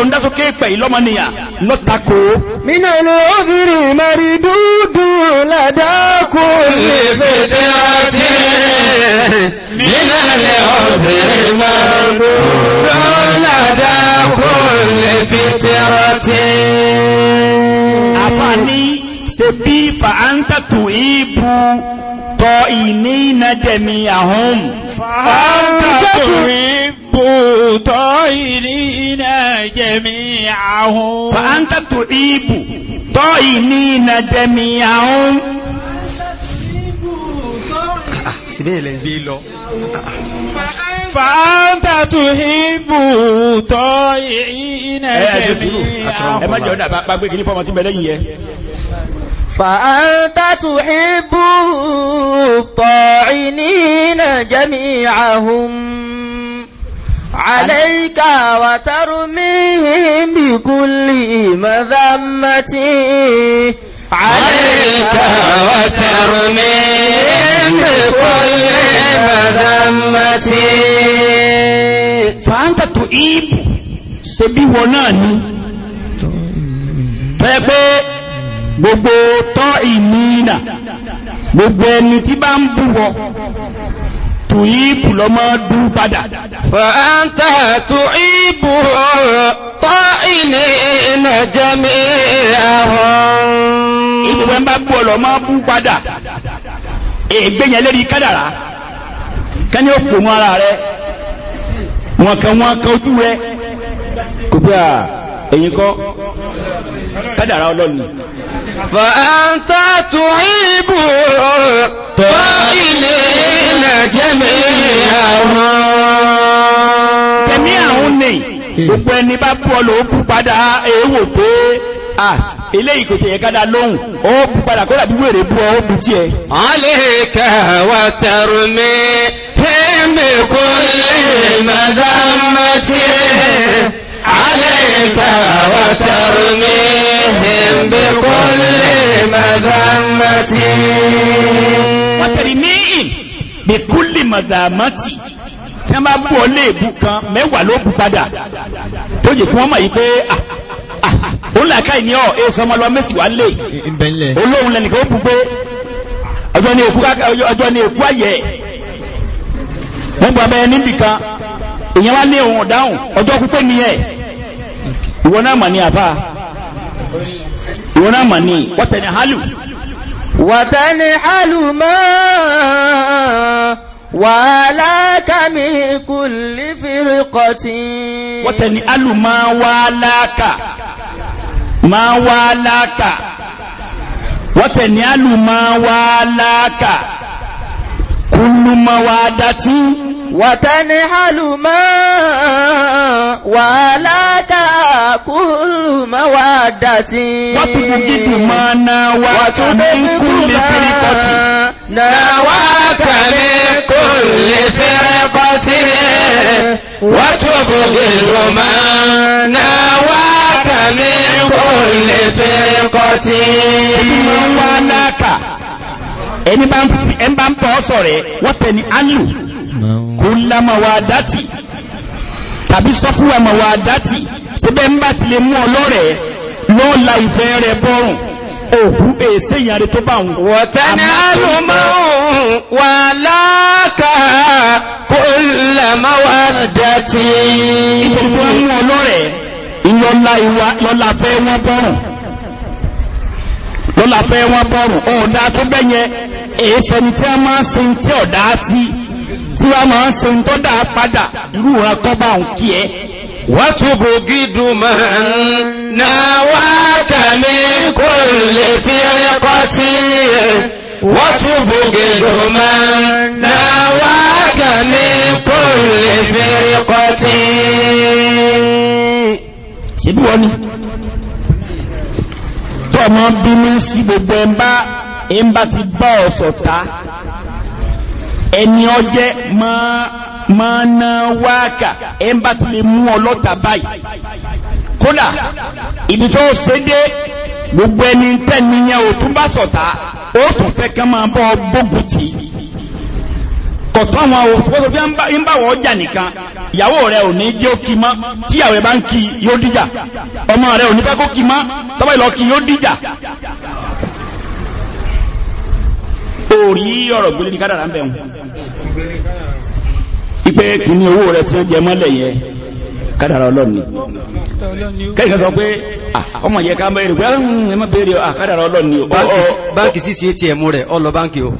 ń dá sókè pẹ̀ ìlọ́mọnìyàn lọ́tàkó. mina ló fìrí mari dúdú ládàkó lè fètè àti mina lè fìrí mari dúdú ládàkó lè fètè àti. àfààní ṣe bí fàáńtà tó ìbú tọ ìní iná jẹmi àhún fàántàtù ìbù tọ ìní iná jẹmi àhún síbẹ̀ ilẹ̀ gbé lọ fàántàtù ìbù tọ ìní iná jẹmi àhún ẹ má jẹ́ ọ̀dà bá gbé kí ní fọ́mọ tí bẹ̀rẹ̀ yìí ẹ فأنت تحب الطاعنين جَمِيعَهُمْ عَلَيْكَ وَتَرْمِيهِمْ بِكُلِّ مَذَمَّتِهِ عَلَيْكَ وَتَرْمِيهِمْ بِكُلِّ مَذَمَّتِهِ فأنت تحب ṣebí wọn náà gbogbo tọ́ ìmìnà gbogbo ẹni tí bá ń búwọ tù ìbù lọ́mọ́ dú padà fa'anta tù ìbù tọ́ ìnìyàn jẹ́mí àwọn ìbùwẹ́ bá bú ọlọ́mọ́ bú padà ègbéyàn lérí kádàrá kẹ́ni ó pò mọ́ ara rẹ̀ wọ́n kan wọ́n kan ojú rẹ̀ kò pé à èyí kọ́ kádàrá ọlọ́ni fa'anta tu'ibu tọ́ ilé ilẹ̀ jẹ́mẹ̀ àwọn tẹ̀mí àwọn ní gbogbo ẹni bá bú ọlọ́ òkú padà èèwò pé à ilé ìkòtò yẹ kádà lóhùn ó bú padà kó dàbí wèrè bú ọ bú tí ẹ aléèkà wà tẹrù mi hẹ́mẹ̀kọ́ lè mẹ́dàmẹ́tì عليك وترميهم بكل مذمة وترميهم بكل bú ọ kan mẹ́wàá ló padà tó yẹ kí wọ́n mọ̀ pé òun ah, ah, lọ mẹ́sì wá ó pé ọjọ́ ni èkú ayẹ wọ́n kan èyàn wá ní ohun ọ̀dáhùn ọjọ́ pípẹ́ ní ẹ̀ ìwọ náà mà ní àbá ìwọ náà mà ní wọ́tẹ̀ni hálù wọ́tẹ̀ni hálù mọ́ wàhálàkà mi kulli firqati wọ́tẹ̀ni hálù mọ́ wàhálàkà mọ́ وتنحل ما ولا تأكل مودة وتبغض ما نواك من كل فرقة نواك من كل فرقة وتبغض ما نواك من كل فرقة ẹni bá ń bọ́ sọ̀rẹ̀ wọ́n tẹ̀ ní alù kúlá mawadati tàbí sọ́fúwà mawadati síbẹ̀ ń bá ti lè mú ọlọ́rẹ̀ lọ́la ìfẹ́ rẹ̀ bọ́rùn òhú èsè ìyàrí tó bá wọn. mawadati. ìfẹ́ wọn mú ọlọ́rẹ̀ ìlọ́la ìwà lọ́la fẹ́ wọn bọ́rùn lọ́la fẹ́ wọn bọ́rùn ọ̀dà tó bẹ́yẹn èé sẹni tí a máa sin tí ọ̀dà sí tí wọ́n máa ń ṣe ń tọ́dà padà irú wọn kọ́ ń kí ẹ. wọ́n tún bò gídùn máa ń na wá kàmí kò lè fi ẹ̀kọ́ sí ẹ̀. wọ́n tún bò gídùn máa ń na wá kàmí kò lè fi ẹ̀kọ́ sí ẹ̀. ṣebí wọ́n ni tọ́mọ bínú sí gbogbo ẹ̀ ń bá ti bá ọ̀sọ̀ ta ẹni ọjẹ́ máa ná wáàkà ẹ ń bá ti lè mú ọlọ́ta báyìí kódà ibi tó ṣe dé gbogbo ẹni tẹ́niyàn ò tún bá sọ̀tà ó tún fẹ́ kán máa bọ́ gbógun tì í kọ̀tọ́ àwọn òṣùpọ̀tọ̀ bí ń bá wọ́n jà nìkan ìyàwó rẹ̀ ò ní jẹ́ òkì mọ́ tí ìyàwó bá ń kí yóò dìjà ọmọ rẹ̀ ò ní fẹ́ kó kí mọ́ tọ́bá ìlọ yóò dìjà tó rí ọ̀rọ̀ gbélé ní kádàrà ń bẹ̀ wọn ipe kìíní owó rẹ̀ tí wọ́n jẹ mọ́lẹ̀ yẹn kádàrà ọlọ́ni kẹ́kẹ́ sọ pé ọmọ yẹ ká bẹ̀rẹ̀ pé ẹ má bẹ̀rẹ̀ kádàrà ọlọ́ni báńkì sí sí atm rẹ̀ ọlọ báńkì o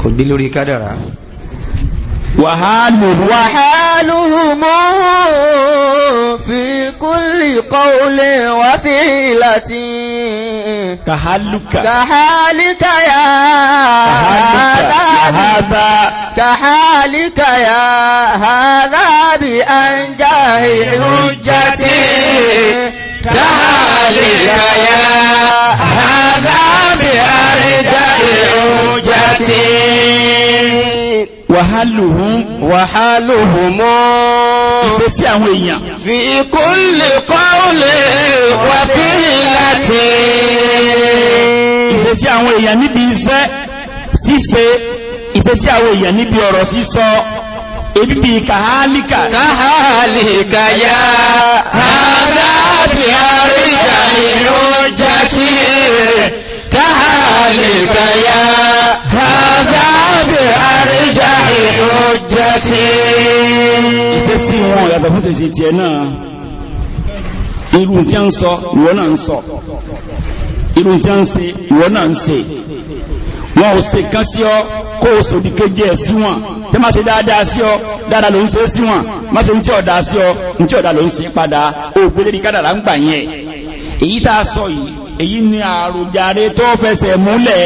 kò dé lórí kádàrà وحالهم وحالهم في كل قول وفعلة كحالك كحالك يا هذا كحالك يا هذا بأنجاه حجتي كحالك يا هذا بأرجاه حجتي wàhálùhùmọ́ ìṣe sí àwọn èèyàn fi ikú lè kọ́ lè wà bí láti ìṣe sí àwọn èèyàn níbi iṣẹ́ ṣíṣe ìṣe àwọn èèyàn níbi ọ̀rọ̀ sísọ ebíbi kàhálíkà kàhálíkà yá àdáàbí àríkà ìrọ́jà tí كذلك يا هذا بأرجع حجتي ìṣesí wọn yàtọ̀ fún ṣèṣì tiẹ̀ náà irú tí a ń sọ ìwọ náà ń sọ irú tí a ń ṣe ìwọ náà ń ṣe wọn ò ṣe kan sí ọ kó o sòdì kéje ẹ̀ sí wọn tẹ́ máa ṣe dáadáa sí ọ dáadáa ló ń ṣe sí wọn má ṣe ń tí ọ̀dà sí ọ ń tí ọ̀dà ló ń ṣe padà ògbélé ní kádàrá ń gbà yẹn èyí tá a sọ yìí èyí ni àròjàre tó fẹsẹ̀ múlẹ̀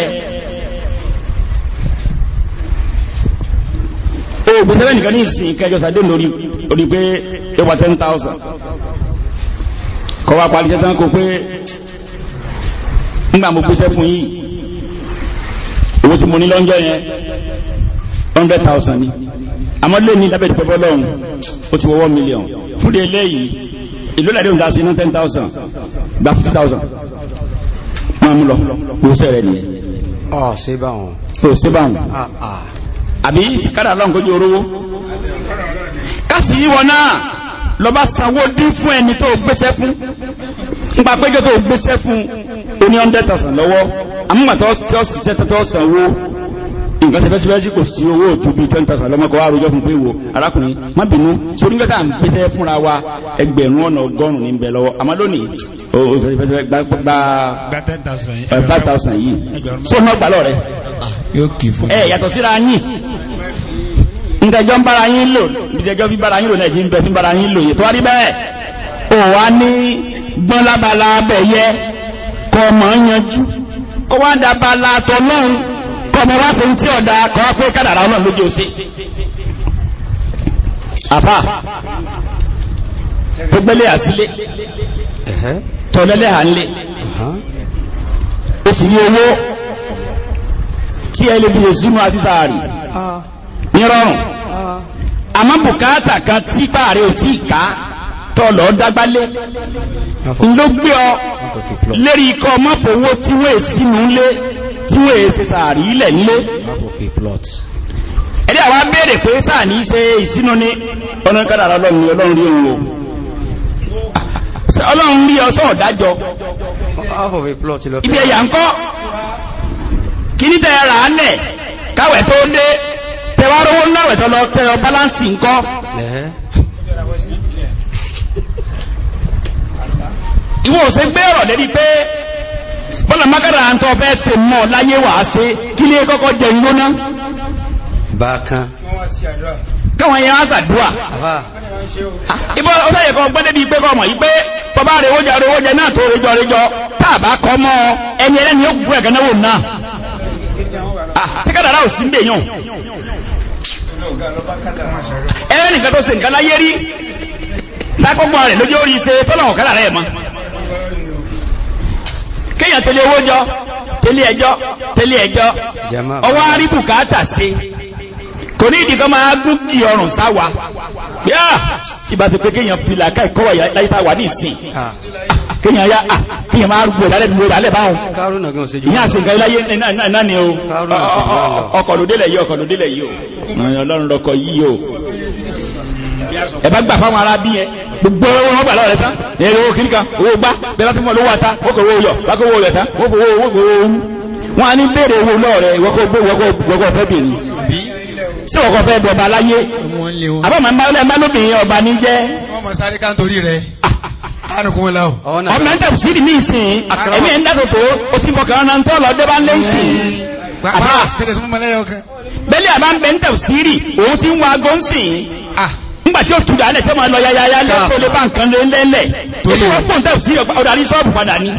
oògùn tẹ́lẹ̀ nìkan ní ìsìn kẹjọ sàdé lórí orí pé ẹwà 10,000 kọwa parí tẹ́tàn kò pé ńgbà mo gbéṣẹ́ fún yìí owó tí mo ní lọ́njọ́ yẹn 100,000 ni àmọ́ lè ní dábẹ̀ ìpẹ́ bọ́lọ́hun ó ti wọ́wọ́ mílíọ̀n fúdé eléyìí ìlú lẹ́dẹ̀ òǹdásí ní 10,000 gba 50,000 máa mú lọ kó sẹ́rẹ̀ nìyẹn. ọ ṣe bá wọn. o ṣe bá wọn. Ah, ah. àbí kádà lọ́n kojú orówó. kásì ìwọ náà lọ́ba sanwó dín fún ẹni tó gbéṣẹ́ fún nípa péjọ tó gbéṣẹ́ fún oní lọ́wọ́ àmúgbàtọ́ tí ṣiṣẹ́ tó sanwó nǹkan sẹfẹsẹfẹsí kò sí owó òtún bíi twenty thousand lọ́mọkọ àròjọ fún pé wo arákùnrin má bínú sórí nígbà tá à ń pèsè fúnra wa ẹgbẹ̀rún ọ̀nà ọgọ́rùn-ún ní bẹ lọ́wọ́ àmọ́ lónìí o sẹfẹsẹfẹ gba gba five thousand yìí so náà gbà lọ rẹ ẹ yàtọ̀ síra yín ntẹjọ́ ń bára yín lò ntẹjọ́ fi bára yín lò náà jí ń bẹ fi bára yín lò yìí tó wá rí bẹ́ẹ̀ ò wá ní gbọ́n lábala bẹ̀ yẹ kọ́ mọ̀ ń yanjú kọ́ wá dábàlá tọ́ lọ́hùn kọmọ wá sí tí ọ̀dá kọ́ pé kádàrà ọ̀nà lójú sí àfà tó gbẹ́lẹ̀ àsílé tọ́lẹ́lẹ́ à ń lé ó sì ní owó tí ẹ lè bèèrè sínú àti sàárì ah. ní rọrùn ah. àmọ́ bùkátà kan tí pààrẹ ò tí ìká tọ́lọ̀ dágbálé ló gbé ọ lérí ikọ̀ mọ́fowó tí wọ́n èsínú lé tí wọ́n èsì sàárì ilẹ̀ nílé ẹ̀dẹ́ àwọn abẹ́rẹ̀ pé sáà ní ṣe ìsínú ní ọ̀nà kádà ọlọ́run ọlọ́run rí òun o ọlọ́run rí ọsọ́ ọ̀dájọ́ ibi ẹ̀yà ń kọ́ kí ní tẹ́ ra ánẹ̀ káwẹ̀ tó dé tẹwàá náwẹ̀ tó lọ tẹ́ ń kọ́ ìwọ̀n ò ṣe gbé ọ̀rọ̀ débi pé bọ́lá mákàrà à ń tọ́ fẹ́ ṣe mọ́ láyé wà á ṣe kí lé kọ́kọ́ jẹ ìlú náà. bákan. káwọn yẹn á ṣàdúrà. ibọ́ ọ̀sẹ̀ yẹn kan gbọ́dẹ̀ bíi pé kọ́ mọ̀ yìí pé bọ́bá rẹ̀ owó náà tó rejọ rejọ tá a bá kọ́ mọ́ ẹni ẹlẹ́ni yóò gbúrẹ̀ kan náwó náà. sẹ́kàdàrà ò sí ń bèèyàn. ẹlẹ́nìkan tó ṣe nǹkan láyé rí lákọ́gbọ́n rẹ̀ lójó orí ṣe tọ́lọ̀ kéyàn tẹ́lẹ̀ owó jọ tẹ́lẹ̀ ẹjọ́ tẹ́lẹ̀ ẹjọ́ ọwọ́ arí bùkátà sí kò ní ìdíkọ́ máa gúgì ọrùn sáwà yá tí bá ti pé kéyàn fi làkà ìkọ́wà láyé sáwà ní ìsìn kéyàn yá kéyàn máa rúgbò lálẹ́ lórí alẹ́ báwọn ìyá àti nǹkan iláyé náà ni o ọkọ̀ lódélẹ̀ yìí ọkọ̀ lódélẹ̀ yìí o ọlọ́run lọkọ̀ yìí o ẹ bá gbà fáwọn ará bí yẹn gbogbo wọn gbà lọ́rẹ̀ tán ẹ̀rọ owó kíníkà owó gbá bẹ́ẹ̀ bá tún mọ̀ lówó ata ó kò owó yọ bá kò owó yọ tán ó kò owó owó wọn a ní béèrè owó lọ́rẹ̀ ìwọ́kọ̀ fẹ́ bèrè sí ọkọ̀ fẹ́ bọ̀bá láyé àbọ̀mọ̀ mọ́lẹ̀ mọ́lóbìnrin ọba ní jẹ́ ọmọ sáré ká ń torí rẹ̀ ah. ọmọ ń tàbí sí ìdí ìsìn ẹ̀mí ẹ̀ ń dàtò tó ó ti bọ̀kàn náà ń tọ́ lọ dẹ́bà ń lé ìsìn bẹ́lẹ̀ àbá ń bẹ́ ń tàbí sí ìdí òun ti ń wa agó ń sìn ah nígbà tí ó tu dàálẹ̀ tí ó máa lọ yáyáyá lẹ́kọ́ bá nǹkan lẹ́lẹ̀ tó wọ́n pọ̀n tẹ́bù sí ọ̀dà ní padà ní.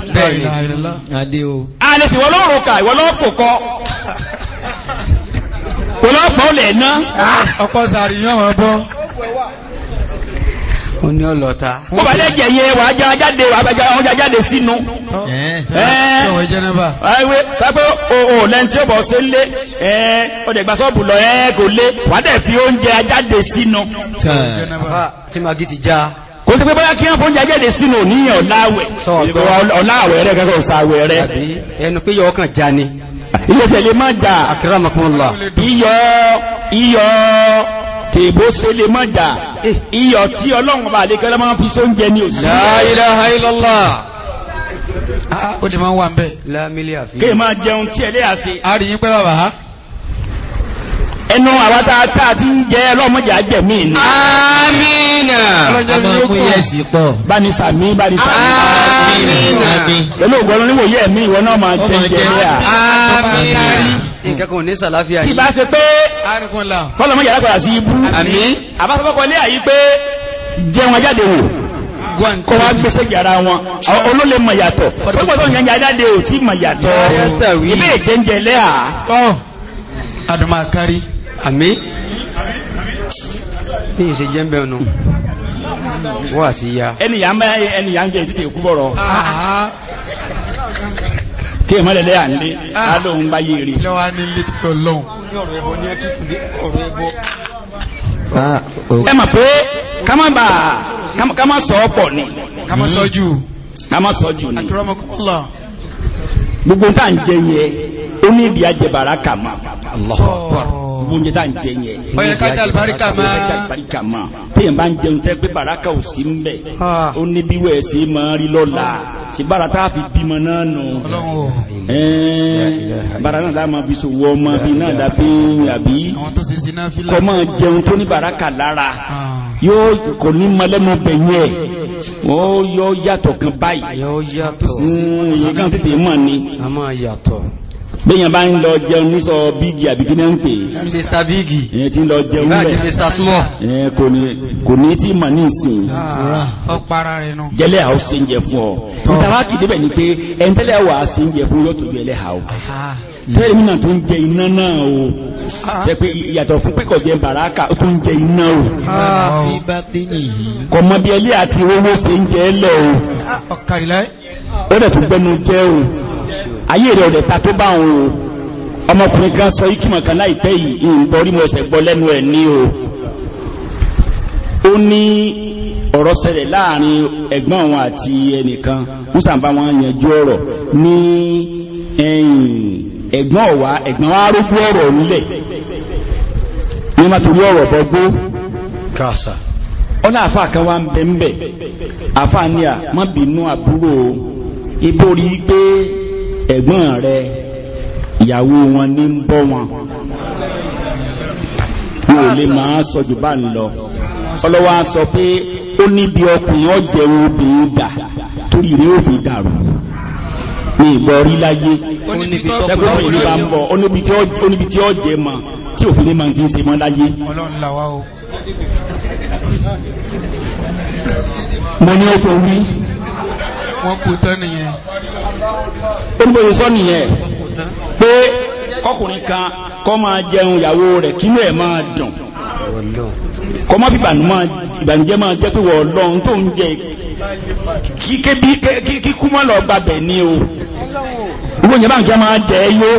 àlèsì wọ́n ló rọ̀kà ìwọ́n kọ́ wọ́n lẹ̀ ná. Ah, ọ̀pọ̀ sàrìyàn wọn ó ní ọlọ́ta. bó bá lẹ́jẹ̀ yẹ wà á jáde wà á jáde sínú. ẹ̀ẹ́dọ̀wọ̀ o lẹ́n tí ó bọ̀ sí lé ẹ̀ẹ́ ọdẹ ìgbà sọ́ọ̀bù lọ ẹ̀ẹ́ kò lé wà á dẹ̀ fi oúnjẹ ajáde sínú. tí màgí ti já. kò sí pé bóyá kí wọ́n fóúnjẹ ajáde sínú ní ọ̀làwẹ̀ ọ̀làwẹ̀ rẹ̀ kẹ́kọ̀ọ́ sàwẹ̀ rẹ̀. ẹnu pé yọ ọkàn já ni. ilé tèbó se lè mọ́ jà eh, iyọ̀ tí ọlọ́run bá lékẹ́lá máa fi só ń jẹ ní òsì La ilaha illallah ah, ó ti máa ń wà ń bẹ́ kéè máa jẹun tí ẹlẹ́yà se a pẹ́ bàbá ẹnu àwátá káàtí jẹ́ ọlọ́mọjà jẹ̀mí ní àmìnà bánisàmí bánisàmí pẹ̀lú ògbọ́n níwò yẹ́ mi ìwọ náà máa jẹ́ jẹun ajáde wò kọ́ wá gbéṣẹ́ yàrá wọn olólè mọ̀ yàtọ̀ pẹ́pọ̀tọ̀ ajáde ò tí mọ̀ yàtọ̀ ìbéèjẹ́ ń lẹ́à oh, adumakari àmì ní ìṣe jẹ́mbẹ̀ ọ̀nà wà sí ya ẹniyà ń bá ẹniyà ń jẹ́ ìtìtì ìkú bọ̀rọ̀ kí èmọ́ lẹ́lẹ́ à ń lé alóhun ah. bá yé rí lọ́wọ́ ní ilé tí kò lọ́hun ẹ mọ̀ pé kámàbà kámà sọ ọ̀pọ̀ ni kámà sọ jù kámà sọ jù ni gbogbo tá à jẹ yẹ ní ìdí ajẹ́bàrá kà máa oúnjẹ tá ń jẹ yẹn ọyẹ kájà àlùbáríkà máa kájà àlùbáríkà máa téèyàn bá ń jẹun tẹ́ pé bàrákà ò sí ń bẹ̀ ó ní bí wẹ́ẹ̀ sí máa rí lọ́la tí bára tá a fi bímọ náà nù bára náà dá máa fi ṣòwò ọmọ bí náà dá fi àbí kọ́ jẹun tó ní bàrákà lára yóò kò ní mọ bẹ̀ yẹn wọ́n yọ yàtọ̀ kan báyìí yọ yàtọ̀ ìyẹn tètè mọ̀ ni a máa yàtọ̀ bẹ́yàn bá ń lọ jẹun nísọ bígì àbíkí náà ń pè mr bígì ẹ̀yẹn tí lọ jẹun lẹ̀ mr small ẹ̀yẹn kò ní tí mà ní ìsìn ọpara ah, rẹ̀ nù jẹ́lẹ̀ àwọn ṣe ń jẹ fún ọ ìtawà kìí débẹ̀ ni pé ẹ̀ńtẹ́lẹ̀ wà á ṣe ń jẹ fún yóò tó ń jẹ iná o jẹ́ pé ìyàtọ̀ tó ń jẹ iná o kọ̀mọ́bí ah, ó dẹ̀ tún gbẹnu jẹ́ o ayé rẹ̀ tó bá ọmọkùnrin kan sọ ikimọ̀ kan láìpẹ́ yìí ìbọrí mo ẹsẹ̀ gbọ́ lẹ́nu ẹ̀ o ó ní ọ̀rọ̀ láàrin ẹ̀gbọ́n wọn àti ẹnìkan wọ́n wọn ọ̀rọ̀ ní ẹ̀gbọ́n ọ̀wá ẹ̀gbọ́n ọ̀rọ̀ nílẹ̀ kan ìborí pé ẹ̀gbọ́n rẹ ìyàwó wọn ní ń bọ́ wọn wọn ò lè máa sọ jù bá ń lọ ọlọ́wọ́ a sọ pé ó níbi ọkùnrin ọ̀jẹ̀wò obìnrin dà torí rí òfin dàrú ní ìgbọ́ orí láyé ẹgbẹ́sọ̀ ìlú bá ń bọ̀ oníbi tí ó jẹ mọ̀ tí òfin ní máa ti ń ṣe mọ́ láyé mo ní ó wí wọ́n kú tán nìyẹn. olùgbòye sọ nìyẹn pé kọkùnrin kan kọ́ máa jẹun ìyàwó rẹ̀ kínú ẹ̀ máa dùn kọ́ má fi ìbànújẹ́ máa jẹ́ pé wọ́n lọ́n tó ń jẹ kíkú má lọ gbàbẹ̀ ni o olùgbòye bá ń jẹ́ máa jẹ yó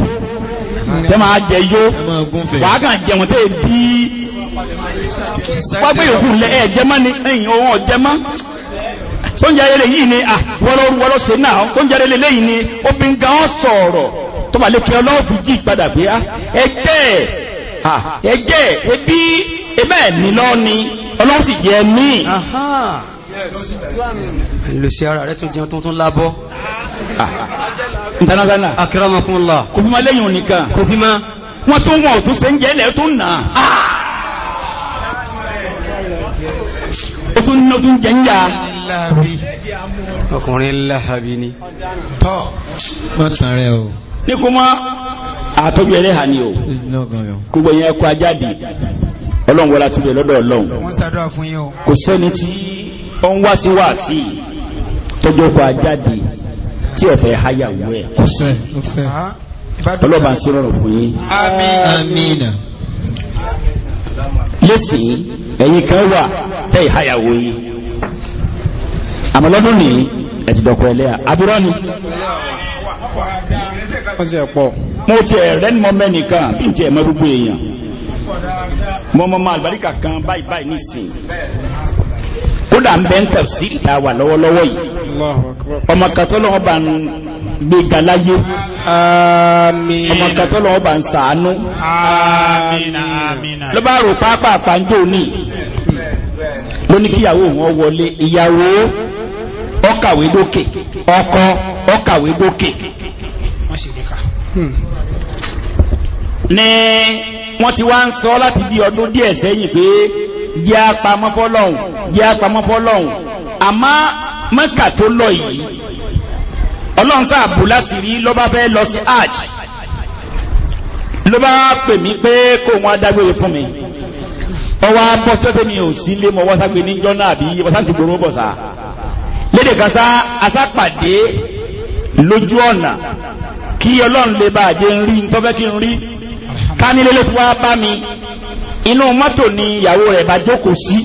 tẹ́ máa jẹ yó wàá kàn jẹun tẹ́ di wá gbé yòókù lẹ́ ẹ̀ jẹ́ mọ́ ni ẹ̀yìn ohun ọ̀jẹ́ mọ́ sóúnjẹ ayẹlẹ yìí ni à ah, wọ́lọ́ ṣe náà oúnjẹ ayẹlẹ lẹ́yìn ni obìnrin gan ọ́ sọ̀rọ̀ tó bá lè kí ọlọ́wọ́ fi jí padà pé á ah, ẹjẹ́ ah, ẹjẹ́ ẹbí ẹbẹ́ mi lọ́ ni ọlọ́wọ́ sì jẹ́ mí. lùsí ara rẹ tún jẹun tuntun lábọ́. international akramakunla kò fi ma lẹ́yìn òní kan kò fi ma. wọ́n tún wọ̀ tún ṣe ń jẹ́ ilẹ̀ tún nà á. ó tún ná tún ọkùnrin láhàbí ni tọ́ mọ́tàn rẹ̀ o ní kó mọ́ àtọ́jú ẹlẹ́hà ni o gbogbo yẹn kó ajáde ọlọ́run wọlá ti bẹ̀ lọ́dọ̀ ọlọ́run kò sẹ́ni tí ó ń wá sí wá sí tọ́jú ọkọ̀ ajáde tí ọ̀fẹ́ háyàwó ẹ̀ ah, ọlọ́ba ń sí rọrùn fún yín lẹ́sì ẹ̀yìn kan wà tẹ́ ìháyàwó yìí àmọ́lọ́dún ní ẹ̀tìdọ̀kọ̀ ẹlẹ́à abúrọ́ ni mo ti ẹ̀rẹ́ ní mọ́mẹ́ nìkan bí n ti ẹ̀mọ́ gbogbo èèyàn mo mọ́ máa àlùbáríkà kan báyìí báyìí nìsín kódà ń bẹ́ ń tẹ̀ sí ìta wà lọ́wọ́lọ́wọ́ yìí ọmọ kan bá ń gbé galáyé ọmọ kẹtọ́lọ́ ọba ń sàánú ló bá rò pápá àpáńjò ní ló ní kíyàwó wọn wọlé ìyàwó ọkàwé dókè ọkọ ọkàwé dókè hmm. ni wọ́n ti wá ń sọ láti bí ọdún díẹ̀ sẹ́yìn pé jẹ́ apamọ́fọ́lọ́hùn jẹ́ apamọ́fọ́lọ́hùn àmọ́ mọ́kà tó lọ yìí ọlọ́run sáà bù lásìrí ló bá fẹ́ lọ sí hajj ló bá pè mí pé kó wọn dágbére fún mi ọwọ́ apọ́sítọ́tẹ́ mi ò sí lé mọ́ wọ́ságbé ní jọ́nà àbí wọ́sáǹtì gbòòrò bọ̀ sá lédè kan sá asápàdé lójú ọ̀nà kí ọlọ́run lè bá àjẹ́ ń ntọ́fẹ́ kí n rí ká nílé wá bá mi inú mọ́tò ni ìyàwó rẹ̀ bá jókòó sí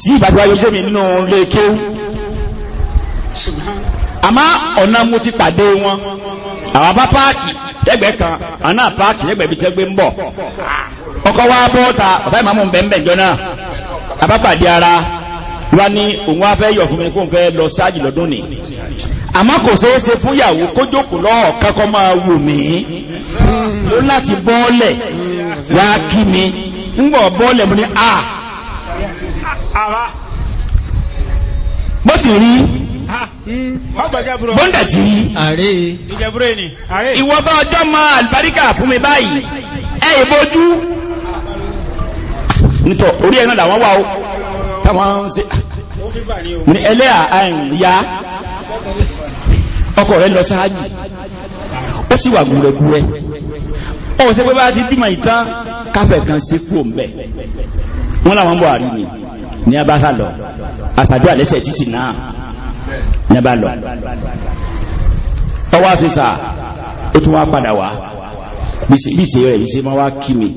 tí ìbàdí wáyé sẹ́mi nínú ilé kéwú àmá ọ̀nà mo ti pàdé wọn àwọn bá páàkì kan àná páàkì tẹ́gbẹ́ bi tẹ́gbẹ́ ń bọ̀ ọkọ̀ wá bọ́ọ̀ta bàbá ìmáàmù bẹ́ẹ̀ jọ náà ara wa ni òun wá fẹ́ yọ̀ fún mi kó n lọ ṣáàjì lọ́dún ni àmọ́ kò ṣeé ṣe fún máa wù mí láti wá kí mi ń a Hmm. bọ́ndà tí rí ìwọ́bá ọjọ́ ma àlùbáríkà fún mi báyìí ẹ ìbójú nítọ̀ orí ẹ̀ náà làwọn wà ó táwọn ń ṣe ní ẹlẹ́à àìyá ọkọ rẹ̀ lọ sáájì ó sì wà gúrẹ́gúrẹ́ ọwọ́ sẹ́gbẹ́ bá ti bímọ ìtàn káfẹ̀ kan sí fún òǹbẹ̀ wọ́n làwọn bọ̀ àrí ni ní abáṣà lọ àṣàdúrà lẹ́sẹ̀ títì náà ní bá lọ ọwọ́ àṣìṣà ó tún wá padà wá bíṣe rẹ̀ bíṣe máa wá kí mi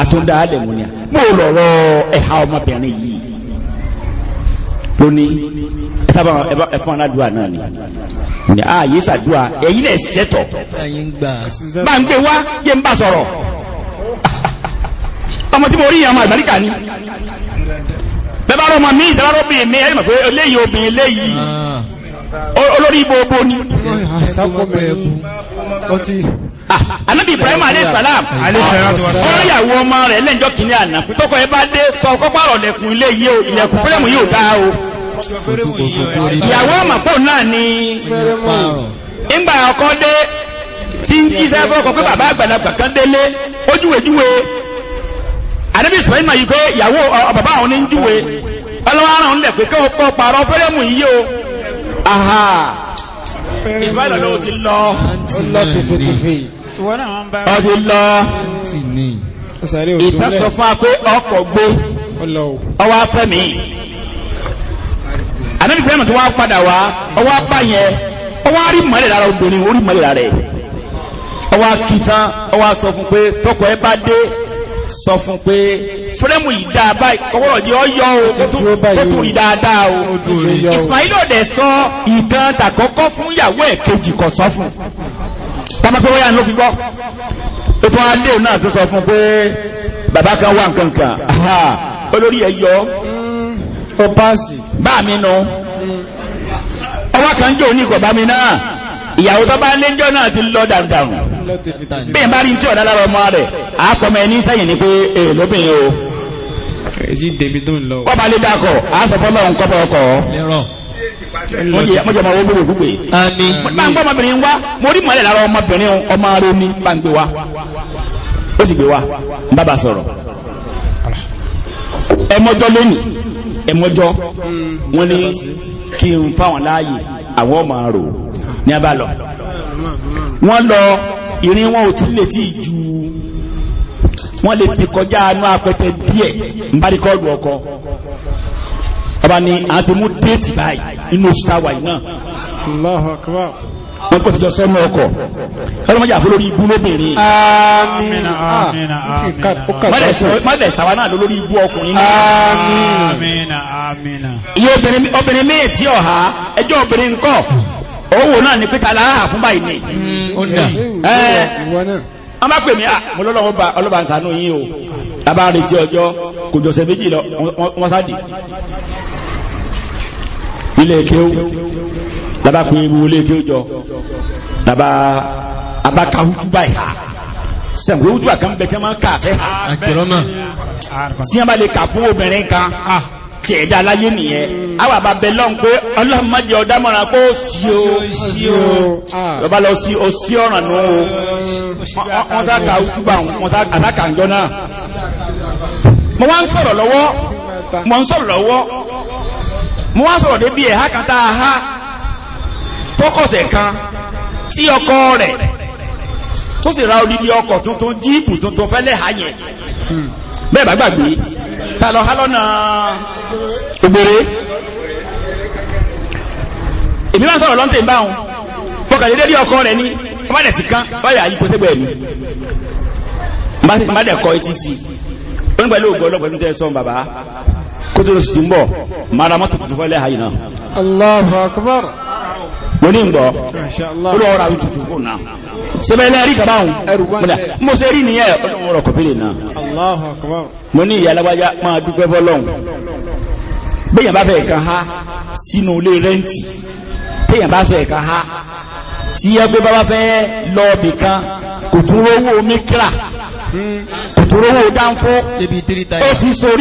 àtúndà àlẹ̀mú ni mo lọ̀rọ̀ ẹ̀ha ọmọbìnrin yìí lónìí ẹ̀sábà ẹ̀fọn aládùúà náà ni ní ààyè sàdúà ẹ̀yìn lẹ̀ ṣẹ́tọ̀ bá ń gbé wá yé ń bá sọ̀rọ̀ ọmọ tí mo rí ìyàmọ̀ àgbàríkà ni bẹ́bá rọ mọ̀ mí ìdára rọ bìí mi ẹ̀ mọ̀ pé eléyìí obìnrin eléyìí ah. olórí ibo obo ni. anabi ah, ibrahim aleyhisalaam ọ̀rọ̀ ìyàwó ọmọ rẹ̀ lẹ́njọ́ kìíní àná tọkọ ẹ bá dé sọ kọ́pá rọ̀ lẹ́kùn ilé yìí o ilẹ̀kùn fúlẹ̀mù yìí dá o. ìyàwó àmàpọ̀ náà ni ńgbà ọkọ dé tí ń jíṣẹ́ fọ́kàn pé bàbá àgbàlagbà kan délé ojúwèjúwe ànábì Ismail ma yí pé ìyàwó bàbá àwọn oníjúwe ọlọ́wọ́ àrùn ńlẹ̀ pé kọ́ parọ́ fẹ́rẹ́ mú yí o aha Ismail ló ti lọ lọ tìfìtìfì ọdún lọ ìtàsọ fún wa pé ọkọ̀ gbé ọwọ́ afẹ́mi ànábì Ismail tó wá padà wá ọwọ́ apá yẹn ọwọ́ arí mọ́lẹ̀ lára obìnrin orí mọ́lẹ̀ lára ẹ̀ ọwọ́ akitán ọwọ́ asọ fún pé tọkọ ẹ bá dé sọ fún pé fúrẹ́mù yìí dáa báyìí kọ́kọ́rọ̀ jẹ́ ọ yọ o tó kù yìí dáadáa o Ismail ọ̀dẹ̀ sọ ìtàn tàkọ́kọ́ fún ìyàwó ẹ̀ kejì kọ̀ sọ fún tọ́mọ pé wọ́n yà ló fi gbọ́ ó kan wà nǹkan kan mm. náà. ìyàwó tó bá léjọ́ náà ti lọ dandan bí n bá rí tí ọ̀dá lára ọmọ rẹ̀ àápọ̀mọ ẹni sẹ́yìn ni pé èrè lóbìnrin o wọ́n bá lé dákọ̀ àásọ fọ́lọ́ ń ọkọ̀ mọ́jọ ọmọ owó gbogbo ọmọbìnrin mo rí mọ́lẹ̀ lára ọmọbìnrin ọmọ ní ó sì gbé wa. ń bá sọ̀rọ̀ lónìí kí n fáwọn láàyè àwọn ọmọ rò ní abá lọ wọ́n lọ ìrìn wọn ò tí lè tí ju wọ́n lè ti kọjá anú apẹtẹ díẹ̀ ń bá ọkọ ọba ni a ti mú déètì báyìí inú oṣù táwa yìí náà wọ́n ti jọ sọ́mọ ọkọ̀ ọlọ́mọdé lórí ibú lóbìnrin mọ́lẹ̀ sàwà náà lórí ibú ọkùnrin obìnrin mẹ́ẹ̀ owó náà ni pété alára fún báyìí ni hmm. hmm. wọ́n bá pè mí à ah, mo lọ́lọ́wọ́ bá ọlọ́ba ń sànú yín o lábá retí ọjọ́ kò jọ̀sẹ̀ méjì lọ wọ́n sáàdì ilé kéw lábá pè ewu ilé kéw jọ lábá abáka hútú báyìí sẹ̀kú hútú àkànbẹ̀tẹ̀ máa ń kà fẹ́ àjọ̀rọ̀ mọ̀ bá lè kà fún obìnrin kan. Ah tí ẹ̀dá aláyé nìyẹn àwọn àbábẹ lọ́n pé ọlọ́mọdé ọ̀dámọ̀ràn pé ó sí o sí o ah. lọ́ba lọ sí o sí ọ̀ràn nù o wọ́n sáka ojúbà wọn àtàkà ńjọ náà mo wá ń sọ̀rọ̀ lọ́wọ́ mo ń sọ̀rọ̀ lọ́wọ́ mo wá ń sọ̀rọ̀ débi ẹ̀há kan tá tọkọ̀sẹ̀ kan tí ọkọ rẹ̀ tó sì ra odidi ọkọ̀ tuntun jíìpù tuntun fẹ́lẹ́ hà yẹn bẹ́ẹ̀ bá gbàgbé ta lọ há lọ́nà ògbèrè èmi máa ń sọ̀rọ̀ lọ́ntẹ̀ ń bá wọn fọkànlélé rí ọkọ rẹ̀ ní wọ́n bá dẹ̀ sí kán báyà yí kó tẹ́gbẹ̀ ẹ̀mí bá dẹ̀ kọ́ etí sí ó ní pẹ̀lú ògbọ́ ọlọ́pàá tẹ́ sọ bàbá kó tó lọ ti ń bọ̀ mara mọ́tò tuntun fọ́lẹ́ àyìnà Allahu Akbar mo ní gbọ́ ó lọ ra tutù fún náà sẹ́bẹ̀lẹ́ rí kàbá òun múlá mo ṣe rí nìyẹn ọlọ́rọ̀ kọ̀pílẹ̀ náà mo ní ìyá alágbájá máa dúpẹ́ bọ́lọ́hun bẹ́yàn bá fẹ́ kan há sínú ilé rẹ́ǹtì tẹ́yàn bá fẹ́ kan há tí ẹgbẹ́ bá bá fẹ́ lọ bì kan kò tún rówó mikra hmm. kò tún rówó dánfó ó ti sórí